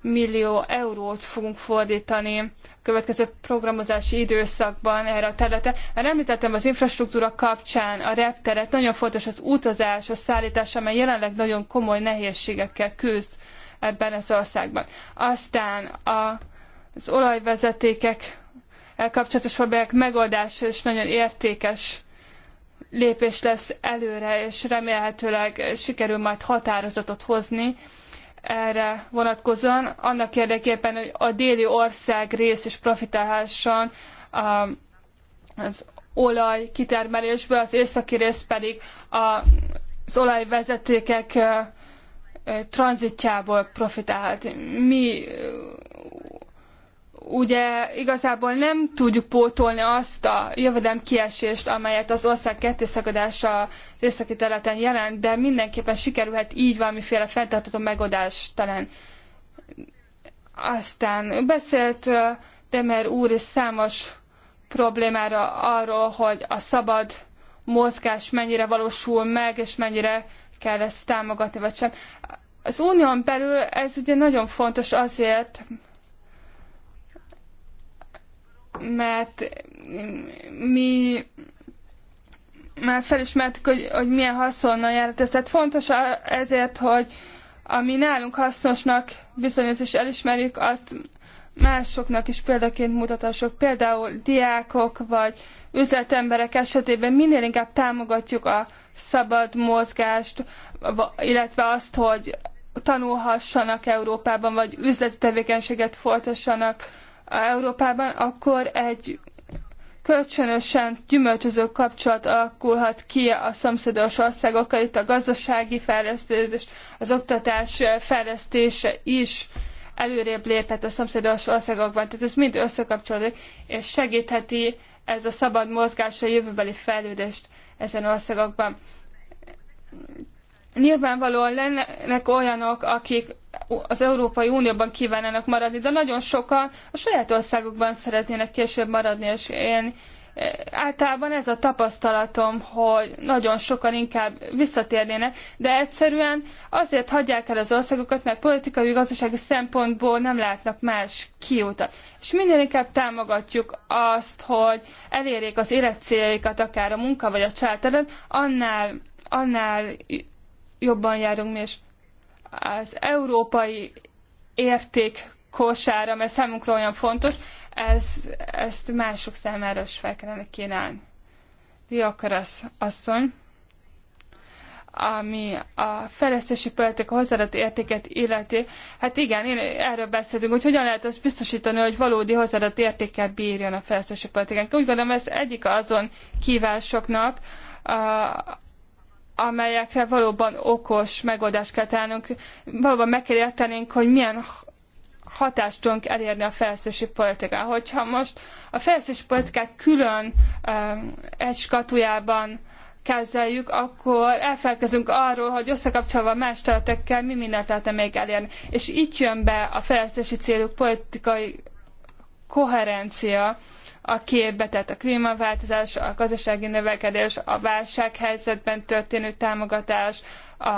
S2: millió eurót fogunk fordítani a következő programozási időszakban erre a területre. Már említettem az infrastruktúra kapcsán a repteret, nagyon fontos az utazás, a szállítás, amely jelenleg nagyon komoly nehézségekkel küzd ebben az országban. Aztán a, az olajvezetékek kapcsolatos problémák megoldása is nagyon értékes lépés lesz előre, és remélhetőleg sikerül majd határozatot hozni erre vonatkozóan, annak érdekében, hogy a déli ország rész is profitálhasson az olaj kitermelésből, az északi rész pedig az olajvezetékek tranzitjából profitálhat. Mi ugye igazából nem tudjuk pótolni azt a jövedelem kiesést, amelyet az ország kettőszakadása az északi területen jelent, de mindenképpen sikerülhet így valamiféle fenntartató megoldás talán. Aztán beszélt Demer úr is számos problémára arról, hogy a szabad mozgás mennyire valósul meg, és mennyire kell ezt támogatni, vagy sem. Az unión belül ez ugye nagyon fontos azért, mert mi már felismertük, hogy, hogy milyen haszonnal járt ez. Tehát fontos ezért, hogy ami nálunk hasznosnak bizonyos is elismerjük, azt másoknak is példaként mutatások, például diákok vagy üzletemberek esetében minél inkább támogatjuk a szabad mozgást, illetve azt, hogy tanulhassanak Európában, vagy üzleti tevékenységet folytassanak Európában, akkor egy kölcsönösen gyümölcsöző kapcsolat alakulhat ki a szomszédos országokkal, itt a gazdasági fejlesztés, az oktatás fejlesztése is előrébb lépett a szomszédos országokban. Tehát ez mind összekapcsolódik, és segítheti ez a szabad mozgás a jövőbeli fejlődést ezen országokban. Nyilvánvalóan lennek olyanok, akik az Európai Unióban kívánnának maradni, de nagyon sokan a saját országukban szeretnének később maradni és élni, általában ez a tapasztalatom, hogy nagyon sokan inkább visszatérnének, de egyszerűen azért hagyják el az országokat, mert politikai, gazdasági szempontból nem látnak más kiutat. És minél inkább támogatjuk azt, hogy elérjék az életcéljaikat, akár a munka vagy a családterület, annál, annál jobban járunk mi is. Az európai érték kosára, mert számunkra olyan fontos, ez, ezt mások számára is fel kellene kínálni. Diakarasz asszony, ami a fejlesztési politika hozzáadott értéket illeti. Hát igen, én erről beszélünk, hogy hogyan lehet azt biztosítani, hogy valódi hozzáadott értékkel bírjon a fejlesztési politikánk. Úgy gondolom, ez egyik azon kívásoknak, amelyekre valóban okos megoldást kell tennünk. Valóban meg kell értenünk, hogy milyen hatást tudunk elérni a fejlesztési politikával. Hogyha most a fejlesztési politikát külön um, egy skatujában kezeljük, akkor elfelkezünk arról, hogy összekapcsolva más területekkel mi mindent lehetne még elérni. És itt jön be a fejlesztési célú politikai koherencia a képbe, tehát a klímaváltozás, a gazdasági növekedés, a válsághelyzetben történő támogatás, a,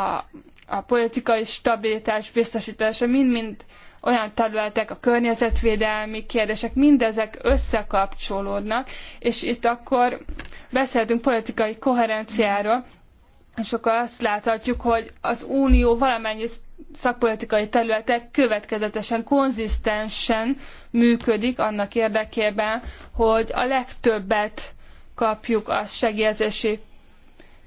S2: a politikai stabilitás biztosítása mind-mind olyan területek, a környezetvédelmi kérdések, mindezek összekapcsolódnak, és itt akkor beszéltünk politikai koherenciáról, és akkor azt láthatjuk, hogy az Unió valamennyi szakpolitikai területek következetesen, konzisztensen működik annak érdekében, hogy a legtöbbet kapjuk a segélyezési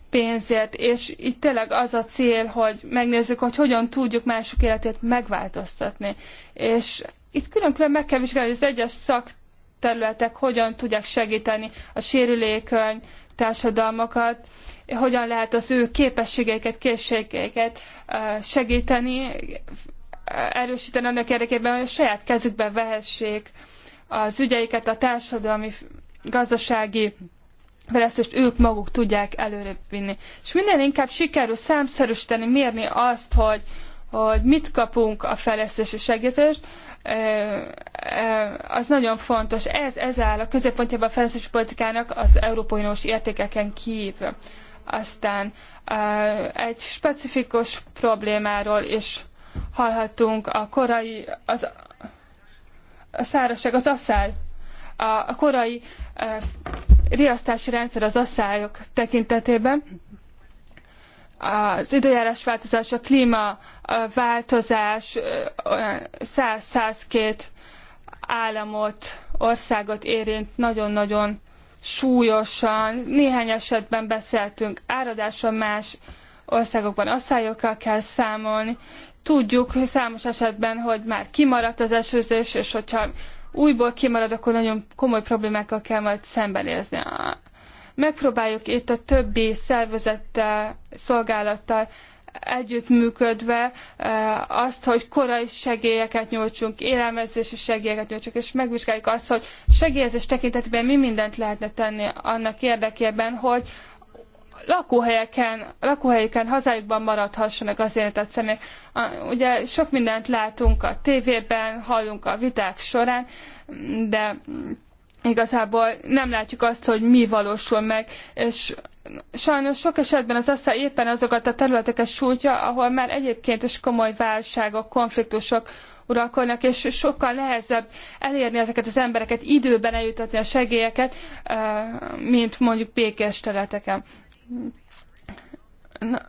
S2: pénzért, és itt tényleg az a cél, hogy megnézzük, hogy hogyan tudjuk mások életét megváltoztatni. És itt külön-külön meg kell vizsgálni, hogy az egyes szakterületek hogyan tudják segíteni a sérülékeny társadalmakat, hogyan lehet az ő képességeiket, készségeiket segíteni, erősíteni annak érdekében, hogy a saját kezükbe vehessék az ügyeiket, a társadalmi, gazdasági fejlesztést ők maguk tudják előre vinni. És minden inkább sikerül számszerűsíteni, mérni azt, hogy, hogy mit kapunk a fejlesztési segítést, az nagyon fontos. Ez, ez áll a középpontjában a fejlesztési politikának az Európai Uniós értékeken kívül. Aztán egy specifikus problémáról is hallhatunk a korai, az, a szárazság, az asszály, a korai riasztási rendszer az asszályok tekintetében. Az időjárás változás, a klíma változás 100-102 államot, országot érint nagyon-nagyon súlyosan. Néhány esetben beszéltünk áradásra, más országokban asszályokkal kell számolni. Tudjuk számos esetben, hogy már kimaradt az esőzés, és hogyha újból kimarad, akkor nagyon komoly problémákkal kell majd szembenézni. Megpróbáljuk itt a többi szervezettel, szolgálattal együttműködve e, azt, hogy korai segélyeket nyújtsunk, élelmezési segélyeket nyújtsunk, és megvizsgáljuk azt, hogy segélyezés tekintetében mi mindent lehetne tenni annak érdekében, hogy lakóhelyeken, lakóhelyeken hazájukban maradhassanak az érintett személyek. Ugye sok mindent látunk a tévében, hallunk a viták során, de igazából nem látjuk azt, hogy mi valósul meg, és sajnos sok esetben az aztán éppen azokat a területeket sújtja, ahol már egyébként is komoly válságok, konfliktusok uralkodnak, és sokkal nehezebb elérni ezeket az embereket, időben eljutatni a segélyeket, eh, mint mondjuk békés területeken na,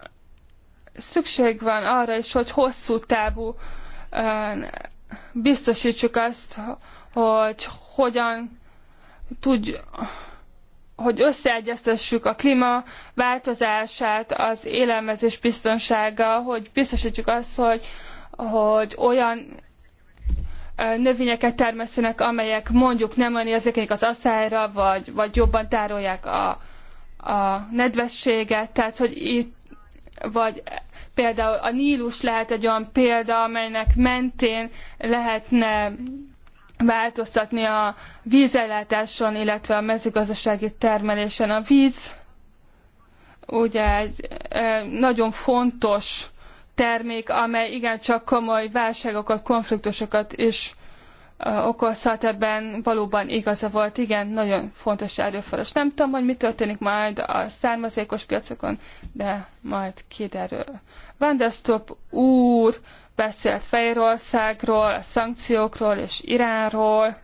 S2: szükség van arra is, hogy hosszú távú biztosítsuk azt, hogy hogyan tudj, hogy összeegyeztessük a klíma változását az élelmezés biztonsággal, hogy biztosítsuk azt, hogy, hogy olyan növényeket termesztenek, amelyek mondjuk nem olyan érzékenyek az asszályra, vagy, vagy jobban tárolják a, a nedvességet, tehát hogy itt vagy például a Nílus lehet egy olyan példa, amelynek mentén lehetne változtatni a vízellátáson, illetve a mezőgazdasági termelésen. A víz ugye egy nagyon fontos termék, amely igencsak komoly válságokat, konfliktusokat is okozhat, ebben valóban igaza volt, igen, nagyon fontos erőforrás. Nem tudom, hogy mi történik majd a származékos piacokon, de majd kiderül. Vanderstop úr beszélt Fejrországról, a szankciókról és Iránról,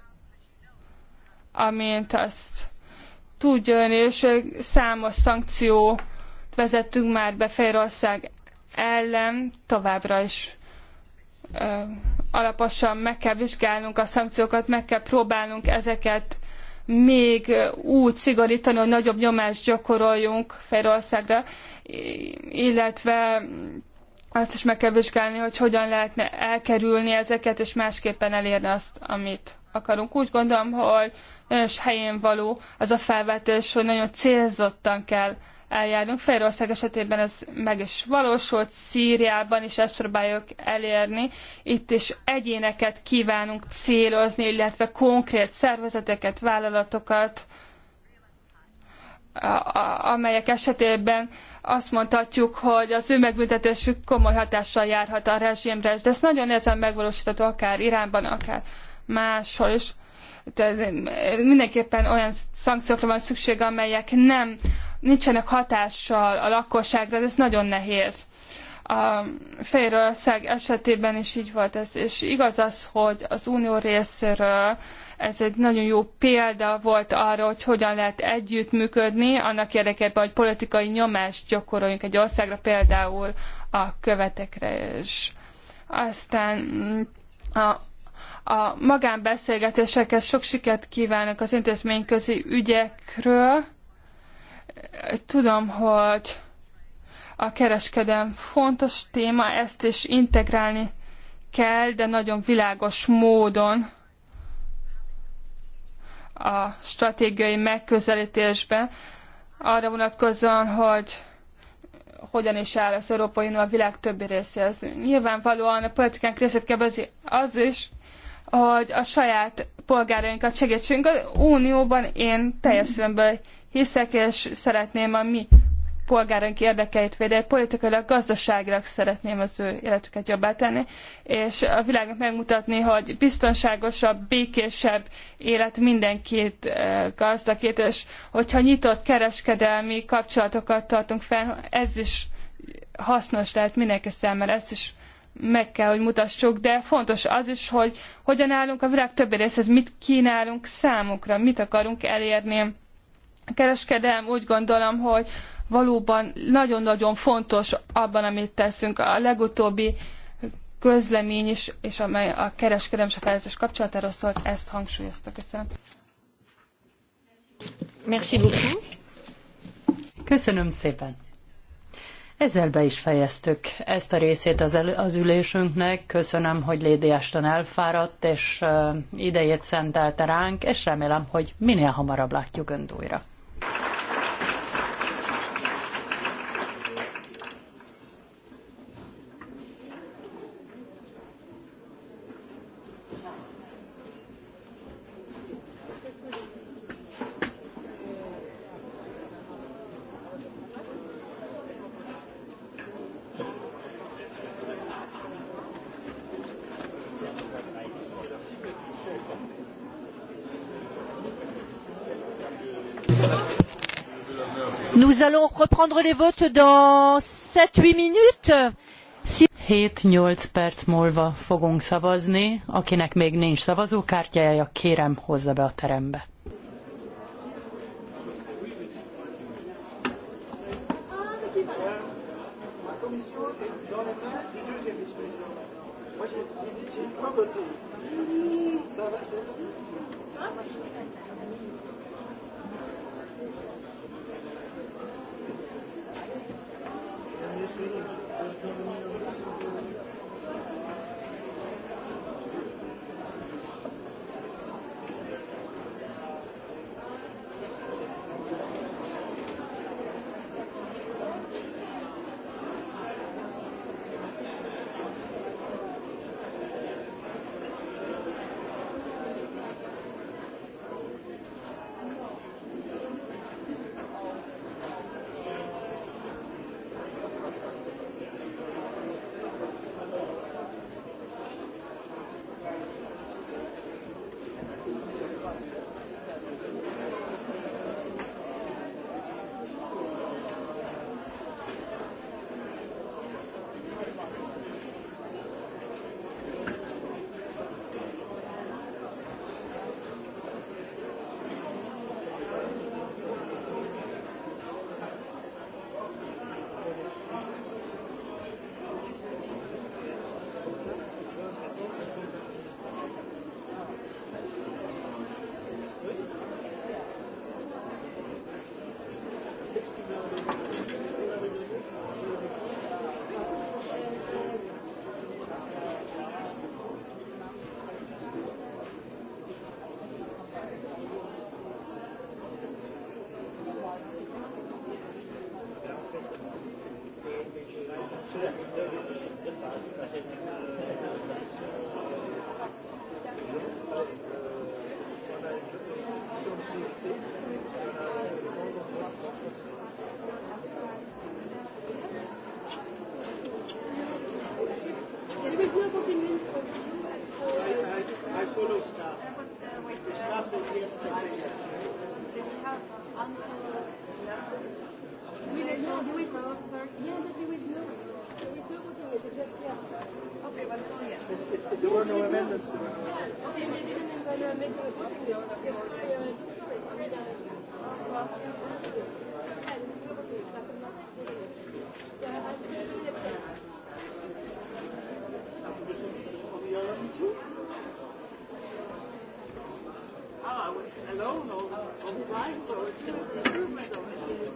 S2: amint azt tudja ön, és számos szankció vezettünk már be Fejrország ellen, továbbra is alaposan meg kell vizsgálnunk a szankciókat, meg kell próbálnunk ezeket még úgy szigorítani, hogy nagyobb nyomást gyakoroljunk Fejrországra, illetve azt is meg kell vizsgálni, hogy hogyan lehetne elkerülni ezeket, és másképpen elérni azt, amit akarunk. Úgy gondolom, hogy nagyon helyén való az a felvetés, hogy nagyon célzottan kell eljárunk. Fejrország esetében ez meg is valósult, Szíriában is ezt próbáljuk elérni. Itt is egyéneket kívánunk célozni, illetve konkrét szervezeteket, vállalatokat, amelyek esetében azt mondhatjuk, hogy az ő megbüntetésük komoly hatással járhat a rezsimre, de ez nagyon nehezen megvalósítható akár Iránban, akár máshol is mindenképpen olyan szankciókra van szükség, amelyek nem, nincsenek hatással a lakosságra, de ez nagyon nehéz. A Fehérország esetében is így volt ez, és igaz az, hogy az unió részéről ez egy nagyon jó példa volt arra, hogy hogyan lehet együttműködni, annak érdekében, hogy politikai nyomást gyakoroljunk egy országra, például a követekre is. Aztán a a magánbeszélgetésekhez sok sikert kívánok az intézményközi ügyekről. Tudom, hogy a kereskedelem fontos téma, ezt is integrálni kell, de nagyon világos módon a stratégiai megközelítésben arra vonatkozóan, hogy hogyan is áll az Európai Unió a világ többi részéhez. Nyilvánvalóan a politikánk részét kebezi az is, hogy a saját polgárainkat segítsünk. Az Unióban én teljes hiszek, és szeretném a mi polgáraink érdekeit védi, politikailag, gazdaságilag szeretném az ő életüket jobbá tenni, és a világnak megmutatni, hogy biztonságosabb, békésebb élet mindenkit eh, gazdakét, és hogyha nyitott kereskedelmi kapcsolatokat tartunk fel, ez is hasznos lehet mindenki számára, ezt is meg kell, hogy mutassuk, de fontos az is, hogy hogyan állunk a világ többi részhez, mit kínálunk számukra, mit akarunk elérni kereskedelem úgy gondolom, hogy valóban nagyon-nagyon fontos abban, amit teszünk. A legutóbbi közlemény is, és amely a kereskedelem és a fejlesztés kapcsolatáról szólt, ezt hangsúlyozta. Köszönöm.
S3: Merci beaucoup. Köszönöm szépen. Ezzel be is fejeztük ezt a részét az, el, az ülésünknek. Köszönöm, hogy Lady Ashton elfáradt, és uh, idejét szentelte ránk, és remélem, hogy minél hamarabb látjuk Önt újra.
S1: reprendre les votes
S3: dans 7-8 minutes. 7-8 perc múlva fogunk szavazni. Akinek még nincs szavazókártyája, kérem hozza be a terembe. Ah, I was alone all, all the time, so it was an improvement already.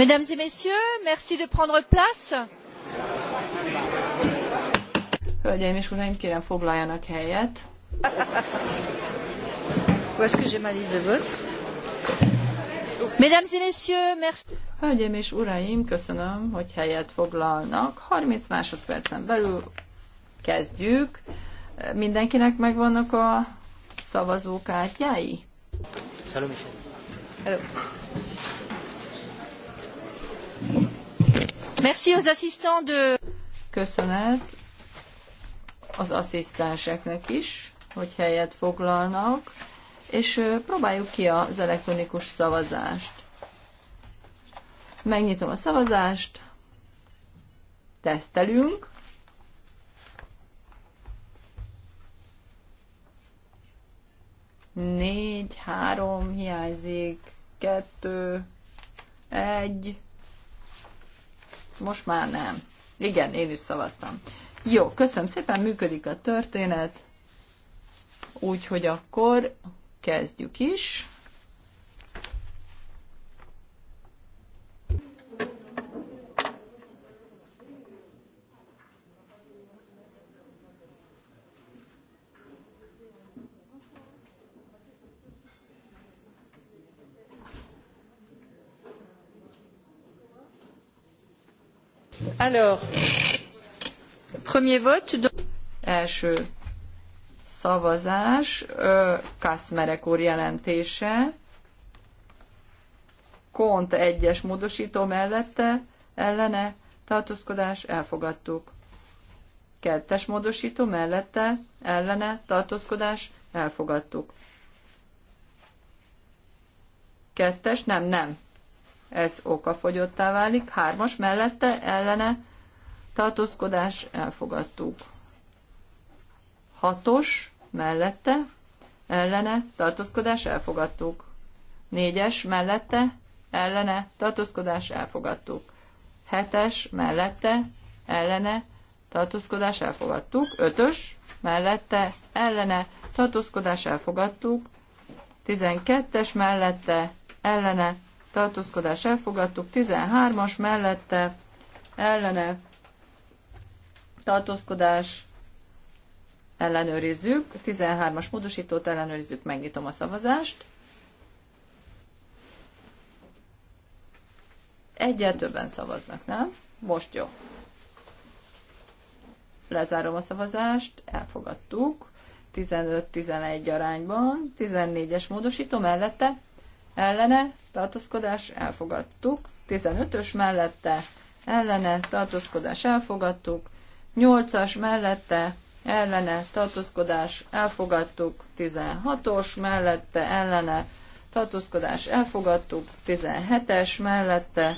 S1: mesdames et messieurs merci de prendre place. Hölgyeim és uraim, kérem foglaljanak helyet. Mesdames et messieurs, merci. Hölgyeim és uraim, köszönöm, hogy helyet foglalnak. 30 másodpercen belül kezdjük. Mindenkinek megvannak a szavazókártyái? Hello. Merci aux assistants de... Köszönet az asszisztenseknek is, hogy helyet foglalnak, és próbáljuk ki az elektronikus szavazást. Megnyitom a szavazást, tesztelünk. Négy, három, hiányzik, kettő, egy most már nem. Igen, én is szavaztam. Jó, köszönöm szépen, működik a történet. Úgyhogy akkor kezdjük is. Alors, premier vote. Első szavazás, Kaszmerek úr jelentése, Kont egyes módosító mellette, ellene, tartózkodás, elfogadtuk. Kettes módosító mellette, ellene, tartózkodás, elfogadtuk. Kettes, nem, nem ez okafogyottá válik. Hármas mellette ellene tartózkodás elfogadtuk. Hatos mellette ellene tartózkodás elfogadtuk. Négyes mellette ellene tartózkodás elfogadtuk. Hetes mellette ellene tartózkodás elfogadtuk. Ötös mellette ellene tartózkodás elfogadtuk. Tizenkettes mellette ellene tartózkodás elfogadtuk, 13-as mellette ellene tartózkodás ellenőrizzük, 13-as módosítót ellenőrizzük, megnyitom a szavazást. Egyel többen szavaznak, nem? Most jó. Lezárom a szavazást, elfogadtuk. 15-11 arányban, 14-es módosító mellette ellene, tartózkodás elfogadtuk, 15-ös mellette, ellene, tartózkodás elfogadtuk, 8-as mellette, ellene, tartózkodás elfogadtuk, 16-os mellette, ellene, tartózkodás elfogadtuk, 17-es mellette,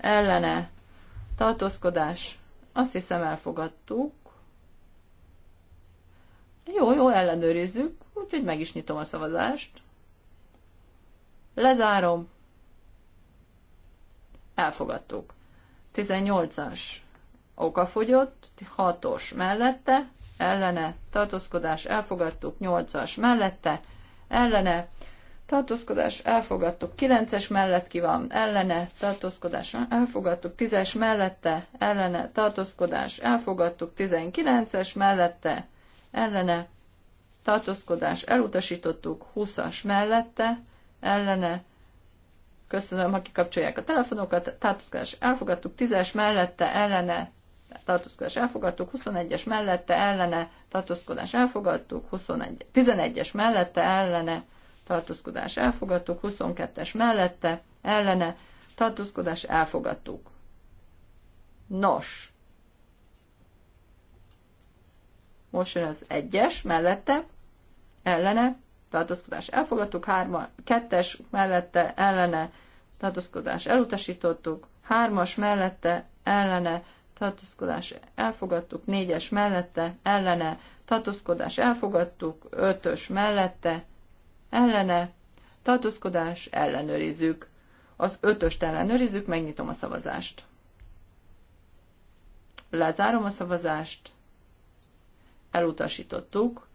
S1: ellene, tartózkodás, azt hiszem elfogadtuk. Jó, jó, ellenőrizzük, úgyhogy meg is nyitom a szavazást. Lezárom. Elfogadtuk. 18-as okafogyott, 6-os mellette, ellene, tartózkodás, elfogadtuk, 8-as mellette, ellene, tartózkodás, elfogadtuk, 9-es mellett ki van, ellene, tartózkodás, elfogadtuk, 10-es mellette, ellene, tartózkodás, elfogadtuk, 19-es mellette, ellene, tartózkodás, elutasítottuk, 20-as mellette, ellene, köszönöm, ha kikapcsolják a telefonokat, tartózkodás elfogadtuk, 10-es mellette, ellene, tartózkodás elfogadtuk, 21-es mellette, ellene, tartózkodás elfogadtuk, 21, 11-es mellette, ellene, tartózkodás elfogadtuk, 22-es mellette, ellene, tartózkodás elfogadtuk. Nos, most jön az egyes mellette, ellene, tartózkodás elfogadtuk, hárma, kettes mellette ellene tartózkodás elutasítottuk, hármas mellette ellene tartózkodás elfogadtuk, négyes mellette ellene tartózkodás elfogadtuk, ötös mellette ellene tartózkodás ellenőrizzük. Az ötöst ellenőrizzük, megnyitom a szavazást. Lezárom a szavazást, elutasítottuk,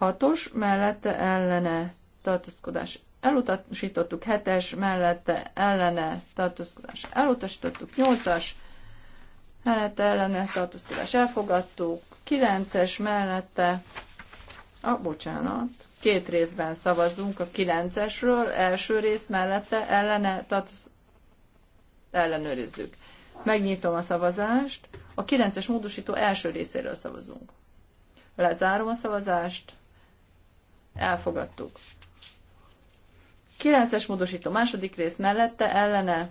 S1: Hatos mellette ellene tartózkodás elutasítottuk, hetes mellette ellene tartózkodás elutasítottuk, nyolcas mellette ellene tartózkodás elfogadtuk, kilences mellette, a ah, bocsánat, két részben szavazunk a kilencesről, első rész mellette ellene tartózkodás ellenőrizzük. Megnyitom a szavazást, a kilences módosító első részéről szavazunk. Lezárom a szavazást, elfogadtuk. 9-es módosító második rész mellette ellene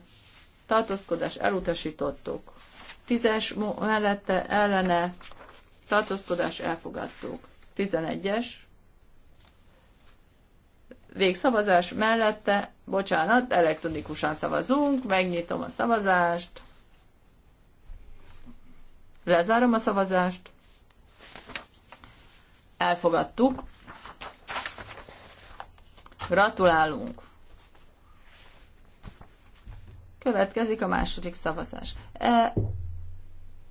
S1: tartózkodás elutasítottuk. 10-es mellette ellene tartózkodás elfogadtuk. 11-es végszavazás mellette, bocsánat, elektronikusan szavazunk, megnyitom a szavazást, lezárom a szavazást, elfogadtuk, Gratulálunk! Következik a második szavazás. E,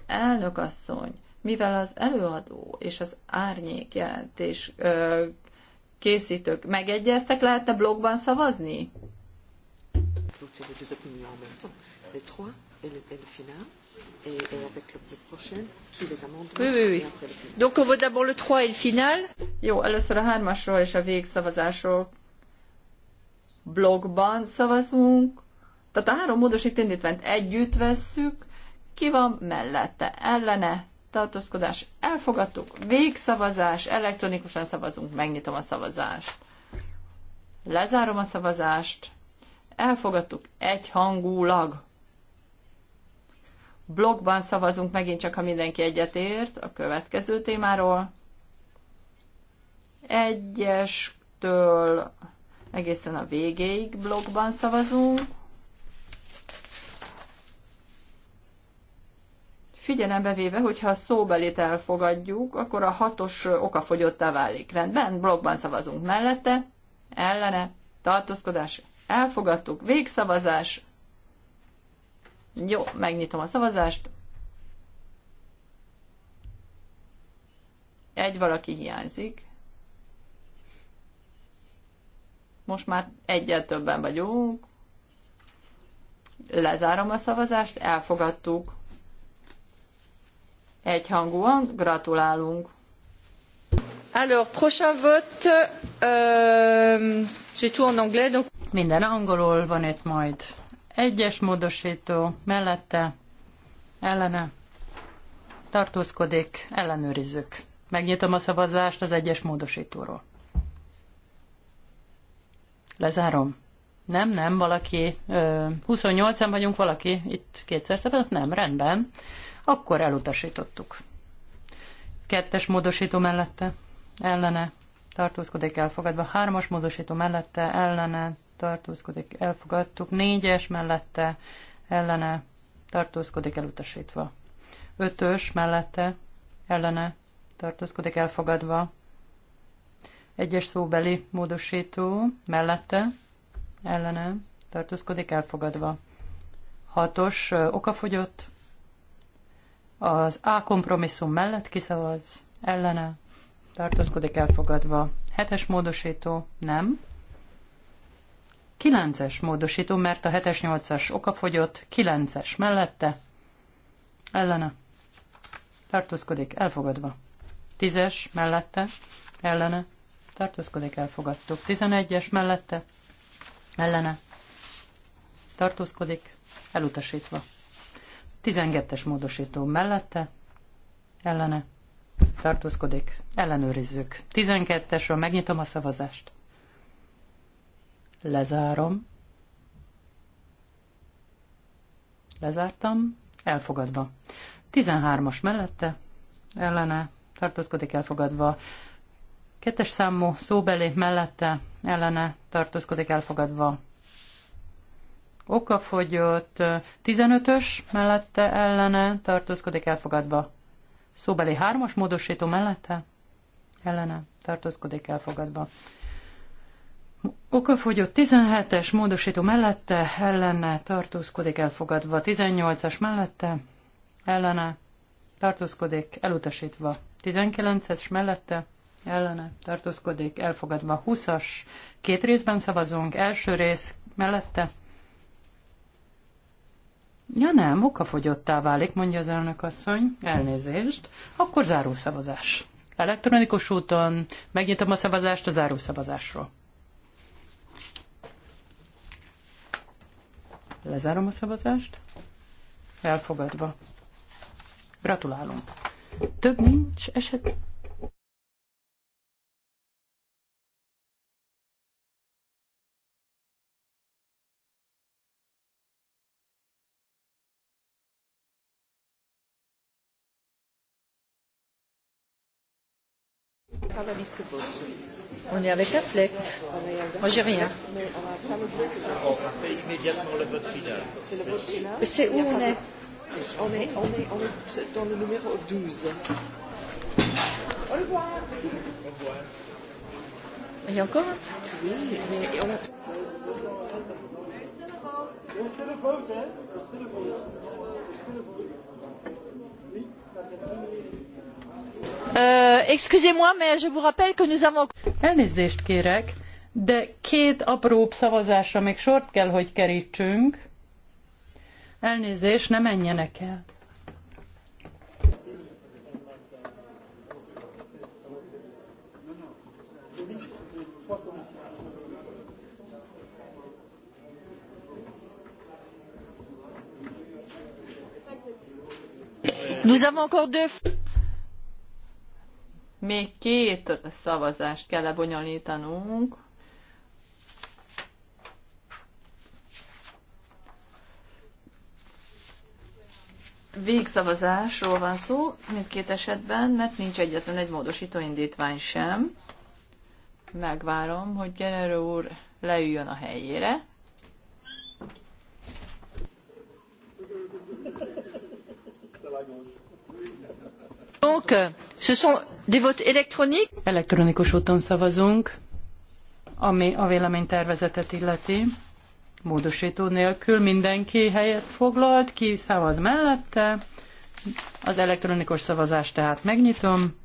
S1: elnök asszony, mivel az előadó és az árnyék jelentés ö, készítők megegyeztek, lehetne blogban szavazni? Oui, Donc le et le final. Jó, először a hármasról és a végszavazásról blogban szavazunk, tehát a három módosító indítványt együtt vesszük, ki van mellette, ellene, tartózkodás, elfogadtuk, végszavazás, elektronikusan szavazunk, megnyitom a szavazást. Lezárom a szavazást, elfogadtuk egyhangulag. Blogban szavazunk megint csak, ha mindenki egyetért a következő témáról. Egyestől egészen a végéig blogban szavazunk. Figyelembe véve, hogyha a szóbelit elfogadjuk, akkor a hatos okafogyottá válik. Rendben, blogban szavazunk mellette, ellene, tartózkodás, elfogadtuk, végszavazás. Jó, megnyitom a szavazást. Egy valaki hiányzik. Most már egyet többen vagyunk. Lezárom a szavazást, elfogadtuk. Egyhangúan gratulálunk. Alors, prochain vote, euh, j'ai tout en anglais, donc... Minden angolul van itt majd.
S3: Egyes módosító mellette, ellene, tartózkodik, ellenőrizzük. Megnyitom a szavazást az egyes módosítóról. Lezárom. Nem, nem, valaki, 28-en vagyunk, valaki itt kétszer szabadott, nem, rendben. Akkor elutasítottuk. Kettes módosító mellette, ellene, tartózkodik elfogadva. Hármas módosító mellette, ellene, tartózkodik elfogadtuk. Négyes mellette, ellene, tartózkodik elutasítva. Ötös mellette, ellene, tartózkodik elfogadva. Egyes szóbeli módosító mellette ellene tartózkodik elfogadva. Hatos okafogyott. Az A kompromisszum mellett kiszavaz ellene tartózkodik elfogadva. Hetes módosító nem. Kilences módosító, mert a hetes nyolcas okafogyott, Kilences mellette, ellene, tartózkodik, elfogadva. Tízes mellette, ellene, tartózkodik, elfogadtuk. 11-es mellette, ellene, tartózkodik, elutasítva. 12-es módosító mellette, ellene, tartózkodik, ellenőrizzük. 12-esről megnyitom a szavazást. Lezárom. Lezártam, elfogadva. 13-as mellette, ellene, tartózkodik, elfogadva. Kettes számú szóbeli mellette ellene tartózkodik elfogadva. Okafogyott 15-ös mellette ellene tartózkodik elfogadva. Szóbeli hármas módosító mellette ellene tartózkodik elfogadva. Okafogyott 17-es módosító mellette ellene tartózkodik elfogadva. 18-as mellette ellene tartózkodik elutasítva. 19-es mellette ellene tartózkodik, elfogadva 20-as. Két részben szavazunk, első rész mellette. Ja nem, okafogyottá válik, mondja az elnök asszony. Elnézést. Akkor zárószavazás. Elektronikus úton megnyitom a szavazást a zárószavazásról. Lezárom a szavazást. Elfogadva. Gratulálunk. Több nincs eset
S2: pas la liste de On
S1: est avec la flec. Moi, j'ai rien. On immédiatement le vote final. C'est le vote final Mais c'est où on est on est, on, est, on est dans le numéro 12. Au revoir. Au revoir. Il y a encore un Oui, mais on... still a vote, eh? still a vote. still a vote. Oui, ça fait Euh, Elnézést
S3: kérek, de két apróbb szavazásra még sort kell, hogy kerítsünk. Elnézést, ne menjenek el.
S1: Nous avons encore deux. Még két szavazást kell lebonyolítanunk. Végszavazásról van szó mindkét esetben, mert nincs egyetlen egy módosító indítvány sem. Megvárom, hogy Gerero úr leüljön a helyére. Köszönöm. Szóval
S3: Donc, ce sont des votes électroniques. Elektronikus úton szavazunk, ami a véleménytervezetet illeti. Módosító nélkül mindenki helyet foglalt, ki szavaz mellette. Az elektronikus szavazást tehát megnyitom.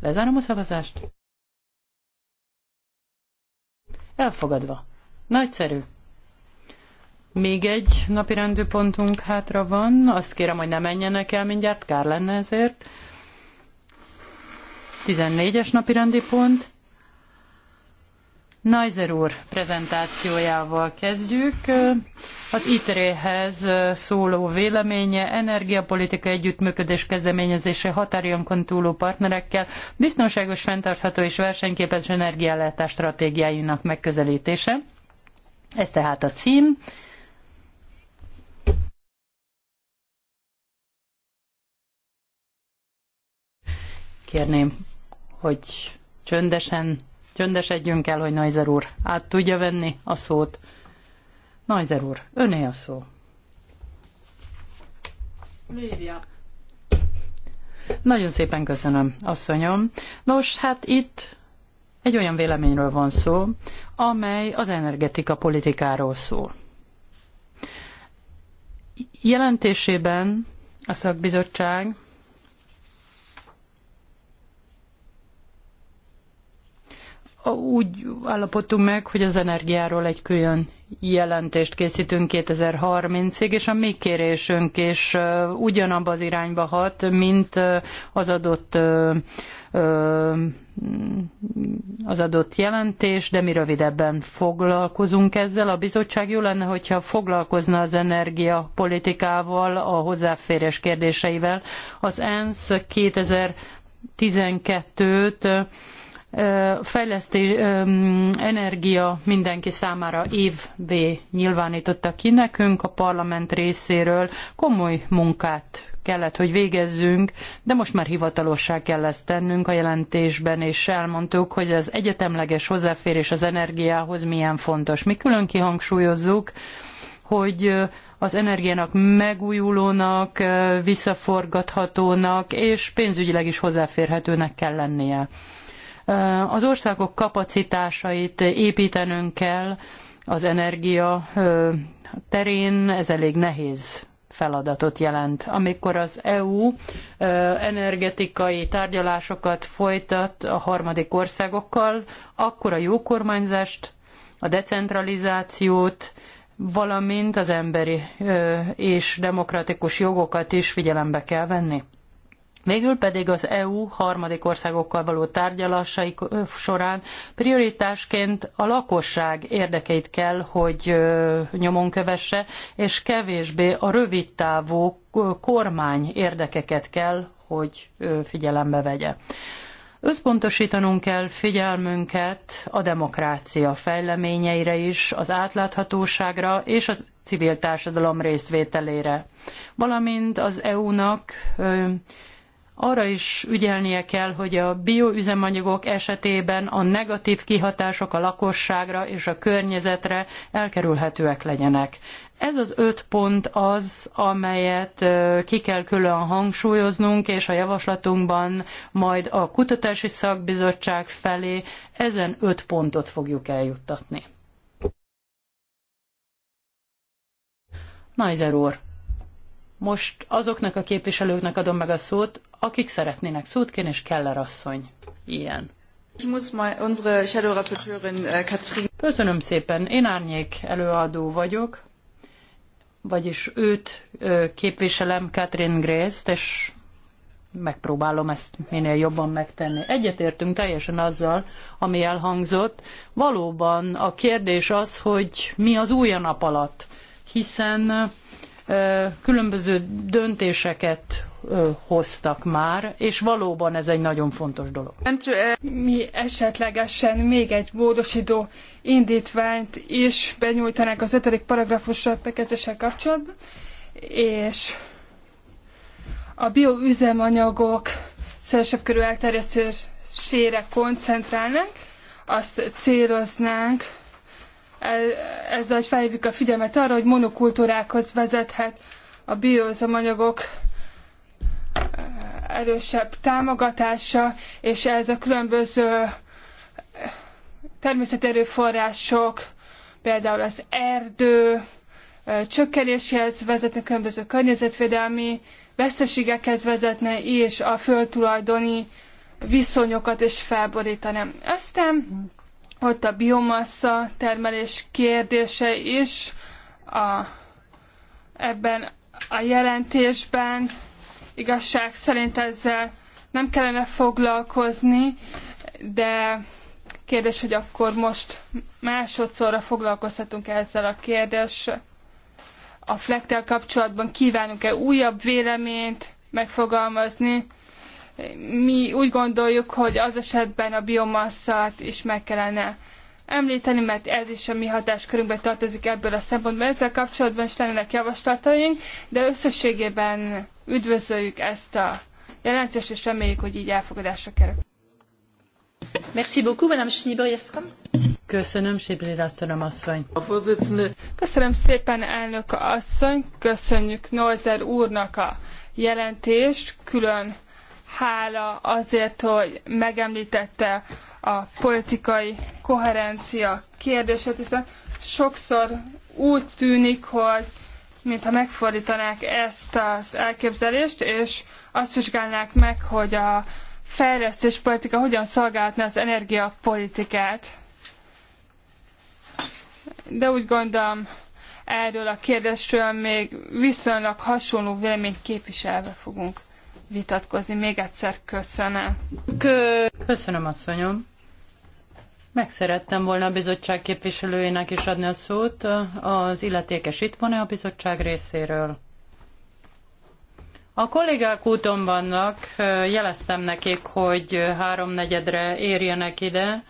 S3: Lezárom a szavazást. Elfogadva. Nagyszerű. Még egy napi rendőpontunk hátra van. Azt kérem, hogy ne menjenek el mindjárt, kár lenne ezért. 14-es napi rendi pont. Neuser úr prezentációjával kezdjük. Az ITRE-hez szóló véleménye, energiapolitika együttműködés kezdeményezése határionkon túló partnerekkel, biztonságos, fenntartható és versenyképes energiállátás stratégiáinak megközelítése. Ez tehát a cím. Kérném, hogy csöndesen Csöndesedjünk el, hogy Najzer úr át tudja venni a szót. Najzer úr, öné a szó. Lívia. Nagyon szépen köszönöm, asszonyom. Nos, hát itt egy olyan véleményről van szó, amely az energetika politikáról szól. Jelentésében a szakbizottság úgy állapodtunk meg, hogy az energiáról egy külön jelentést készítünk 2030-ig, és a mi kérésünk is ugyanabba az irányba hat, mint az adott mm, az adott jelentés, de mi rövidebben foglalkozunk ezzel. A bizottság jó lenne, hogyha foglalkozna az energiapolitikával, a hozzáférés kérdéseivel. Az ENSZ 2012-t fejlesztő energia mindenki számára évvé nyilvánította ki nekünk a parlament részéről. Komoly munkát kellett, hogy végezzünk, de most már hivatalossá kell ezt tennünk a jelentésben, és elmondtuk, hogy az egyetemleges hozzáférés az energiához milyen fontos. Mi külön kihangsúlyozzuk, hogy az energiának megújulónak, visszaforgathatónak és pénzügyileg is hozzáférhetőnek kell lennie. Az országok kapacitásait építenünk kell az energia terén, ez elég nehéz feladatot jelent. Amikor az EU energetikai tárgyalásokat folytat a harmadik országokkal, akkor a jó kormányzást, a decentralizációt, valamint az emberi és demokratikus jogokat is figyelembe kell venni. Végül pedig az EU harmadik országokkal való tárgyalásai során prioritásként a lakosság érdekeit kell, hogy nyomon kövesse, és kevésbé a rövidtávú kormány érdekeket kell, hogy figyelembe vegye. Összpontosítanunk kell figyelmünket a demokrácia fejleményeire is, az átláthatóságra és a civil társadalom részvételére, valamint az EU-nak arra is ügyelnie kell, hogy a bioüzemanyagok esetében a negatív kihatások a lakosságra és a környezetre elkerülhetőek legyenek. Ez az öt pont az, amelyet ki kell külön hangsúlyoznunk, és a javaslatunkban majd a Kutatási Szakbizottság felé ezen öt pontot fogjuk eljuttatni. Najzer úr, most azoknak a képviselőknek adom meg a szót, akik szeretnének szót kérni, és Keller asszony ilyen. Äh, Köszönöm szépen. Én árnyék előadó vagyok, vagyis őt képviselem, Katrin Grace-t, és megpróbálom ezt minél jobban megtenni. Egyetértünk teljesen azzal, ami elhangzott. Valóban a kérdés az, hogy mi az új nap alatt, hiszen különböző döntéseket hoztak már, és valóban ez egy nagyon fontos dolog.
S2: Mi esetlegesen még egy módosító indítványt is benyújtanánk az ötödik paragrafusra bekezdéssel kapcsolatban, és a bioüzemanyagok szélesebb körű elterjesztésére koncentrálnánk, azt céloznánk, E, ezzel felhívjuk a figyelmet arra, hogy monokultúrákhoz vezethet a bioüzemanyagok erősebb támogatása, és ez a különböző természeti erőforrások, például az erdő e, csökkenéséhez vezetne, különböző környezetvédelmi veszteségekhez vezetne, és a földtulajdoni viszonyokat is felborítaná. Aztán ott a biomassa termelés kérdése is a, ebben a jelentésben. Igazság szerint ezzel nem kellene foglalkozni, de kérdés, hogy akkor most másodszorra foglalkozhatunk ezzel a kérdéssel. A flektel kapcsolatban kívánunk-e újabb véleményt megfogalmazni, mi úgy gondoljuk, hogy az esetben a biomasszát is meg kellene említeni, mert ez is a mi hatáskörünkbe tartozik ebből a szempontból. Ezzel kapcsolatban is lennének javaslataink, de összességében üdvözöljük ezt a jelentést, és reméljük, hogy így elfogadásra kerül. Merci beaucoup, Madame schnieber
S3: Köszönöm, Sibrid asszony.
S2: Köszönöm szépen, elnök asszony. Köszönjük Neuser úrnak a jelentést, külön hála azért, hogy megemlítette a politikai koherencia kérdését, hiszen sokszor úgy tűnik, hogy mintha megfordítanák ezt az elképzelést, és azt vizsgálnák meg, hogy a fejlesztéspolitika hogyan szolgálhatna az energiapolitikát. De úgy gondolom, erről a kérdésről még viszonylag hasonló véleményt képviselve fogunk vitatkozni. Még egyszer köszönöm.
S3: Kö köszönöm, asszonyom. Meg szerettem volna a bizottság képviselőjének is adni a szót. Az illetékes itt van-e a bizottság részéről? A kollégák úton vannak, jeleztem nekik, hogy háromnegyedre érjenek ide.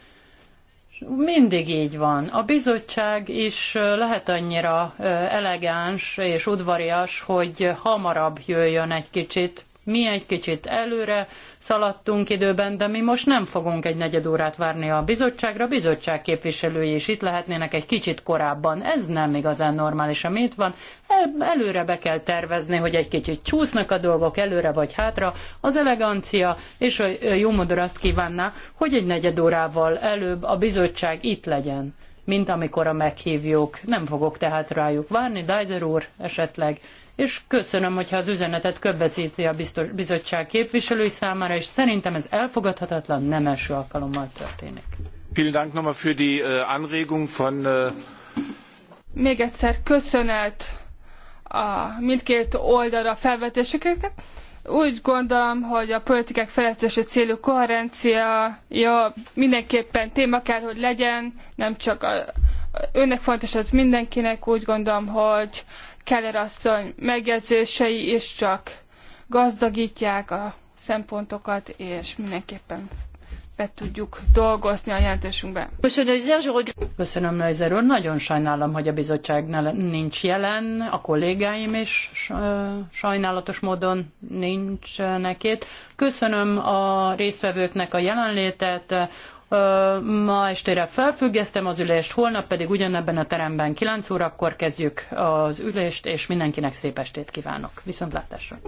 S3: Mindig így van. A bizottság is lehet annyira elegáns és udvarias, hogy hamarabb jöjjön egy kicsit. Mi egy kicsit előre szaladtunk időben, de mi most nem fogunk egy negyed órát várni a bizottságra. A bizottság képviselői is itt lehetnének egy kicsit korábban. Ez nem igazán normális, ami itt van. E, előre be kell tervezni, hogy egy kicsit csúsznak a dolgok előre vagy hátra. Az elegancia és a jómodor azt kívánná, hogy egy negyed órával előbb a bizottság itt legyen mint amikor a meghívjuk. Nem fogok tehát rájuk várni, Dajzer úr esetleg és köszönöm, hogyha az üzenetet köbbeszíti a biztos, bizottság képviselői számára, és szerintem ez elfogadhatatlan, nem első
S1: alkalommal történik.
S2: Vielen Dank nochmal für die äh, Anregung von... Äh, Még egyszer köszönet a mindkét oldalra felvetéseket. Úgy gondolom, hogy a politikák fejlesztési célú koherencia ja, mindenképpen téma kell, hogy legyen, nem csak a, önnek fontos, az mindenkinek. Úgy gondolom, hogy Keller asszony megjegyzései is csak gazdagítják a szempontokat, és mindenképpen be tudjuk dolgozni a jelentésünkbe.
S3: Köszönöm, Neuser úr. Nagyon sajnálom, hogy a bizottság nincs jelen, a kollégáim is sajnálatos módon nincsenek itt. Köszönöm a résztvevőknek a jelenlétet ma estére felfüggesztem az ülést, holnap pedig ugyanebben a teremben 9 órakor kezdjük az ülést, és mindenkinek szép estét kívánok. Viszontlátásra!